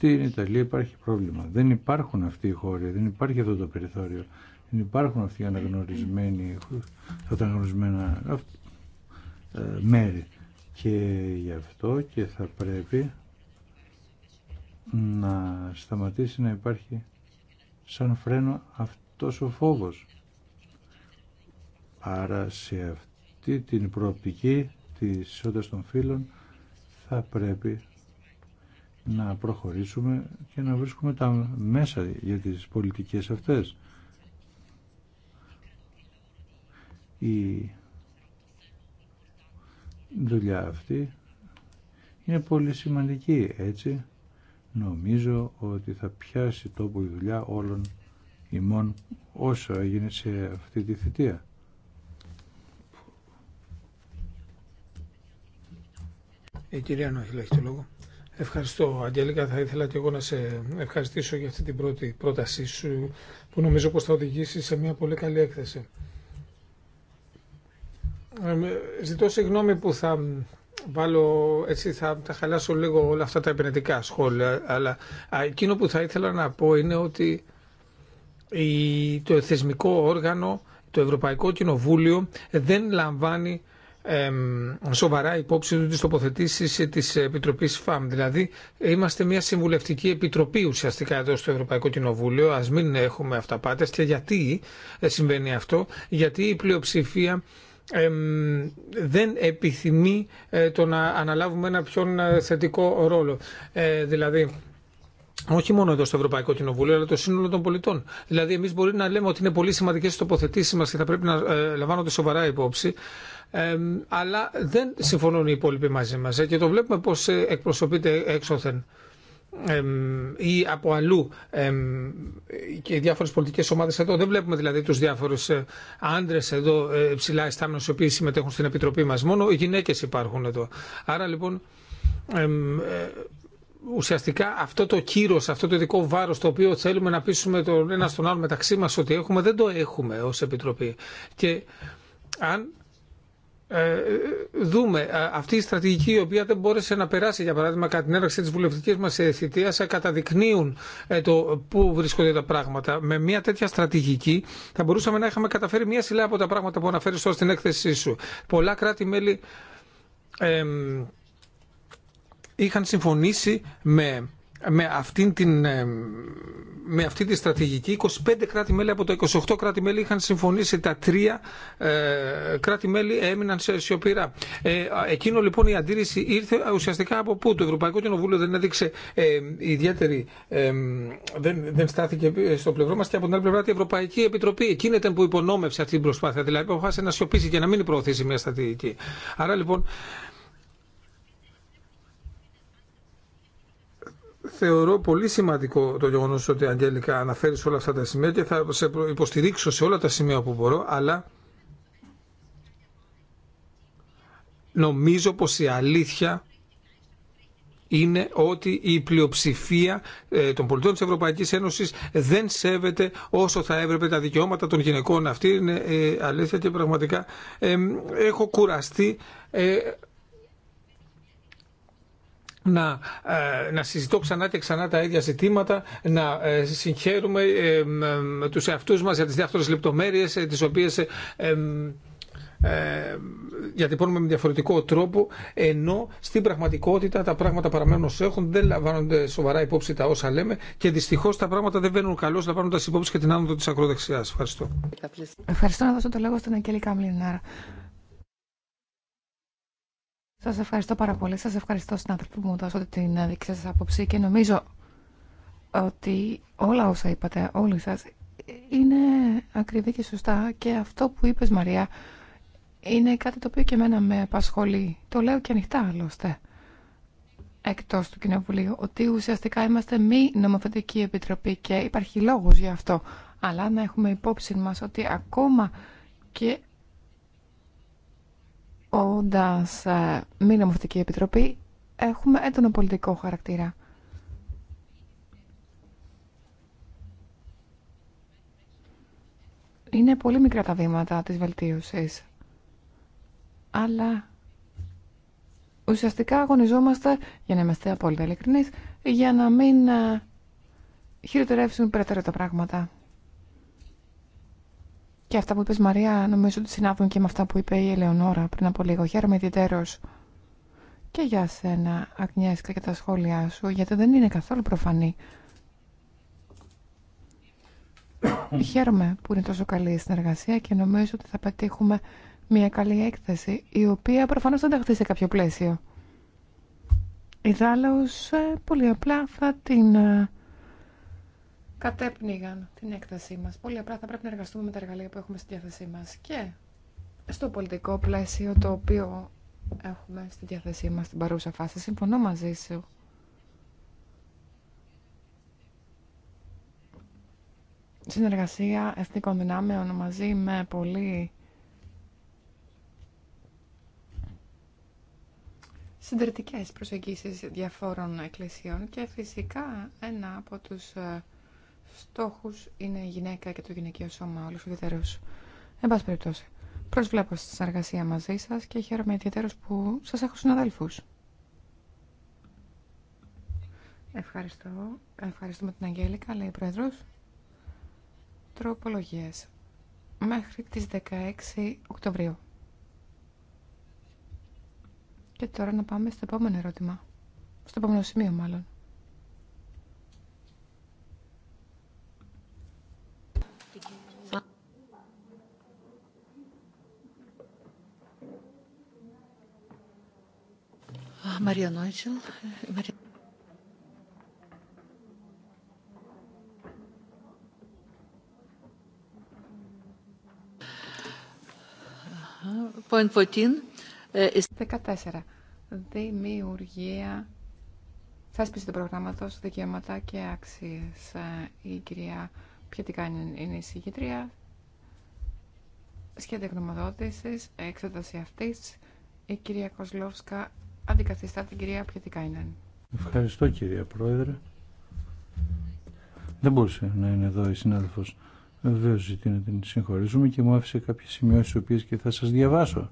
Στην Ιταλία υπάρχει πρόβλημα. Δεν υπάρχουν αυτοί οι χώροι, δεν υπάρχει αυτό το περιθώριο. Δεν υπάρχουν αυτοί οι αναγνωρισμένοι, αυτά τα αναγνωρισμένα ε, μέρη. Και γι' αυτό και θα πρέπει να σταματήσει να υπάρχει σαν φρένο αυτός ο φόβος. Άρα σε αυτή την προοπτική της ισότητας των φύλων θα πρέπει να προχωρήσουμε και να βρίσκουμε τα μέσα για τις πολιτικές αυτές. Η δουλειά αυτή είναι πολύ σημαντική έτσι. Νομίζω ότι θα πιάσει τόπο η δουλειά όλων ημών όσο έγινε σε αυτή τη θητεία. Η ε, κυρία Νόχιλα Ευχαριστώ, Αγγέλικα. Θα ήθελα και εγώ να σε ευχαριστήσω για αυτή την πρώτη πρότασή σου, που νομίζω πως θα οδηγήσει σε μια πολύ καλή έκθεση. Ε, ζητώ συγγνώμη που θα βάλω, έτσι θα χαλάσω λίγο όλα αυτά τα επενδυτικά σχόλια, αλλά εκείνο που θα ήθελα να πω είναι ότι το θεσμικό όργανο, το Ευρωπαϊκό Κοινοβούλιο, δεν λαμβάνει σοβαρά υπόψη του τις τοποθετήσεις της Επιτροπής ΦΑΜ. Δηλαδή είμαστε μια συμβουλευτική επιτροπή ουσιαστικά εδώ στο Ευρωπαϊκό Κοινοβούλιο. Ας μην έχουμε αυταπάτες και γιατί ε, συμβαίνει αυτό. Γιατί η πλειοψηφία δεν επιθυμεί ε, το να αναλάβουμε ένα πιο ε, θετικό ρόλο. Ε, δηλαδή όχι μόνο εδώ στο Ευρωπαϊκό Κοινοβούλιο, αλλά το σύνολο των πολιτών. Δηλαδή, εμεί μπορεί να λέμε ότι είναι πολύ σημαντικέ οι τοποθετήσει μα και θα πρέπει να λαμβάνονται σοβαρά υπόψη αλλά δεν συμφωνούν οι υπόλοιποι μαζί μας ε, και το βλέπουμε πώ ε, εκπροσωπείται έξωθεν ή από αλλού και οι διάφορε πολιτικέ ομάδε, εδώ. Δεν βλέπουμε δηλαδή του διάφορου ε, άντρε εδώ ψηλά αισθάμενου οι οποίοι συμμετέχουν στην Επιτροπή μα. Μόνο οι γυναίκε υπάρχουν εδώ. Άρα λοιπόν ουσιαστικά αυτό το κύρος, αυτό το ειδικό βάρος το οποίο θέλουμε να πείσουμε τον ένα στον άλλο μεταξύ μας ότι έχουμε δεν το έχουμε ως Επιτροπή. Και αν ε, δούμε αυτή η στρατηγική η οποία δεν μπόρεσε να περάσει για παράδειγμα κατά την έναρξη της βουλευτικής μας ε, θητείας ε, καταδεικνύουν το πού βρίσκονται τα πράγματα. Με μια τέτοια στρατηγική θα μπορούσαμε να είχαμε καταφέρει μια σειρά από τα πράγματα που αναφέρεις τώρα στην έκθεσή σου. Πολλά κράτη-μέλη ε, είχαν συμφωνήσει με, με αυτήν την ε, με αυτή τη στρατηγική 25 κράτη-μέλη από τα 28 κράτη-μέλη είχαν συμφωνήσει. Τα τρία ε, κράτη-μέλη έμειναν σε σιωπηρά. Ε, εκείνο λοιπόν η αντίρρηση ήρθε ουσιαστικά από πού. Το Ευρωπαϊκό Κοινοβούλιο δεν έδειξε ε, ιδιαίτερη. Ε, δεν, δεν στάθηκε στο πλευρό μας. και από την άλλη πλευρά η Ευρωπαϊκή Επιτροπή. Εκείνη ήταν που υπονόμευσε αυτή την προσπάθεια. Δηλαδή αποφάσισε να σιωπήσει και να μην προωθήσει μια στρατηγική. Άρα λοιπόν θεωρώ πολύ σημαντικό το γεγονό ότι η Αγγέλικα αναφέρει σε όλα αυτά τα σημεία και θα σε υποστηρίξω σε όλα τα σημεία που μπορώ, αλλά νομίζω πως η αλήθεια είναι ότι η πλειοψηφία ε, των πολιτών της Ευρωπαϊκής Ένωσης δεν σέβεται όσο θα έβρεπε τα δικαιώματα των γυναικών. Αυτή είναι ε, αλήθεια και πραγματικά ε, έχω κουραστεί να, ε, να συζητώ ξανά και ξανά τα ίδια ζητήματα, να ε, συγχαίρουμε ε, τους εαυτούς μας για τις διάφορες λεπτομέρειες τις οποίες ε, διατυπώνουμε με διαφορετικό τρόπο, ενώ στην πραγματικότητα τα πράγματα παραμένουν όσο έχουν, δεν λαμβάνονται σοβαρά υπόψη τα όσα λέμε και δυστυχώς τα πράγματα δεν βαίνουν καλώ λαμβάνοντας υπόψη και την άνοδο τη ακροδεξιά. Ευχαριστώ. Ευχαριστώ να δώσω το λόγο στον Αγγέλη Καμλινάρα. Σας ευχαριστώ πάρα πολύ. Σας ευχαριστώ συνάδελφοι που μου δώσατε την ε, δική σα άποψη και νομίζω ότι όλα όσα είπατε, όλοι σα είναι ακριβή και σωστά και αυτό που είπες Μαρία είναι κάτι το οποίο και εμένα με απασχολεί. Το λέω και ανοιχτά άλλωστε εκτός του Κοινοβουλίου ότι ουσιαστικά είμαστε μη νομοθετική επιτροπή και υπάρχει λόγο για αυτό. Αλλά να έχουμε υπόψη μα ότι ακόμα και όντας ε, μη νομοθετική επιτροπή, έχουμε έντονο πολιτικό χαρακτήρα. Είναι πολύ μικρά τα βήματα της βελτίωσης, αλλά ουσιαστικά αγωνιζόμαστε, για να είμαστε απόλυτα ειλικρινείς, για να μην ε, χειροτερεύσουν περαιτέρω τα πράγματα. Και αυτά που είπες Μαρία νομίζω ότι συνάδουν και με αυτά που είπε η Ελεονόρα πριν από λίγο. Χαίρομαι ιδιαίτερω. και για σένα Αγνιέσκα και τα σχόλιά σου γιατί δεν είναι καθόλου προφανή. Χαίρομαι που είναι τόσο καλή η συνεργασία και νομίζω ότι θα πετύχουμε μια καλή έκθεση η οποία προφανώς δεν ταχθεί σε κάποιο πλαίσιο. Ιδάλλως ε, πολύ απλά θα την ε, κατέπνιγαν την έκτασή μας. Πολύ απλά θα πρέπει να εργαστούμε με τα εργαλεία που έχουμε στη διάθεσή μας και στο πολιτικό πλαίσιο το οποίο έχουμε στη διάθεσή μας στην παρούσα φάση. Συμφωνώ μαζί σου. Συνεργασία εθνικών δυνάμεων μαζί με πολύ συντηρητικές προσεγγίσεις διαφόρων εκκλησιών και φυσικά ένα από τους ε, Στόχου είναι η γυναίκα και το γυναικείο σώμα όλους ιδιαίτερο. Εν πάση περιπτώσει, προσβλέπω στη συνεργασία μαζί σα και χαίρομαι ιδιαίτερω που σας έχω συναδέλφου. Ευχαριστώ. Ευχαριστούμε την Αγγέλικα, λέει ο Πρόεδρος. Τροπολογίες. Μέχρι τις 16 Οκτωβρίου. Και τώρα να πάμε στο επόμενο ερώτημα. Στο επόμενο σημείο μάλλον. Μαρία Νόιτσελ. Point 14. Uh, Δημιουργία θέσπιση του προγράμματο, δικαιώματα και άξιε. Η κυρία Πιατικά είναι η συγκήτρια. Σχέδιο γνωμοδότηση, εξέταση αυτή. Η κυρία Κοσλόφσκα αντικαθιστά την κυρία Πιετικάινεν. Ευχαριστώ κυρία Πρόεδρε. Δεν μπορούσε να είναι εδώ η συνάδελφος. Βεβαίω ζητεί να την συγχωρήσουμε και μου άφησε κάποιες τι οποίε και θα σας διαβάσω.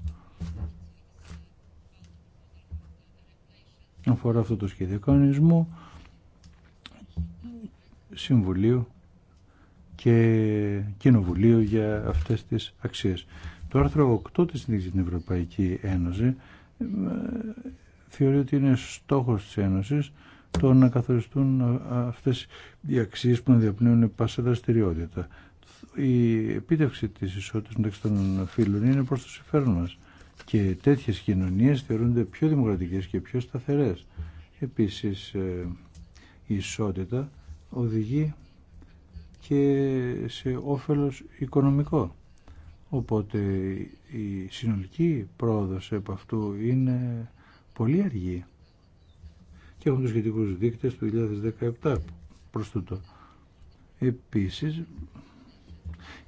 Αφορά αυτό το σχέδιο κανονισμού, Συμβουλίου και Κοινοβουλίου για αυτές τις αξίες. Το άρθρο 8 της Συνδίκης στην Ευρωπαϊκή Ένωση ε, θεωρεί ότι είναι στόχος της Ένωσης το να καθοριστούν αυτές οι αξίες που να πάσα δραστηριότητα. Η επίτευξη της ισότητας μεταξύ των φίλων είναι προς το συμφέρον μας και τέτοιες κοινωνίες θεωρούνται πιο δημοκρατικές και πιο σταθερές. Επίσης ε, η ισότητα οδηγεί και σε όφελος οικονομικό. Οπότε η συνολική πρόοδος από αυτού είναι πολύ αργή. Και έχουμε τους σχετικούς δείκτες του 2017 προς τούτο. Επίσης,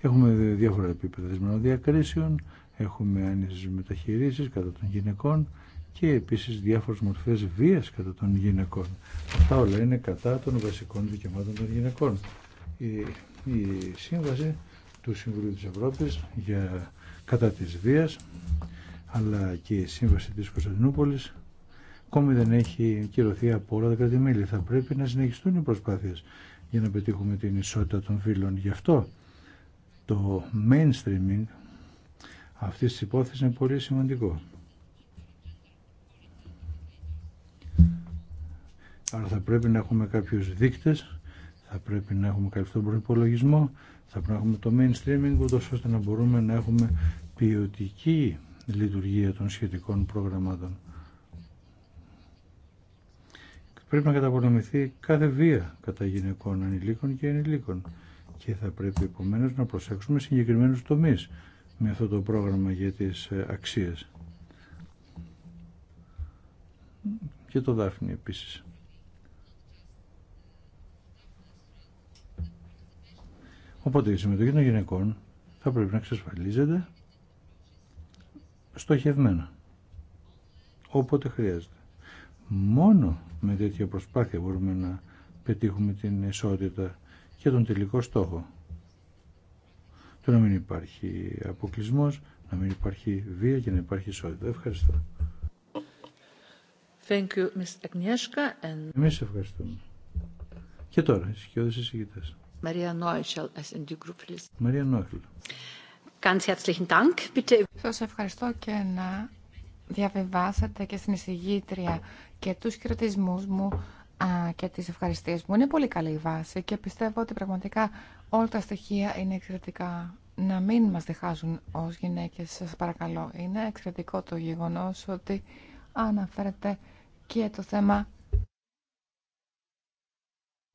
έχουμε διάφορα επίπεδα δεσμένων διακρίσεων, έχουμε άνισες μεταχειρίσεις κατά των γυναικών και επίσης διάφορες μορφές βίας κατά των γυναικών. Αυτά όλα είναι κατά των βασικών δικαιωμάτων των γυναικών. Η, η σύμβαση του Συμβουλίου της Ευρώπης για, κατά της βίας αλλά και η σύμβαση της Κωνσταντινούπολης ακόμη δεν έχει κυρωθεί από όλα τα κρατημέλη. Θα πρέπει να συνεχιστούν οι προσπάθειες για να πετύχουμε την ισότητα των φύλων. Γι' αυτό το mainstreaming αυτή τη υπόθεση είναι πολύ σημαντικό. Άρα θα πρέπει να έχουμε κάποιους δείκτες, θα πρέπει να έχουμε κάποιον προπολογισμό, θα πρέπει να έχουμε το mainstreaming, ούτως ώστε να μπορούμε να έχουμε ποιοτική λειτουργία των σχετικών προγραμμάτων. Πρέπει να καταπονομηθεί κάθε βία κατά γυναικών, ανηλίκων και ενηλίκων. Και θα πρέπει επομένως να προσέξουμε συγκεκριμένους τομείς με αυτό το πρόγραμμα για τις ε, αξίες. Και το Δάφνη επίσης. Οπότε η συμμετοχή των γυναικών θα πρέπει να εξασφαλίζεται στοχευμένα. Όποτε χρειάζεται. Μόνο με τέτοια προσπάθεια μπορούμε να πετύχουμε την ισότητα και τον τελικό στόχο. Το να μην υπάρχει αποκλεισμό, να μην υπάρχει βία και να υπάρχει ισότητα. Ευχαριστώ. Thank Εμείς ευχαριστούμε. Και τώρα, οι σκιώδες εισηγητές. Μαρία Νόιχελ, Σα Μαρία Ganz Σας ευχαριστώ και να διαβιβάσατε και στην εισηγήτρια και τους χειροτισμούς μου και τις ευχαριστίες μου. Είναι πολύ καλή η βάση και πιστεύω ότι πραγματικά όλα τα στοιχεία είναι εξαιρετικά. Να μην μας διχάζουν ως γυναίκες, σας παρακαλώ. Είναι εξαιρετικό το γεγονός ότι αναφέρεται και το θέμα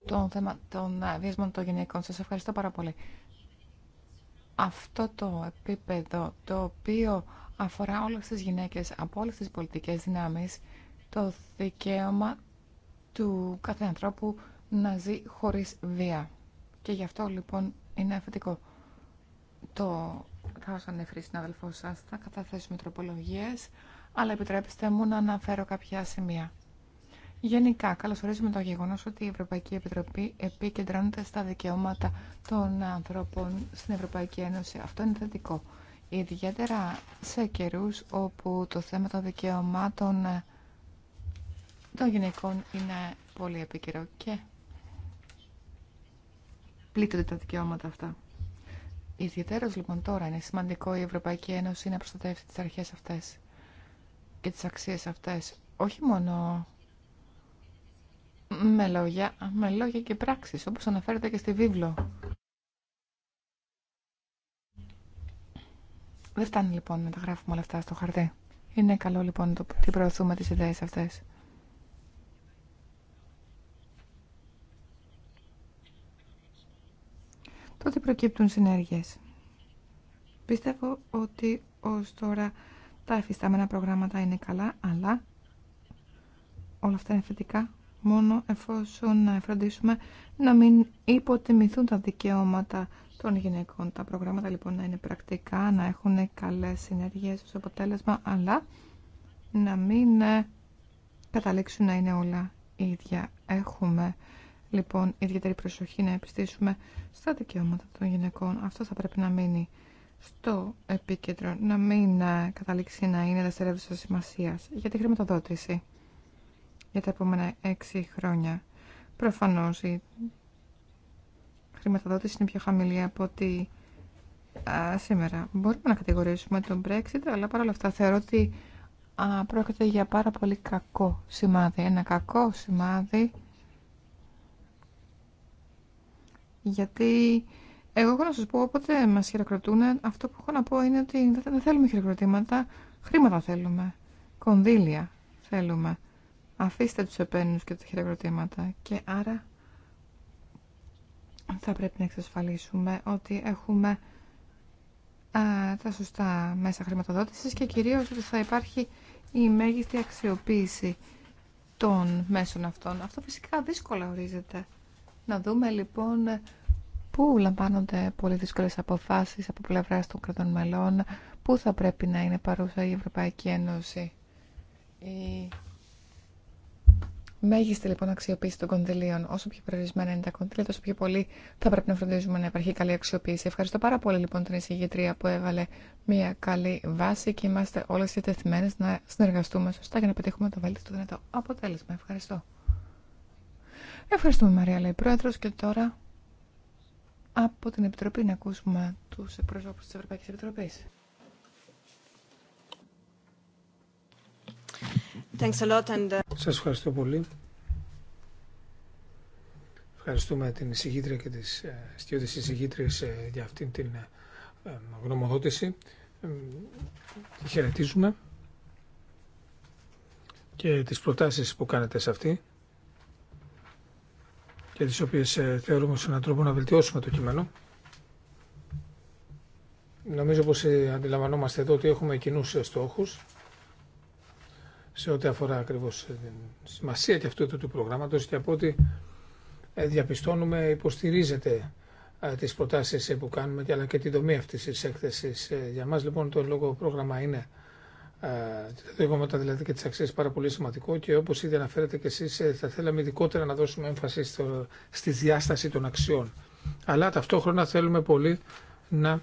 των, θέμα των βιασμών των γυναίκων. Σας ευχαριστώ πάρα πολύ. Αυτό το επίπεδο το οποίο αφορά όλες τις γυναίκες από όλες τις πολιτικές δυνάμεις το δικαίωμα του κάθε ανθρώπου να ζει χωρίς βία. Και γι' αυτό λοιπόν είναι αφεντικό. Το θα σας ανέφερε την αδελφό σας, θα καταθέσουμε τροπολογίες, αλλά επιτρέψτε μου να αναφέρω κάποια σημεία. Γενικά, καλωσορίζουμε το γεγονός ότι η Ευρωπαϊκή Επιτροπή επικεντρώνεται στα δικαιώματα των ανθρώπων στην Ευρωπαϊκή Ένωση. Αυτό είναι θετικό ιδιαίτερα σε καιρούς όπου το θέμα των δικαιωμάτων ε, των γυναικών είναι πολύ επίκαιρο και πλήττονται τα δικαιώματα αυτά. Ιδιαίτερα λοιπόν τώρα είναι σημαντικό η Ευρωπαϊκή Ένωση να προστατεύσει τις αρχές αυτές και τις αξίες αυτές, όχι μόνο με λόγια, με λόγια και πράξεις, όπως αναφέρεται και στη βίβλο Δεν φτάνει λοιπόν να τα γράφουμε όλα αυτά στο χαρτί. Είναι καλό λοιπόν το τι προωθούμε τις ιδέες αυτές. Τότε προκύπτουν συνέργειες. Πιστεύω ότι ως τώρα τα εφιστάμενα προγράμματα είναι καλά, αλλά όλα αυτά είναι θετικά μόνο εφόσον να εφροντίσουμε να μην υποτιμηθούν τα δικαιώματα των γυναικών. Τα προγράμματα λοιπόν να είναι πρακτικά, να έχουν καλές συνεργίες ως αποτέλεσμα, αλλά να μην ε, καταλήξουν να είναι όλα ίδια. Έχουμε λοιπόν ιδιαίτερη προσοχή να επιστήσουμε στα δικαιώματα των γυναικών. Αυτό θα πρέπει να μείνει στο επίκεντρο, να μην ε, καταλήξει να είναι δευτερεύουσα σημασία για τη χρηματοδότηση για τα επόμενα έξι χρόνια. Προφανώς η χρηματοδότηση είναι πιο χαμηλή από ότι σήμερα. Μπορούμε να κατηγορήσουμε τον Brexit, αλλά παρόλα αυτά θεωρώ ότι α, πρόκειται για πάρα πολύ κακό σημάδι. Ένα κακό σημάδι γιατί εγώ έχω να σας πω όποτε μας χειροκροτούν αυτό που έχω να πω είναι ότι δεν θέλουμε χειροκροτήματα, χρήματα θέλουμε, κονδύλια θέλουμε. Αφήστε τους επένους και τα χειροκροτήματα και άρα θα πρέπει να εξασφαλίσουμε ότι έχουμε α, τα σωστά μέσα χρηματοδότησης και κυρίως ότι θα υπάρχει η μέγιστη αξιοποίηση των μέσων αυτών. Αυτό φυσικά δύσκολα ορίζεται. Να δούμε λοιπόν πού λαμβάνονται πολύ δύσκολες αποφάσεις από πλευράς των κρατών μελών, πού θα πρέπει να είναι παρούσα η Ευρωπαϊκή Ένωση. Η μέγιστη λοιπόν αξιοποίηση των κονδυλίων. Όσο πιο περιορισμένα είναι τα κονδύλια, τόσο πιο πολύ θα πρέπει να φροντίζουμε να υπάρχει καλή αξιοποίηση. Ευχαριστώ πάρα πολύ λοιπόν την εισηγητρία που έβαλε μια καλή βάση και είμαστε όλε διατεθειμένε να συνεργαστούμε σωστά για να πετύχουμε το του δυνατό αποτέλεσμα. Ευχαριστώ. Ευχαριστούμε Μαρία Λέι Πρόεδρο και τώρα από την Επιτροπή να ακούσουμε του εκπροσώπου τη Ευρωπαϊκή Επιτροπή. Thanks uh, Σας ευχαριστώ πολύ. Ευχαριστούμε την εισηγήτρια και τις ε, στιώδεις εισηγήτριες ε, για αυτήν την ε, γνωμοδότηση. Τη χαιρετίζουμε και τις προτάσεις που κάνετε σε αυτή και τις οποίες θεωρούμε σε έναν τρόπο να βελτιώσουμε το κείμενο. Νομίζω πως αντιλαμβανόμαστε εδώ ότι έχουμε κοινούς στόχους σε ό,τι αφορά ακριβώς ε, την σημασία και αυτού του προγράμματος και από ό,τι ε, διαπιστώνουμε υποστηρίζεται ε, τις προτάσεις που κάνουμε αλλά και τη δομή αυτής της έκθεσης. Για μας λοιπόν το λόγο πρόγραμμα είναι τα δικαιώματα δηλαδή και τι αξίε, πάρα πολύ σημαντικό και όπως ήδη αναφέρετε και εσείς θα θέλαμε ειδικότερα να δώσουμε έμφαση στο, στη διάσταση των αξιών. Αλλά ταυτόχρονα θέλουμε πολύ να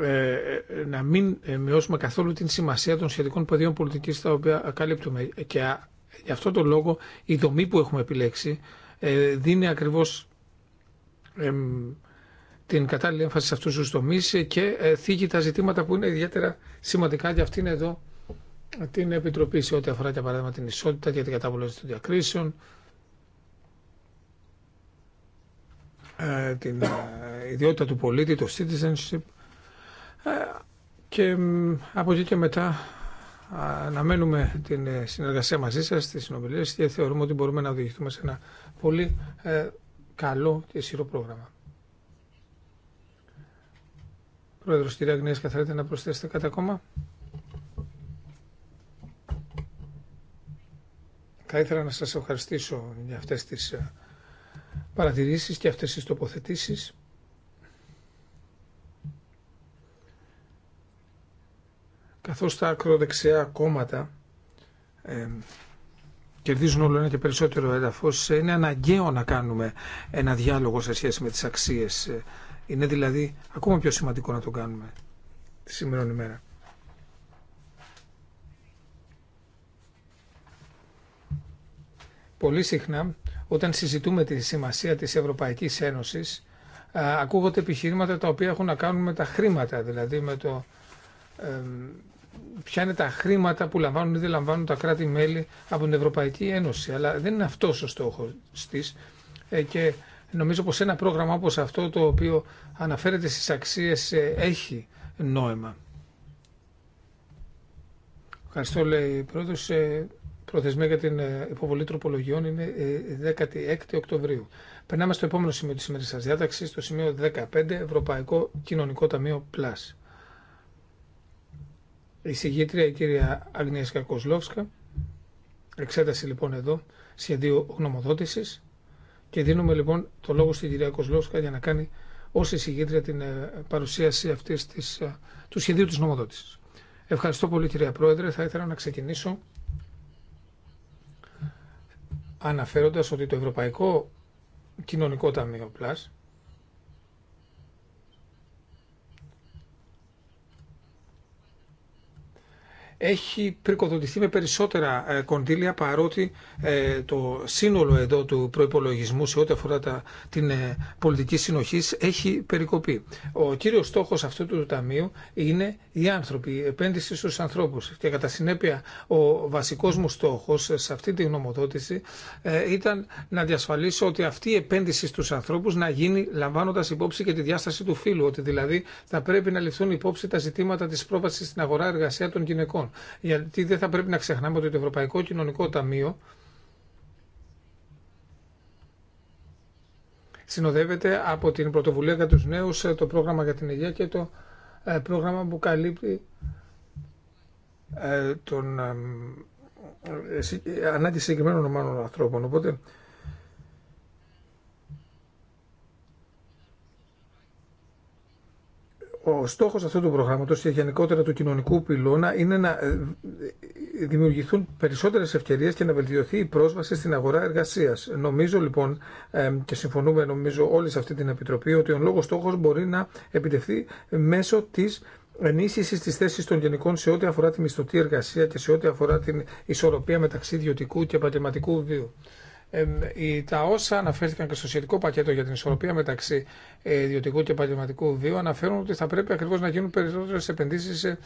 ε, ε, να μην ε, μειώσουμε καθόλου την σημασία των σχετικών πεδίων πολιτικής τα οποία καλύπτουμε. Και γι' αυτό το λόγο η δομή που έχουμε επιλέξει δίνει ακριβώς την κατάλληλη έμφαση σε αυτούς τους τομείς και θίγει τα ζητήματα που είναι ιδιαίτερα σημαντικά για αυτήν εδώ την Επιτροπή σε ό,τι αφορά για παράδειγμα την ισότητα και την κατάβολαση των διακρίσεων, την ιδιότητα του πολίτη, το citizenship ε, και από εκεί και μετά αναμένουμε την ε, συνεργασία μαζί σας στις συνομιλίες και θεωρούμε ότι μπορούμε να οδηγηθούμε σε ένα πολύ ε, καλό και ισχυρό πρόγραμμα. Πρόεδρος, κυρία θέλετε να προσθέσετε κάτι ακόμα. Θα ήθελα να σας ευχαριστήσω για αυτές τις παρατηρήσεις και αυτές τις τοποθετήσεις. καθώς τα ακροδεξιά κόμματα ε, κερδίζουν όλο ένα και περισσότερο έδαφος, ε, είναι αναγκαίο να κάνουμε ένα διάλογο σε σχέση με τις αξίες. Ε, είναι δηλαδή ακόμα πιο σημαντικό να το κάνουμε τη σημερινή ημέρα. Πολύ συχνά, όταν συζητούμε τη σημασία της Ευρωπαϊκής Ένωσης, ακούγονται επιχειρήματα τα οποία έχουν να κάνουν με τα χρήματα, δηλαδή με το ποια είναι τα χρήματα που λαμβάνουν ή δεν λαμβάνουν τα κράτη-μέλη από την Ευρωπαϊκή Ένωση. Αλλά δεν είναι αυτός ο στόχος της ε, και νομίζω πως ένα πρόγραμμα όπως αυτό το οποίο αναφέρεται στις αξίες ε, έχει νόημα. Ευχαριστώ, λέει πρόεδρο. Ε, προθεσμία για την υποβολή τροπολογιών είναι 16 Οκτωβρίου. Περνάμε στο επόμενο σημείο τη σημερινή σα διάταξη, στο σημείο 15, Ευρωπαϊκό Κοινωνικό Ταμείο Πλάση η συγγήτρια η κυρία Αγνέσκα Κοσλόφσκα. Εξέταση λοιπόν εδώ σχεδίου γνωμοδότηση. και δίνουμε λοιπόν το λόγο στην κυρία Κοσλόφσκα για να κάνει ω συγγήτρια την ε, παρουσίαση αυτής της, ε, του σχεδίου της νομοδότησης. Ευχαριστώ πολύ κυρία Πρόεδρε. Θα ήθελα να ξεκινήσω αναφέροντας ότι το Ευρωπαϊκό Κοινωνικό Ταμείο Plus έχει πρικοδοτηθεί με περισσότερα ε, κονδύλια παρότι ε, το σύνολο εδώ του προϋπολογισμού σε ό,τι αφορά τα, την ε, πολιτική συνοχή έχει περικοπεί. Ο κύριος στόχος αυτού του ταμείου είναι οι άνθρωποι, η επένδυση στους ανθρώπους και κατά συνέπεια ο βασικός μου στόχος σε αυτή τη γνωμοδότηση ήταν να διασφαλίσω ότι αυτή η επένδυση στους ανθρώπους να γίνει λαμβάνοντας υπόψη και τη διάσταση του φύλου, ότι δηλαδή θα πρέπει να ληφθούν υπόψη τα ζητήματα της πρόβασης στην αγορά εργασία των γυναικών. Γιατί δεν θα πρέπει να ξεχνάμε ότι το Ευρωπαϊκό Κοινωνικό Ταμείο συνοδεύεται από την πρωτοβουλία για τους νέους, το πρόγραμμα για την υγεία και το ε, πρόγραμμα που καλύπτει ε, τον ε, ανάγκη συγκεκριμένων ομάδων ανθρώπων. Οπότε ο στόχος αυτού του προγράμματος και γενικότερα του κοινωνικού πυλώνα είναι να ε, ε, δημιουργηθούν περισσότερες ευκαιρίες και να βελτιωθεί η πρόσβαση στην αγορά εργασίας. Νομίζω λοιπόν ε, και συμφωνούμε νομίζω όλοι σε αυτή την Επιτροπή ότι ο λόγος στόχος μπορεί να επιτευχθεί μέσω της ενίσχυση τη θέση των γενικών σε ό,τι αφορά τη μισθωτή εργασία και σε ό,τι αφορά την ισορροπία μεταξύ ιδιωτικού και επαγγελματικού βίου τα όσα αναφέρθηκαν και στο σχετικό πακέτο για την ισορροπία μεταξύ ιδιωτικού και επαγγελματικού βίου αναφέρουν ότι θα πρέπει ακριβώ να γίνουν περισσότερε επενδύσει σε,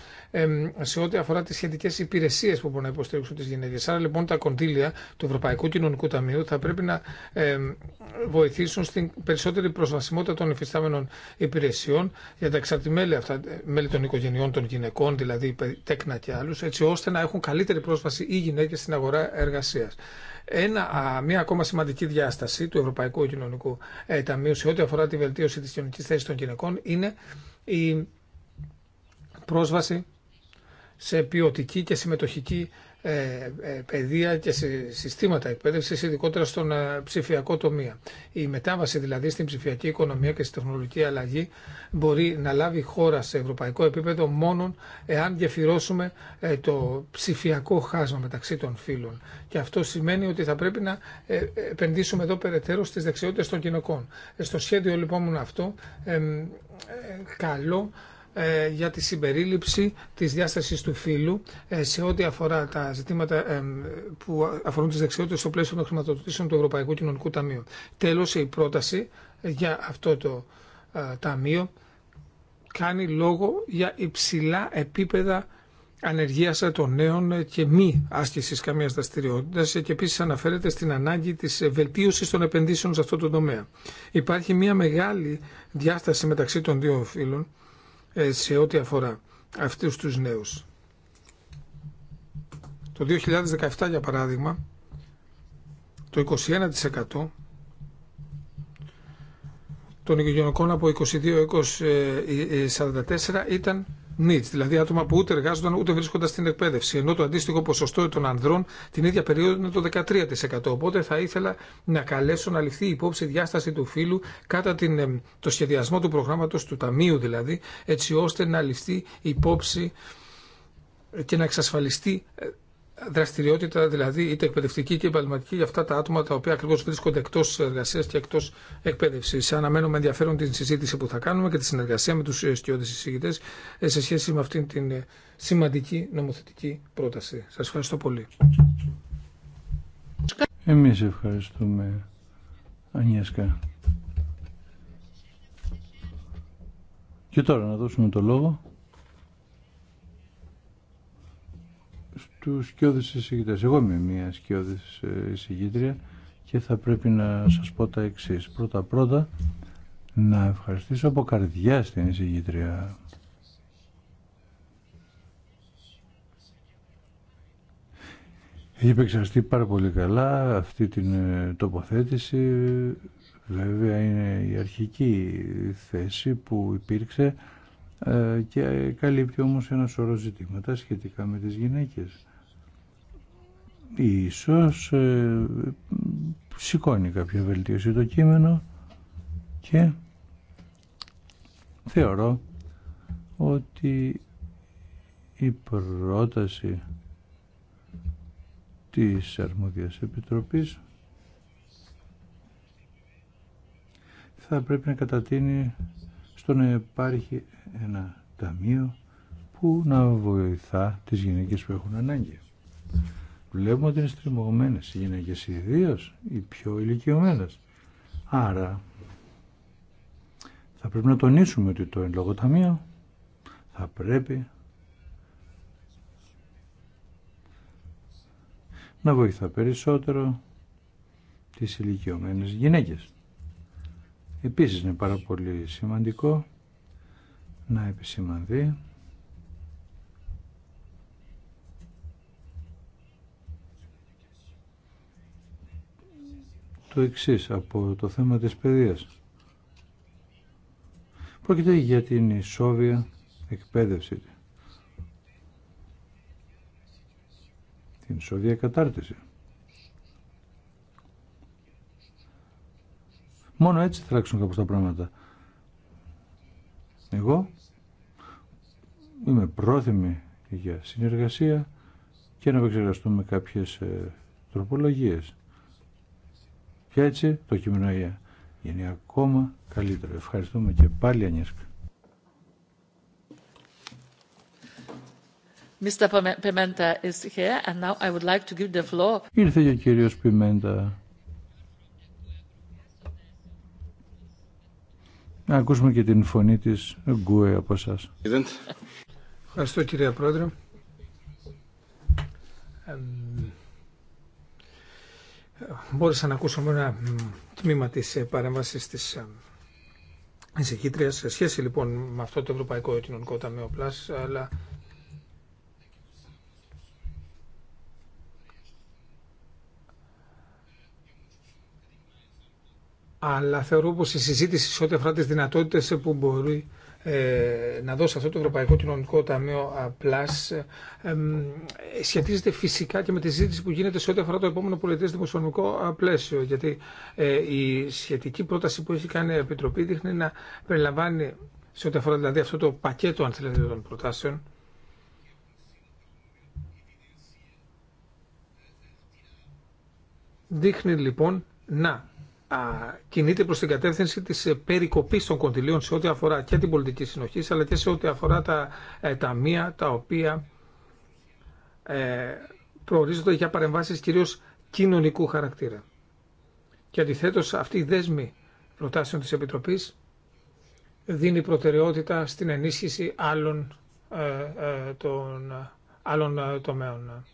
σε ό,τι αφορά τι σχετικέ υπηρεσίε που μπορούν να υποστηρίξουν τι γυναίκε. Άρα λοιπόν τα κονδύλια του Ευρωπαϊκού Κοινωνικού Ταμείου θα πρέπει να βοηθήσουν στην περισσότερη προσβασιμότητα των υφιστάμενων υπηρεσιών για τα εξαρτημέλη αυτά, ε, μέλη των οικογενειών των γυναικών, δηλαδή τέκνα και άλλου, έτσι ώστε να έχουν καλύτερη πρόσβαση οι γυναίκε στην αγορά εργασία. Ένα, μια ακόμα σημαντική διάσταση του Ευρωπαϊκού Κοινωνικού ε, Ταμείου σε ό,τι αφορά τη βελτίωση της κοινωνικής θέσης των γυναικών είναι η πρόσβαση σε ποιοτική και συμμετοχική ε, ε, παιδεία και συστήματα εκπαίδευση, ειδικότερα στον ε, ψηφιακό τομέα. Η μετάβαση δηλαδή στην ψηφιακή οικονομία και στη τεχνολογική αλλαγή μπορεί να λάβει χώρα σε ευρωπαϊκό επίπεδο μόνο εάν γεφυρώσουμε το ψηφιακό χάσμα μεταξύ των φύλων. Και αυτό σημαίνει ότι θα πρέπει να επενδύσουμε εδώ περαιτέρω στι δεξιότητε των κοινοκών. Στο σχέδιο λοιπόν αυτό, καλό ε, για τη συμπερίληψη της διάστασης του φύλου ε, σε ό,τι αφορά τα ζητήματα ε, που αφορούν τις δεξιότητες στο πλαίσιο των χρηματοδοτήσεων του Ευρωπαϊκού Κοινωνικού Ταμείου. Τέλος, η πρόταση για αυτό το ταμείο κάνει λόγο για υψηλά επίπεδα ανεργίας των νέων και μη άσκησης καμίας δραστηριότητα και επίσης αναφέρεται στην ανάγκη της βελτίωσης των επενδύσεων σε αυτό το τομέα. Υπάρχει μια μεγάλη διάσταση μεταξύ των δύο φύλων ε, σε ό,τι αφορά αυτούς τους νέους. Το 2017 για παράδειγμα το 21% των οικογενειακών από 22 έως 44 ε, ε, ήταν δηλαδή άτομα που ούτε εργάζονταν ούτε βρίσκονταν στην εκπαίδευση, ενώ το αντίστοιχο ποσοστό των ανδρών την ίδια περίοδο είναι το 13%. Οπότε θα ήθελα να καλέσω να ληφθεί υπόψη η διάσταση του φύλου κατά την, το σχεδιασμό του προγράμματο του Ταμείου δηλαδή, έτσι ώστε να ληφθεί υπόψη και να εξασφαλιστεί ε, δραστηριότητα, δηλαδή είτε εκπαιδευτική είτε επαγγελματική, για αυτά τα άτομα τα οποία ακριβώ βρίσκονται εκτό εργασία και εκτό εκπαίδευση. Αναμένουμε ενδιαφέρον την συζήτηση που θα κάνουμε και τη συνεργασία με του στιώδει συζητητέ ε, σε σχέση με αυτήν την ε, σημαντική νομοθετική πρόταση. Σα ευχαριστώ πολύ. Εμείς ευχαριστούμε, Ανιέσκα. Και τώρα να δώσουμε το λόγο του σκιώδης εισηγητές. Εγώ είμαι μια σκιώδης ε, εισηγήτρια και θα πρέπει να σας πω τα εξή. πρωτα Πρώτα-πρώτα να ευχαριστήσω από καρδιά στην εισηγήτρια. Έχει επεξεργαστεί πάρα πολύ καλά αυτή την ε, τοποθέτηση. Βέβαια είναι η αρχική θέση που υπήρξε ε, και καλύπτει όμως ένα σωρό ζητήματα σχετικά με τις γυναίκες ίσως ε, σηκώνει κάποια βελτίωση το κείμενο και θεωρώ ότι η πρόταση της Αρμόδιας Επιτροπής θα πρέπει να κατατείνει στο να υπάρχει ένα ταμείο που να βοηθά τις γυναίκες που έχουν ανάγκη. Βλέπουμε ότι είναι στριμωγμένε οι γυναίκε, ιδίω οι πιο ηλικιωμένε, Άρα θα πρέπει να τονίσουμε ότι το εν λόγω ταμείο θα πρέπει να βοηθά περισσότερο τις ηλικιωμένε γυναίκες. Επίσης είναι πάρα πολύ σημαντικό να επισημανθεί το εξής από το θέμα της παιδείας. Πρόκειται για την ισόβια εκπαίδευση, την ισόβια κατάρτιση. Μόνο έτσι θα αλλάξουν κάπως τα πράγματα. Εγώ είμαι πρόθυμη για συνεργασία και να επεξεργαστούμε κάποιες ε, τροπολογίες. Και έτσι το κείμενο γίνει ακόμα καλύτερο. Ευχαριστούμε και πάλι Ανίσκα. Mr. Pimenta is here and now I would like to give the floor. Ήρθε και ο κύριος Πιμέντα. Να ακούσουμε και την φωνή της Γκουέ από εσάς. Ευχαριστώ κύριε Πρόεδρε μπόρεσα να ακούσω ένα τμήμα τη ε, παρέμβαση τη ε, εισηγήτρια σε σχέση λοιπόν με αυτό το Ευρωπαϊκό Κοινωνικό Ταμείο Πλάς, αλλά θεωρώ πως η συζήτηση σε ό,τι αφορά τις δυνατότητες που μπορεί ε, να δώσει αυτό το Ευρωπαϊκό Κοινωνικό Ταμείο Plus σχετίζεται φυσικά και με τη ζήτηση που γίνεται σε ό,τι αφορά το επόμενο πολιτέ δημοσιονομικό ε, πλαίσιο. Γιατί ε, η σχετική πρόταση που έχει κάνει η Επιτροπή δείχνει να περιλαμβάνει σε ό,τι αφορά δηλαδή αυτό το πακέτο αν θέλετε των προτάσεων δείχνει λοιπόν να κινείται προς την κατεύθυνση της ε, περικοπής των κοντιλίων σε ό,τι αφορά και την πολιτική συνοχή αλλά και σε ό,τι αφορά τα ε, ταμεία τα οποία ε, προορίζονται για παρεμβάσεις κυρίως κοινωνικού χαρακτήρα. Και αντιθέτως αυτή η δέσμη προτάσεων της Επιτροπής δίνει προτεραιότητα στην ενίσχυση άλλων, ε, ε, των, άλλων τομέων.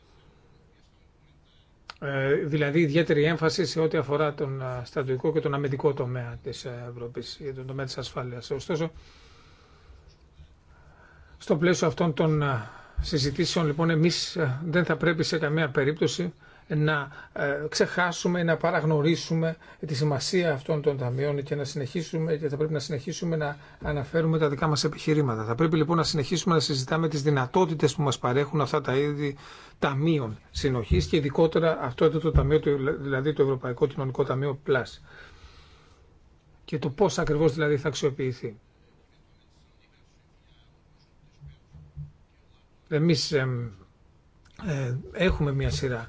Ε, δηλαδή ιδιαίτερη έμφαση σε ό,τι αφορά τον ε, στρατιωτικό και τον αμυντικό τομέα της Ευρώπης, για τον τομέα της ασφάλειας. Ωστόσο, στο πλαίσιο αυτών των ε, συζητήσεων, λοιπόν, εμείς δεν θα πρέπει σε καμία περίπτωση να ε, ξεχάσουμε, να παραγνωρίσουμε τη σημασία αυτών των ταμείων και, να συνεχίσουμε, και θα πρέπει να συνεχίσουμε να αναφέρουμε τα δικά μας επιχειρήματα. Θα πρέπει λοιπόν να συνεχίσουμε να συζητάμε τις δυνατότητες που μας παρέχουν αυτά τα είδη ταμείων συνοχής και ειδικότερα αυτό εδώ το ταμείο, δηλαδή το Ευρωπαϊκό Κοινωνικό Ταμείο Plus και το πώς ακριβώς δηλαδή θα αξιοποιηθεί. Εμείς ε, έχουμε μια σειρά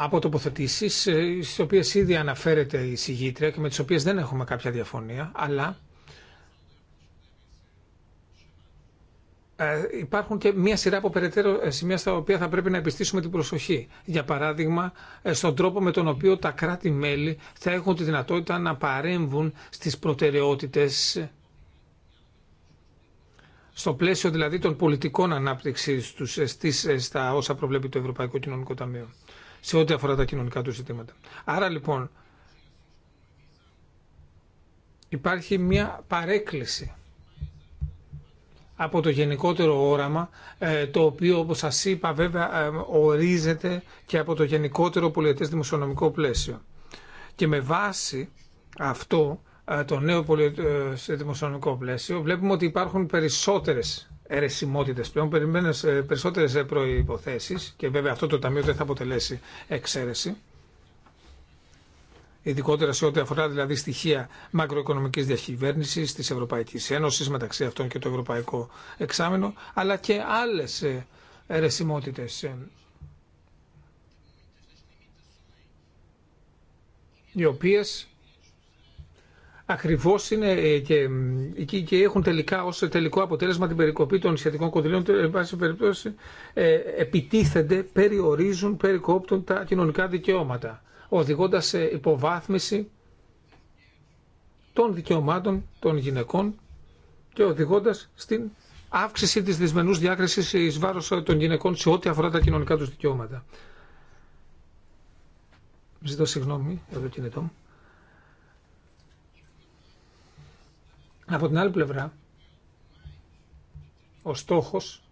από τοποθετήσει ε, στι οποίε ήδη αναφέρεται η συγγήτρια και με τις οποίες δεν έχουμε κάποια διαφωνία, αλλά ε, υπάρχουν και μία σειρά από περαιτέρω ε, σημεία στα οποία θα πρέπει να επιστήσουμε την προσοχή. Για παράδειγμα, στον τρόπο με τον οποίο τα κράτη-μέλη θα έχουν τη δυνατότητα να παρέμβουν στις προτεραιότητες στο πλαίσιο δηλαδή των πολιτικών ανάπτυξή τους ε, ε, στα όσα προβλέπει το Ευρωπαϊκό Κοινωνικό Ταμείο σε ό,τι αφορά τα κοινωνικά του ζητήματα. Άρα λοιπόν υπάρχει μια παρέκκληση από το γενικότερο όραμα, ε, το οποίο όπως σας είπα βέβαια ορίζεται και από το γενικότερο πολιετές δημοσιονομικό πλαίσιο. Και με βάση αυτό το νέο ε, δημοσιονομικό πλαίσιο βλέπουμε ότι υπάρχουν περισσότερες αιρεσιμότητε πλέον, περισσότερε περισσότερες ε, προϋποθέσεις και βέβαια αυτό το ταμείο δεν θα αποτελέσει εξαίρεση ειδικότερα σε ό,τι αφορά δηλαδή στοιχεία μακροοικονομικής διακυβέρνηση της Ευρωπαϊκής Ένωσης, μεταξύ αυτών και το Ευρωπαϊκό Εξάμεινο, αλλά και άλλε αιρεσιμότητε. οι οποίες Ακριβώ είναι ε, και, και έχουν τελικά ως τελικό αποτέλεσμα την περικοπή των σχετικών κονδυλίων, ε, εν πάση περιπτώσει ε, επιτίθενται, περιορίζουν, περικόπτουν τα κοινωνικά δικαιώματα, οδηγώντα σε υποβάθμιση των δικαιωμάτων των γυναικών και οδηγώντα στην αύξηση της δυσμενούς διάκριση ει βάρος των γυναικών σε ό,τι αφορά τα κοινωνικά του δικαιώματα. Ζητώ συγγνώμη για κινητό μου. Από την άλλη πλευρά, ο στόχος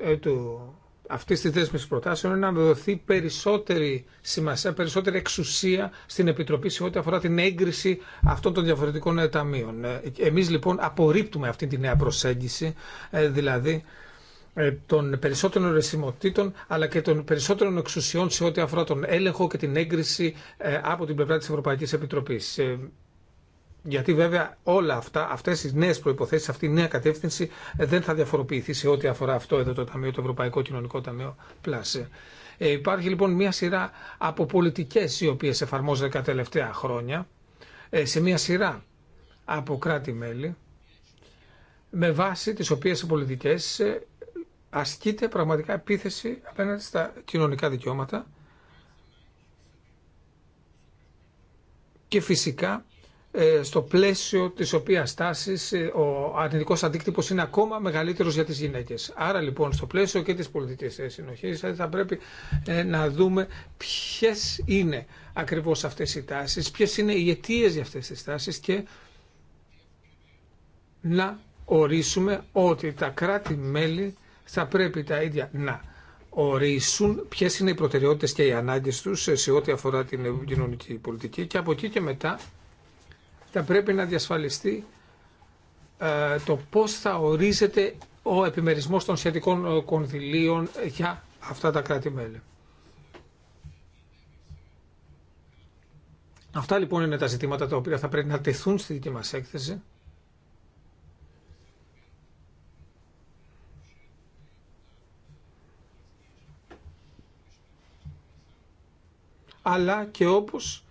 ε, του, αυτής της δέσμης προτάσεων είναι να δοθεί περισσότερη σημασία, περισσότερη εξουσία στην Επιτροπή σε ό,τι αφορά την έγκριση αυτών των διαφορετικών ε, ταμείων. Ε, εμείς λοιπόν απορρίπτουμε αυτή τη νέα προσέγγιση, ε, δηλαδή των περισσότερων ρεσιμοτήτων αλλά και των περισσότερων εξουσιών σε ό,τι αφορά τον έλεγχο και την έγκριση από την πλευρά της Ευρωπαϊκής Επιτροπής. Γιατί βέβαια όλα αυτά, αυτέ οι νέε προποθέσει, αυτή η νέα κατεύθυνση δεν θα διαφοροποιηθεί σε ό,τι αφορά αυτό εδώ το Ταμείο, το Ευρωπαϊκό Κοινωνικό Ταμείο Πλάσε. υπάρχει λοιπόν μια σειρά από πολιτικέ οι οποίε εφαρμόζονται τα τελευταία χρόνια ε, σε μια σειρά από κράτη-μέλη με βάση τις οποίες οι πολιτικές ε, ασκείται πραγματικά επίθεση απέναντι στα κοινωνικά δικαιώματα και φυσικά ε, στο πλαίσιο τη οποία τάση ε, ο αρνητικό αντίκτυπο είναι ακόμα μεγαλύτερο για τι γυναίκε. Άρα λοιπόν στο πλαίσιο και τη πολιτική ε, συνοχή, θα πρέπει να δούμε ποιε είναι ακριβώ αυτέ οι τάσει, ποιε είναι οι αιτίε για αυτέ τι τάσει και να ορίσουμε ότι τα κράτη-μέλη θα πρέπει τα ίδια να ορίσουν ποιες είναι οι προτεραιότητες και οι ανάγκες τους σε ό,τι αφορά την κοινωνική πολιτική και από εκεί και μετά θα πρέπει να διασφαλιστεί ε, το πώς θα ορίζεται ο επιμερισμός των σχετικών ε, κονδυλίων ε, για αυτά τα κράτη-μέλη. Αυτά λοιπόν είναι τα ζητήματα τα οποία θα πρέπει να τεθούν στη δική μας έκθεση. Αλλά και όπως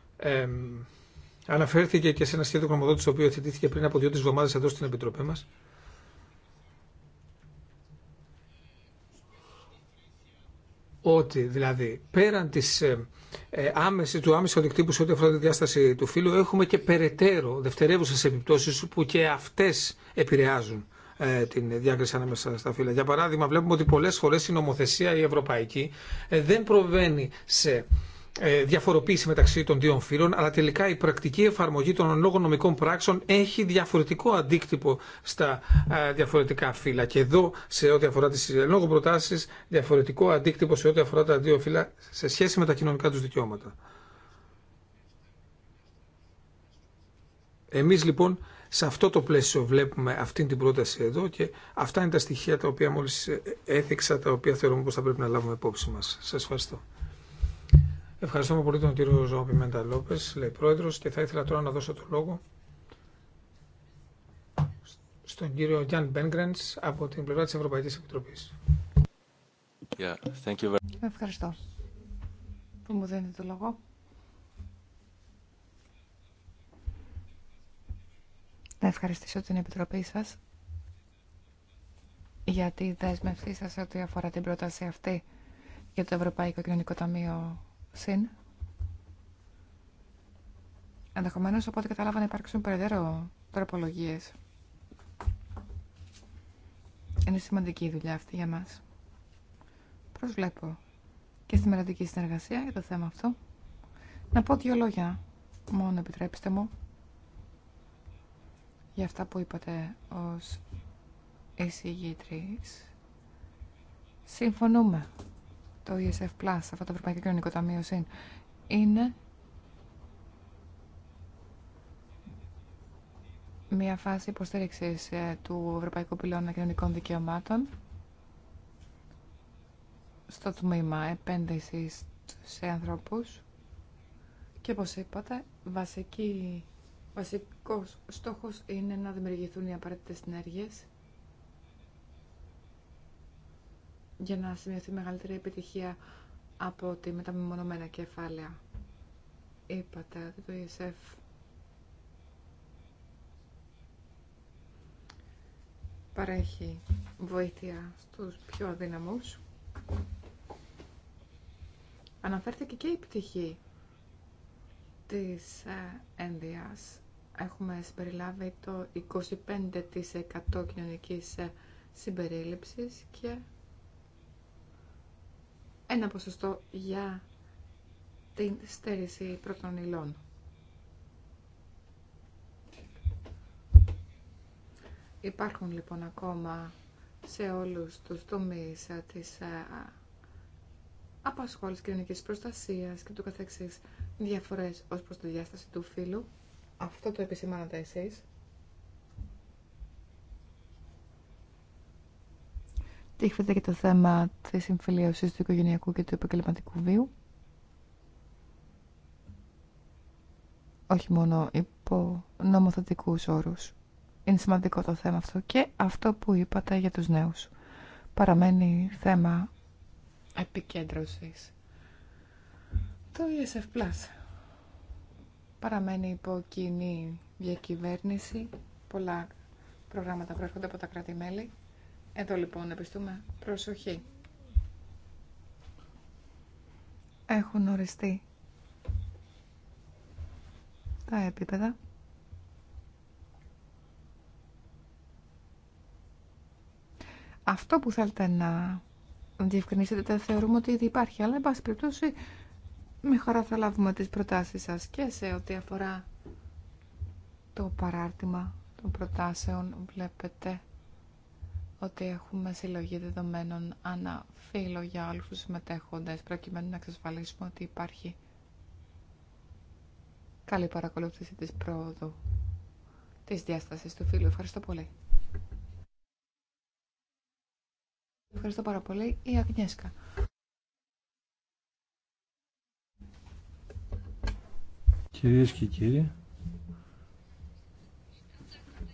αναφέρθηκε και σε ένα σχέδιο γνωμοδότηση το οποίο θετήθηκε πριν από δύο-τρει εβδομάδε εδώ στην Επιτροπή μα. Ότι δηλαδή πέραν της, ε, ε άμεση, του άμεσου αντικτύπου σε ό,τι αφορά τη διάσταση του φύλου έχουμε και περαιτέρω δευτερεύουσες επιπτώσεις που και αυτές επηρεάζουν ε, την διάκριση ανάμεσα στα φύλλα. Για παράδειγμα, βλέπουμε ότι πολλές φορές η νομοθεσία η ευρωπαϊκή ε, δεν προβαίνει σε ε, διαφοροποίηση μεταξύ των δύο φύλων, αλλά τελικά η πρακτική εφαρμογή των λόγων νομικών πράξεων έχει διαφορετικό αντίκτυπο στα ε, διαφορετικά φύλλα. Και εδώ, σε ό,τι αφορά τι λόγω προτάσει, διαφορετικό αντίκτυπο σε ό,τι αφορά τα δύο φύλλα σε σχέση με τα κοινωνικά του δικαιώματα. Εμείς λοιπόν σε αυτό το πλαίσιο βλέπουμε αυτή την πρόταση εδώ και αυτά είναι τα στοιχεία τα οποία μόλις ε, έθιξα, τα οποία θεωρούμε πως θα πρέπει να λάβουμε υπόψη μας. Σας ευχαριστώ. Ευχαριστούμε πολύ τον κύριο Ζωάπη Μέντα Λόπες, λέει πρόεδρος, και θα ήθελα τώρα να δώσω το λόγο στον κύριο Γιάνν Μπέγκρεν από την πλευρά τη Ευρωπαϊκή Επιτροπή. Yeah, thank you very... Ευχαριστώ που μου δίνετε το λόγο. Να ευχαριστήσω την Επιτροπή σας για τη δέσμευσή σας ό,τι αφορά την πρόταση αυτή για το Ευρωπαϊκό Κοινωνικό Ταμείο Συν. Ενδεχομένω, από ό,τι κατάλαβα, να υπάρξουν περαιτέρω τροπολογίε. Είναι σημαντική η δουλειά αυτή για μα. Προσβλέπω και στη μελλοντική συνεργασία για το θέμα αυτό. Να πω δύο λόγια μόνο, επιτρέψτε μου, για αυτά που είπατε ως εισηγήτρης. Συμφωνούμε το ESF Plus, αυτό το Ευρωπαϊκό Κοινωνικό Ταμείο ΣΥΝ, είναι μια φάση υποστήριξης ε, του Ευρωπαϊκού Πυλώνα Κοινωνικών Δικαιωμάτων στο τμήμα επένδυσης σε ανθρώπους και όπως είπατε, βασική, βασικός στόχος είναι να δημιουργηθούν οι απαραίτητες συνέργειες για να σημειωθεί μεγαλύτερη επιτυχία από ότι με τα κεφάλαια. Είπατε ότι το ESF παρέχει βοήθεια στους πιο αδύναμους. Αναφέρθηκε και η πτυχή της ε, ένδυας. Έχουμε συμπεριλάβει το 25% κοινωνικής ε, συμπερίληψης και ένα ποσοστό για την στέρηση πρώτων υλών. Υπάρχουν λοιπόν ακόμα σε όλους τους τομείς ε, της ε, απασχόλησης κοινωνικής προστασίας και του καθεξής διαφορές ως προς τη διάσταση του φύλου. Αυτό το επισημάνατε εσείς. είχατε και το θέμα της συμφιλίωσης του οικογενειακού και του επαγγελματικού βίου. Όχι μόνο υπό νομοθετικούς όρους. Είναι σημαντικό το θέμα αυτό και αυτό που είπατε για τους νέους. Παραμένει θέμα επικέντρωσης. Το ESF Plus παραμένει υπό κοινή διακυβέρνηση. Πολλά προγράμματα προέρχονται από τα κράτη-μέλη. Εδώ λοιπόν επιστούμε προσοχή. Έχουν οριστεί τα επίπεδα. Αυτό που θέλετε να διευκρινίσετε δεν θεωρούμε ότι ήδη υπάρχει, αλλά εν πάση περιπτώσει με χαρά θα λάβουμε τις προτάσεις σας και σε ό,τι αφορά το παράρτημα των προτάσεων βλέπετε ότι έχουμε συλλογή δεδομένων φύλλο για όλους τους συμμετέχοντες προκειμένου να εξασφαλίσουμε ότι υπάρχει καλή παρακολούθηση της πρόοδου της διάστασης του φύλλου. Ευχαριστώ πολύ. Ευχαριστώ πάρα πολύ. Η Αγνιέσκα. Κυρίες και κύριοι,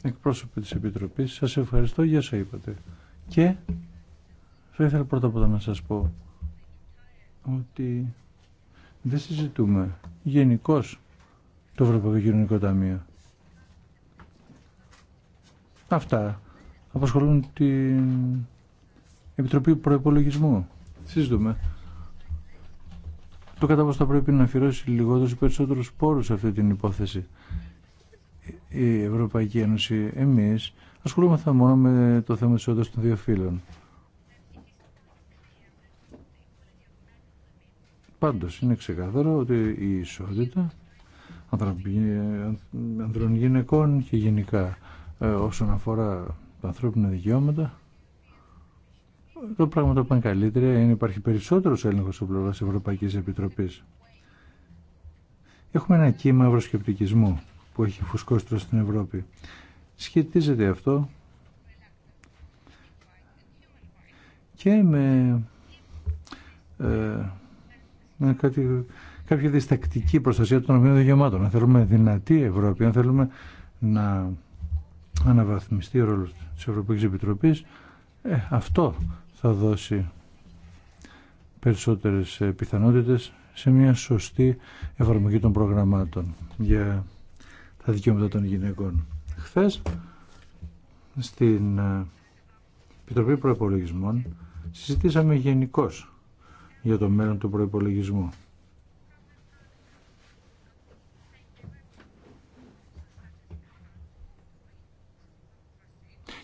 εκπρόσωποι της Επιτροπής, σας ευχαριστώ για όσα είπατε. Και θα ήθελα πρώτα απ' όλα να σας πω ότι δεν συζητούμε γενικώ το Ευρωπαϊκό Κοινωνικό Ταμείο. Αυτά απασχολούν την Επιτροπή Προϋπολογισμού. Συζητούμε το κατά πώς θα πρέπει να αφιερώσει λιγότερους ή περισσότερους πόρους σε αυτή την υπόθεση η Ευρωπαϊκή Ένωση, εμείς, ασχολούμαστε μόνο με το θέμα της όντας των δύο φύλων. Πάντως, είναι ξεκάθαρο ότι η ισότητα ανδρών γυναικών και γενικά ε, όσον αφορά τα ανθρώπινα δικαιώματα το πράγμα το πάνε καλύτερα είναι υπάρχει περισσότερος έλεγχος από πλευράς Ευρωπαϊκής Επιτροπής. Έχουμε ένα κύμα ευρωσκεπτικισμού που έχει φουσκώσει τώρα στην Ευρώπη. Σχετίζεται αυτό και με ε, κάτι, κάποια διστακτική προστασία των ανθρωπίνων δικαιωμάτων. Αν θέλουμε δυνατή Ευρώπη, αν θέλουμε να αναβαθμιστεί ο ρόλος της Ευρωπαϊκής Επιτροπής, ε, αυτό θα δώσει περισσότερες πιθανότητες σε μια σωστή εφαρμογή των προγραμμάτων για τα δικαιώματα των γυναικών. Χθες στην ε, Επιτροπή Προπολογισμών συζητήσαμε γενικώ για το μέλλον του προπολογισμού.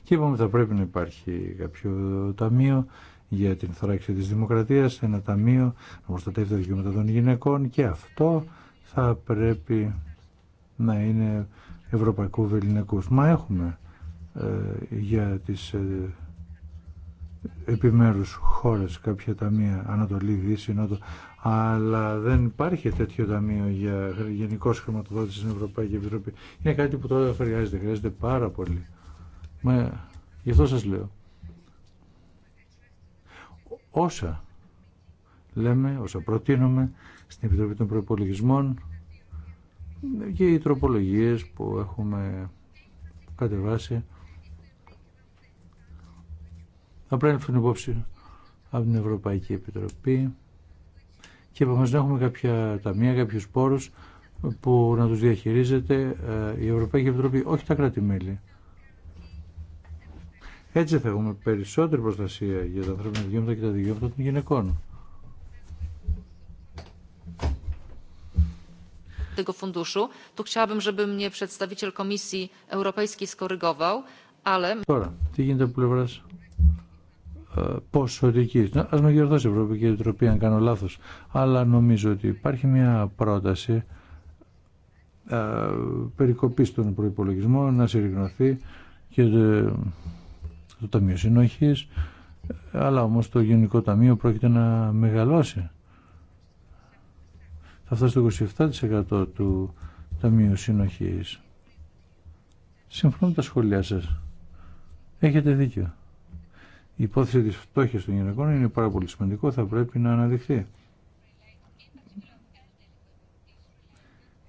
Και είπαμε ότι θα πρέπει να υπάρχει κάποιο ταμείο για την θράξη της δημοκρατίας, ένα ταμείο να προστατεύει τα δικαιώματα των γυναικών και αυτό θα πρέπει να είναι ευρωπαϊκού βεληνικούς. Μα έχουμε ε, για τις ε, επιμέρους χώρες κάποια ταμεία Ανατολή, Δύση, Νότο αλλά δεν υπάρχει τέτοιο ταμείο για γενικό χρηματοδότηση στην Ευρωπαϊκή Επιτροπή. Είναι κάτι που τώρα χρειάζεται, χρειάζεται πάρα πολύ. Μα, γι' αυτό σας λέω. Όσα λέμε, όσα προτείνουμε στην Επιτροπή των Προπολογισμών και οι τροπολογίες που έχουμε κατεβάσει θα πρέπει να υπόψη από την Ευρωπαϊκή Επιτροπή και επομένως να έχουμε κάποια ταμεία, κάποιους πόρους που να τους διαχειρίζεται ε, η Ευρωπαϊκή Επιτροπή, όχι τα κράτη-μέλη. Έτσι θα έχουμε περισσότερη προστασία για τα ανθρώπινα δικαιώματα και τα δικαιώματα των γυναικών. tego funduszu. Tu chciałabym, żeby mnie przedstawiciel Komisji Europejskiej skorygował, ale... Τώρα, τι γίνεται από πλευρά ποσοτική. Α με γιορτάσει η Ευρωπαϊκή Επιτροπή αν κάνω λάθο. Αλλά νομίζω ότι υπάρχει μια πρόταση περικοπή στον προπολογισμό να συρρυγνωθεί και το, το Ταμείο Συνοχή. Αλλά όμω το Γενικό Ταμείο πρόκειται να μεγαλώσει θα στο 27% του Ταμείου Συνοχής. Συμφωνώ με τα σχόλιά σας. Έχετε δίκιο. Η υπόθεση της φτώχειας των γυναικών είναι πάρα πολύ σημαντικό, θα πρέπει να αναδειχθεί.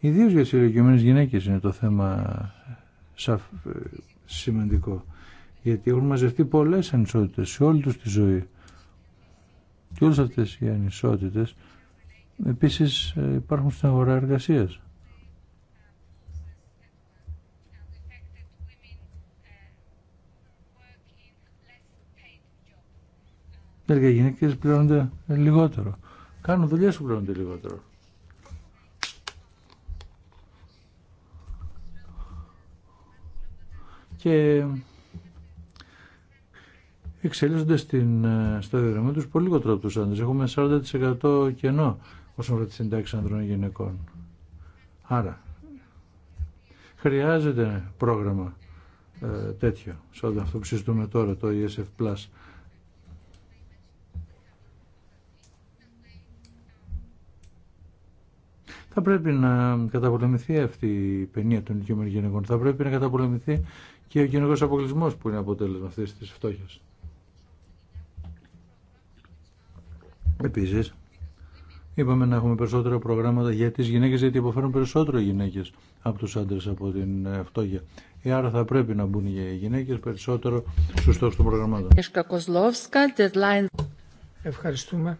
Ιδίω για τις ηλικιωμένε γυναίκε είναι το θέμα σημαντικό. Γιατί έχουν μαζευτεί πολλέ ανισότητε σε όλη του τη ζωή. Και όλε αυτέ οι ανισότητε Επίσης ε, υπάρχουν στην αγορά εργασίας. Οι γυναίκε πληρώνονται λιγότερο. Κάνουν δουλειέ που πληρώνονται λιγότερο. Και εξελίσσονται στην ε, διαδρομή του πολύ λιγότερο από του άντρε. Έχουμε 40% κενό όσον αφορά τι συντάξει ανδρών γυναικών. Άρα, χρειάζεται πρόγραμμα ε, τέτοιο, σαν αυτό που συζητούμε τώρα, το ESF+. Plus. Θα πρέπει να καταπολεμηθεί αυτή η παινία των ηλικιωμένων γυναικών. Θα πρέπει να καταπολεμηθεί και ο κοινωνικό αποκλεισμό που είναι αποτέλεσμα αυτή τη φτώχεια. Επίση, Είπαμε να έχουμε περισσότερα προγράμματα για τι γυναίκε γιατί υποφέρουν περισσότερο οι γυναίκε από του άντρε από την ε, φτώχεια. Ε, άρα θα πρέπει να μπουν οι γυναίκε περισσότερο στου στόχου των προγραμμάτων. Ευχαριστούμε.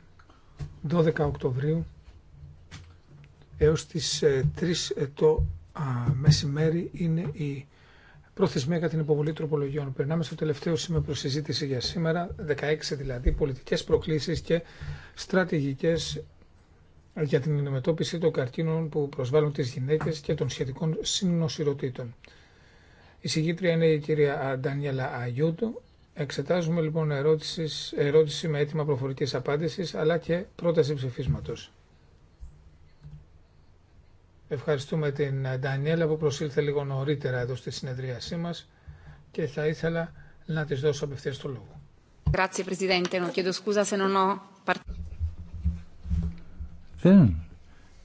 12 Οκτωβρίου έως τις 3 ε, ε, το μεσημέρι είναι η προθεσμία για την υποβολή τροπολογιών. Περνάμε στο τελευταίο σημείο προσυζήτηση για σήμερα, 16 δηλαδή, πολιτικές προκλήσεις και στρατηγικέ για την αντιμετώπιση των καρκίνων που προσβάλλουν τις γυναίκες και των σχετικών συνοσυρωτήτων. Η συγκήτρια είναι η κυρία Ντανιέλα Αγιούτου. Εξετάζουμε λοιπόν ερώτηση με αίτημα προφορικής απάντησης αλλά και πρόταση ψηφίσματος. Ευχαριστούμε την Ντανιέλα που προσήλθε λίγο νωρίτερα εδώ στη συνεδρίασή μα και θα ήθελα να τη δώσω απευθεία το λόγο δεν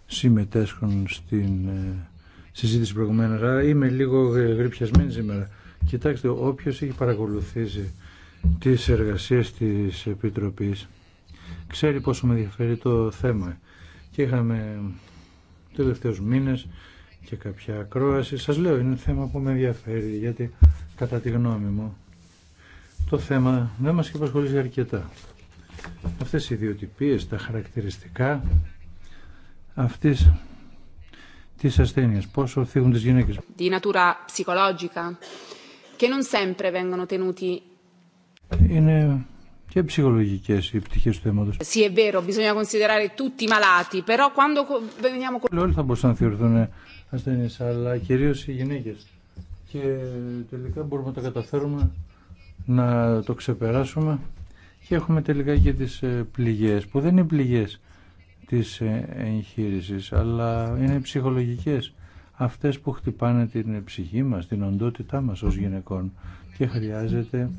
συμμετέσχουν στην ε, συζήτηση προηγουμένως. Είμαι λίγο γρυπιασμένη σήμερα. Κοιτάξτε, όποιος έχει παρακολουθήσει τις εργασίες της Επιτροπής ξέρει πόσο με ενδιαφέρει το θέμα. Και είχαμε τελευταίους μήνες και κάποια ακρόαση. Σας λέω, είναι θέμα που με ενδιαφέρει, γιατί κατά τη γνώμη μου το θέμα δεν μας απασχολήσει αρκετά. Αυτές οι ιδιοτυπίες, τα χαρακτηριστικά αυτή τη ασθένεια, πόσο θίγουν τι γυναίκε. Τη natura psicologica, che non sempre vengono tenuti... Είναι και ψυχολογικέ οι πτυχέ του θέματος. Sì, è vero, bisogna considerare tutti i malati, però quando veniamo... Όλοι θα μπορούσαν να θεωρηθούν ασθένειε, αλλά κυρίω οι γυναίκε. Και τελικά μπορούμε να τα καταφέρουμε να το ξεπεράσουμε και έχουμε τελικά και τις ε, πληγές, που δεν είναι πληγές της ε, εγχείρηση, αλλά είναι ψυχολογικές αυτές που χτυπάνε την ψυχή μας, την οντότητά μας ως γυναικών και χρειάζεται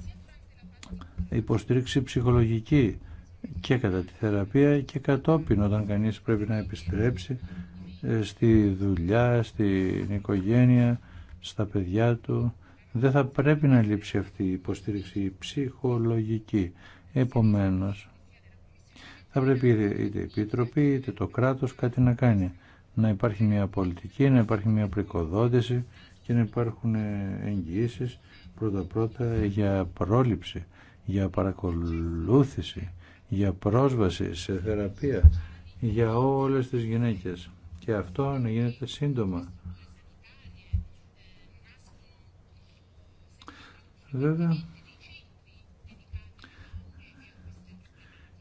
υποστήριξη ψυχολογική και κατά τη θεραπεία και κατόπιν όταν κανείς πρέπει να επιστρέψει ε, στη δουλειά, στην οικογένεια, στα παιδιά του. Δεν θα πρέπει να λείψει αυτή η υποστήριξη ψυχολογική. Επομένως, θα πρέπει είτε η Επίτροπη είτε το κράτος κάτι να κάνει. Να υπάρχει μια πολιτική, να υπάρχει μια πρικοδότηση και να υπάρχουν ε, εγγυήσεις πρώτα-πρώτα για πρόληψη, για παρακολούθηση, για πρόσβαση σε θεραπεία για όλες τις γυναίκες. Και αυτό να γίνεται σύντομα. Βέβαια,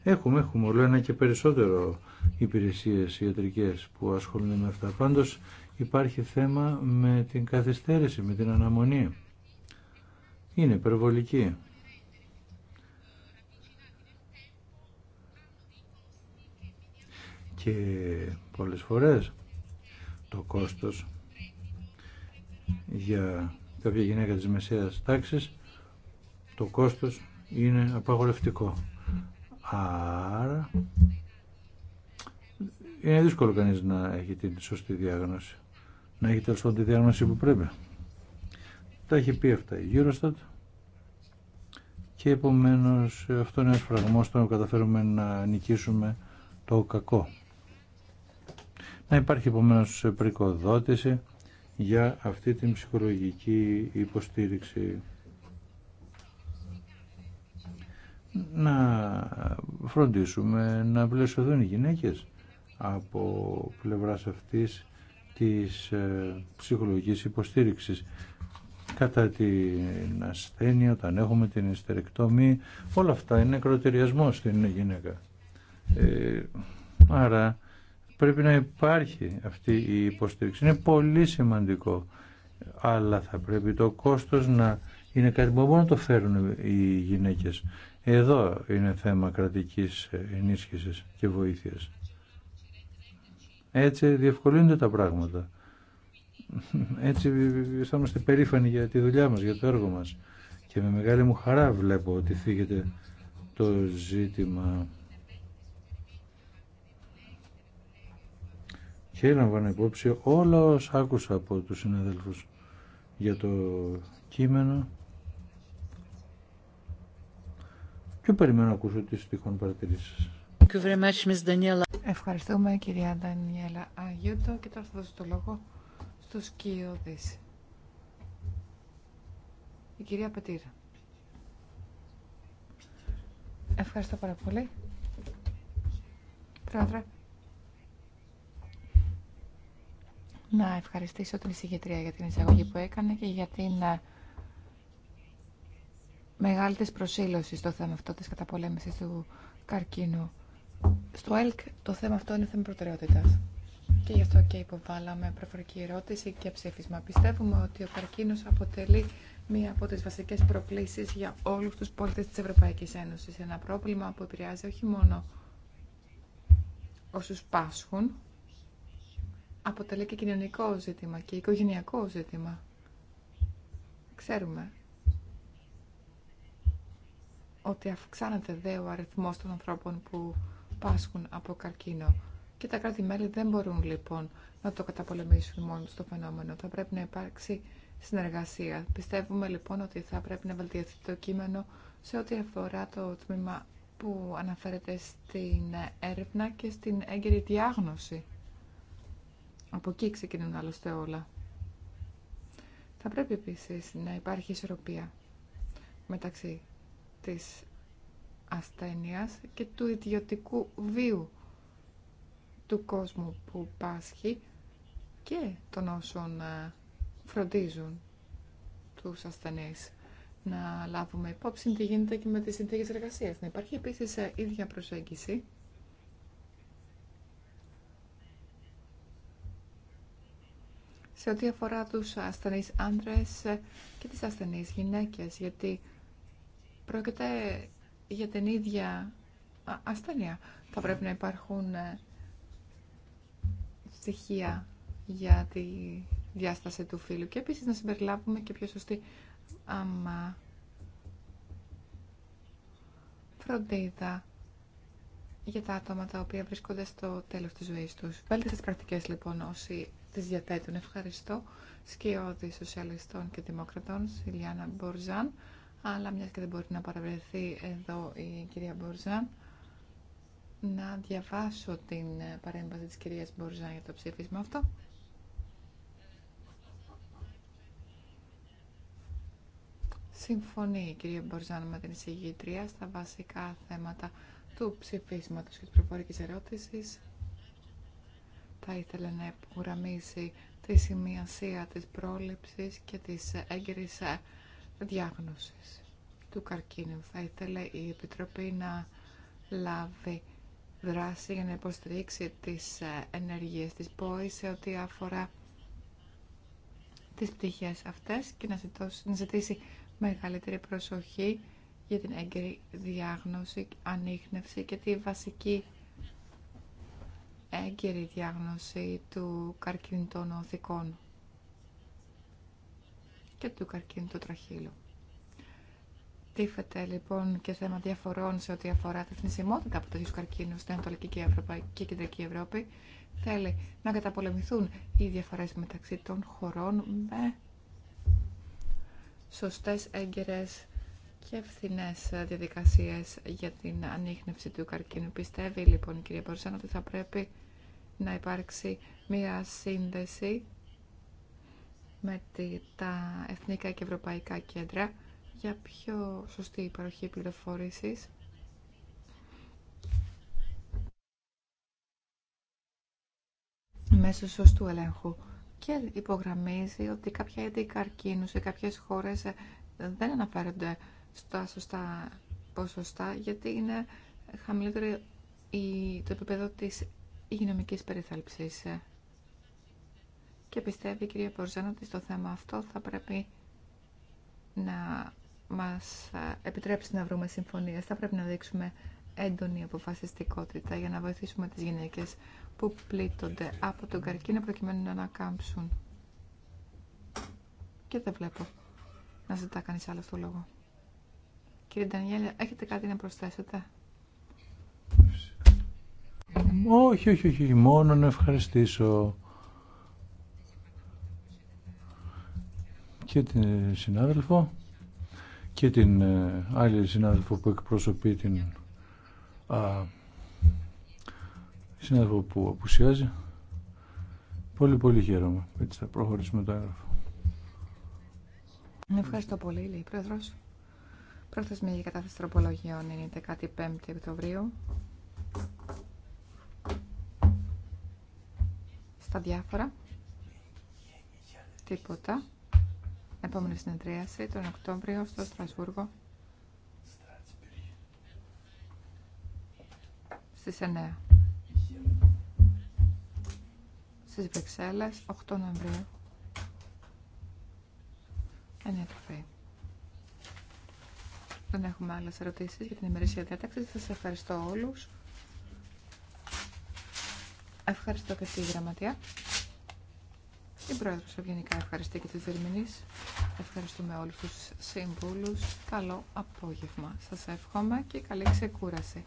Έχουμε, έχουμε όλο ένα και περισσότερο υπηρεσίες ιατρικές που ασχολούνται με αυτά. Πάντως υπάρχει θέμα με την καθυστέρηση, με την αναμονή. Είναι υπερβολική. Και πολλές φορές το κόστος για κάποια γυναίκα της μεσαίας τάξης το κόστος είναι απαγορευτικό. Άρα είναι δύσκολο κανείς να έχει την σωστή διάγνωση. Να έχει τέλος τη διάγνωση που πρέπει. Τα έχει πει αυτά η Eurostat και επομένως αυτό είναι ένας φραγμός στο να καταφέρουμε να νικήσουμε το κακό. Να υπάρχει επομένως πρικοδότηση για αυτή την ψυχολογική υποστήριξη. να φροντίσουμε να πλαισοδούν οι γυναίκες από πλευράς αυτής της ε, ψυχολογικής υποστήριξης κατά την ασθένεια, όταν έχουμε την ιστερεκτομή, όλα αυτά είναι κροτηριασμό στην γυναίκα. Ε, άρα πρέπει να υπάρχει αυτή η υποστήριξη. Είναι πολύ σημαντικό, αλλά θα πρέπει το κόστος να είναι κάτι που μπορούν να το φέρουν οι γυναίκες. Εδώ είναι θέμα κρατικής ενίσχυσης και βοήθειας. Έτσι διευκολύνονται τα πράγματα. Έτσι θα είμαστε περήφανοι για τη δουλειά μας, για το έργο μας. Και με μεγάλη μου χαρά βλέπω ότι θίγεται το ζήτημα. Και έλαμβανε υπόψη όλα όσα άκουσα από τους συναδέλφους για το κείμενο. Και περιμένω να ακούσω τις τυχόν παρατηρήσεις Ευχαριστούμε κυρία Ντανιέλα Αγιούτο και τώρα θα δώσω το λόγο στο σκύο Η κυρία Πετήρα. Ευχαριστώ πάρα πολύ. Πρόεδρε. Να ευχαριστήσω την εισηγητρία για την εισαγωγή που έκανε και για την ε, μεγάλη της προσήλωση στο θέμα αυτό της καταπολέμησης του καρκίνου. Στο ΕΛΚ το θέμα αυτό είναι θέμα προτεραιότητας. Και γι' αυτό και υποβάλαμε προφορική ερώτηση και ψήφισμα. Πιστεύουμε ότι ο καρκίνος αποτελεί μία από τις βασικές προκλήσεις για όλους τους πολίτες της Ευρωπαϊκής Ένωσης. Ένα πρόβλημα που επηρεάζει όχι μόνο όσους πάσχουν, αποτελεί και κοινωνικό ζήτημα και οικογενειακό ζήτημα. Ξέρουμε ότι αυξάνεται δε ο αριθμός των ανθρώπων που πάσχουν από καρκίνο. Και τα κράτη-μέλη δεν μπορούν λοιπόν να το καταπολεμήσουν μόνο στο φαινόμενο. Θα πρέπει να υπάρξει συνεργασία. Πιστεύουμε λοιπόν ότι θα πρέπει να βελτιωθεί το κείμενο σε ό,τι αφορά το τμήμα που αναφέρεται στην έρευνα και στην έγκαιρη διάγνωση. Από εκεί ξεκινούν άλλωστε όλα. Θα πρέπει επίσης να υπάρχει ισορροπία μεταξύ της ασθένειας και του ιδιωτικού βίου του κόσμου που πάσχει και των όσων ε, φροντίζουν τους ασθενείς. Να λάβουμε υπόψη τι γίνεται και με τις συνθήκες εργασίας. Να υπάρχει επίσης ε, ίδια προσέγγιση σε ό,τι αφορά τους ασθενείς άντρες ε, και τις ασθενείς γυναίκες, γιατί πρόκειται για την ίδια ασθένεια. Θα πρέπει να υπάρχουν ε, στοιχεία για τη διάσταση του φίλου και επίσης να συμπεριλάβουμε και πιο σωστή άμα φροντίδα για τα άτομα τα οποία βρίσκονται στο τέλος της ζωής τους. τις πρακτικές λοιπόν όσοι τις διαθέτουν. Ευχαριστώ σκιώδη σοσιαλιστών και δημοκρατών Σιλιάνα Μπορζάν αλλά μιας και δεν μπορεί να παραβρεθεί εδώ η κυρία Μπορζάν, να διαβάσω την παρέμβαση της κυρίας Μπορζάν για το ψήφισμα αυτό. Συμφωνεί η κυρία Μπορζάν με την εισηγήτρια στα βασικά θέματα του ψηφίσματος και της προφορικής ερώτησης. Θα ήθελε να υπογραμμίσει τη σημασία της πρόληψης και της έγκρισης διάγνωσης του καρκίνου. Θα ήθελε η Επιτροπή να λάβει δράση για να υποστηρίξει τις ε, ενέργειες της ΠΟΗ σε ό,τι αφορά τις πτυχές αυτές και να, ζητήσει, να ζητήσει μεγαλύτερη προσοχή για την έγκαιρη διάγνωση, ανείχνευση και τη βασική έγκαιρη διάγνωση του καρκινητών οθικών και του καρκίνου του τραχύλου. Τίφεται, λοιπόν και θέμα διαφορών σε ό,τι αφορά τη θνησιμότητα από τέτοιου καρκίνου στην Ανατολική και, Ευρωπαϊκή και Κεντρική Ευρώπη. Θέλει να καταπολεμηθούν οι διαφορέ μεταξύ των χωρών με σωστέ έγκαιρε και ευθυνέ διαδικασίες για την ανείχνευση του καρκίνου. Πιστεύει λοιπόν η κυρία Μπορσάν ότι θα πρέπει να υπάρξει μία σύνδεση με τα εθνικά και ευρωπαϊκά κέντρα για πιο σωστή υπαροχή πληροφόρησης μέσω σωστού ελέγχου και υπογραμμίζει ότι κάποια είδη καρκίνου σε κάποιες χώρες ε, δεν αναφέρονται στα σωστά ποσοστά γιατί είναι χαμηλότερο το επίπεδο της υγειονομικής περιθάλψης και πιστεύει η κυρία Πορζένα ότι στο θέμα αυτό θα πρέπει να μας επιτρέψει να βρούμε συμφωνίες. Θα πρέπει να δείξουμε έντονη αποφασιστικότητα για να βοηθήσουμε τις γυναίκες που πλήττονται από τον καρκίνο προκειμένου να ανακάμψουν. Και δεν βλέπω να ζητά κανεί άλλο το λόγο. Κύριε Ντανιέλη, έχετε κάτι να προσθέσετε. Όχι, όχι, όχι. Μόνο να ευχαριστήσω και την συνάδελφο και την ε, άλλη συνάδελφο που εκπροσωπεί την α, συνάδελφο που απουσιάζει. Πολύ πολύ χαίρομαι. Έτσι θα προχωρήσουμε το έγγραφο. Ευχαριστώ πολύ, λέει η Πρόεδρος. Πρόθεσμη για κατάθεση τροπολογιών είναι 15η Οκτωβρίου. Στα διάφορα. Τίποτα. Επόμενη συνεδρίαση τον Οκτώβριο στο Στρασβούργο στις 9. Στις Βρυξέλλες 8 Νοεμβρίου. 9 το Δεν έχουμε άλλες ερωτήσεις για την ημερήσια διάταξη. Σας ευχαριστώ όλους. Ευχαριστώ και τη γραμματεία. Η Πρόεδρος ευγενικά ευχαριστεί και τους Δερμηνείς. Ευχαριστούμε όλους τους σύμβουλους. Καλό απόγευμα. Σας εύχομαι και καλή ξεκούραση.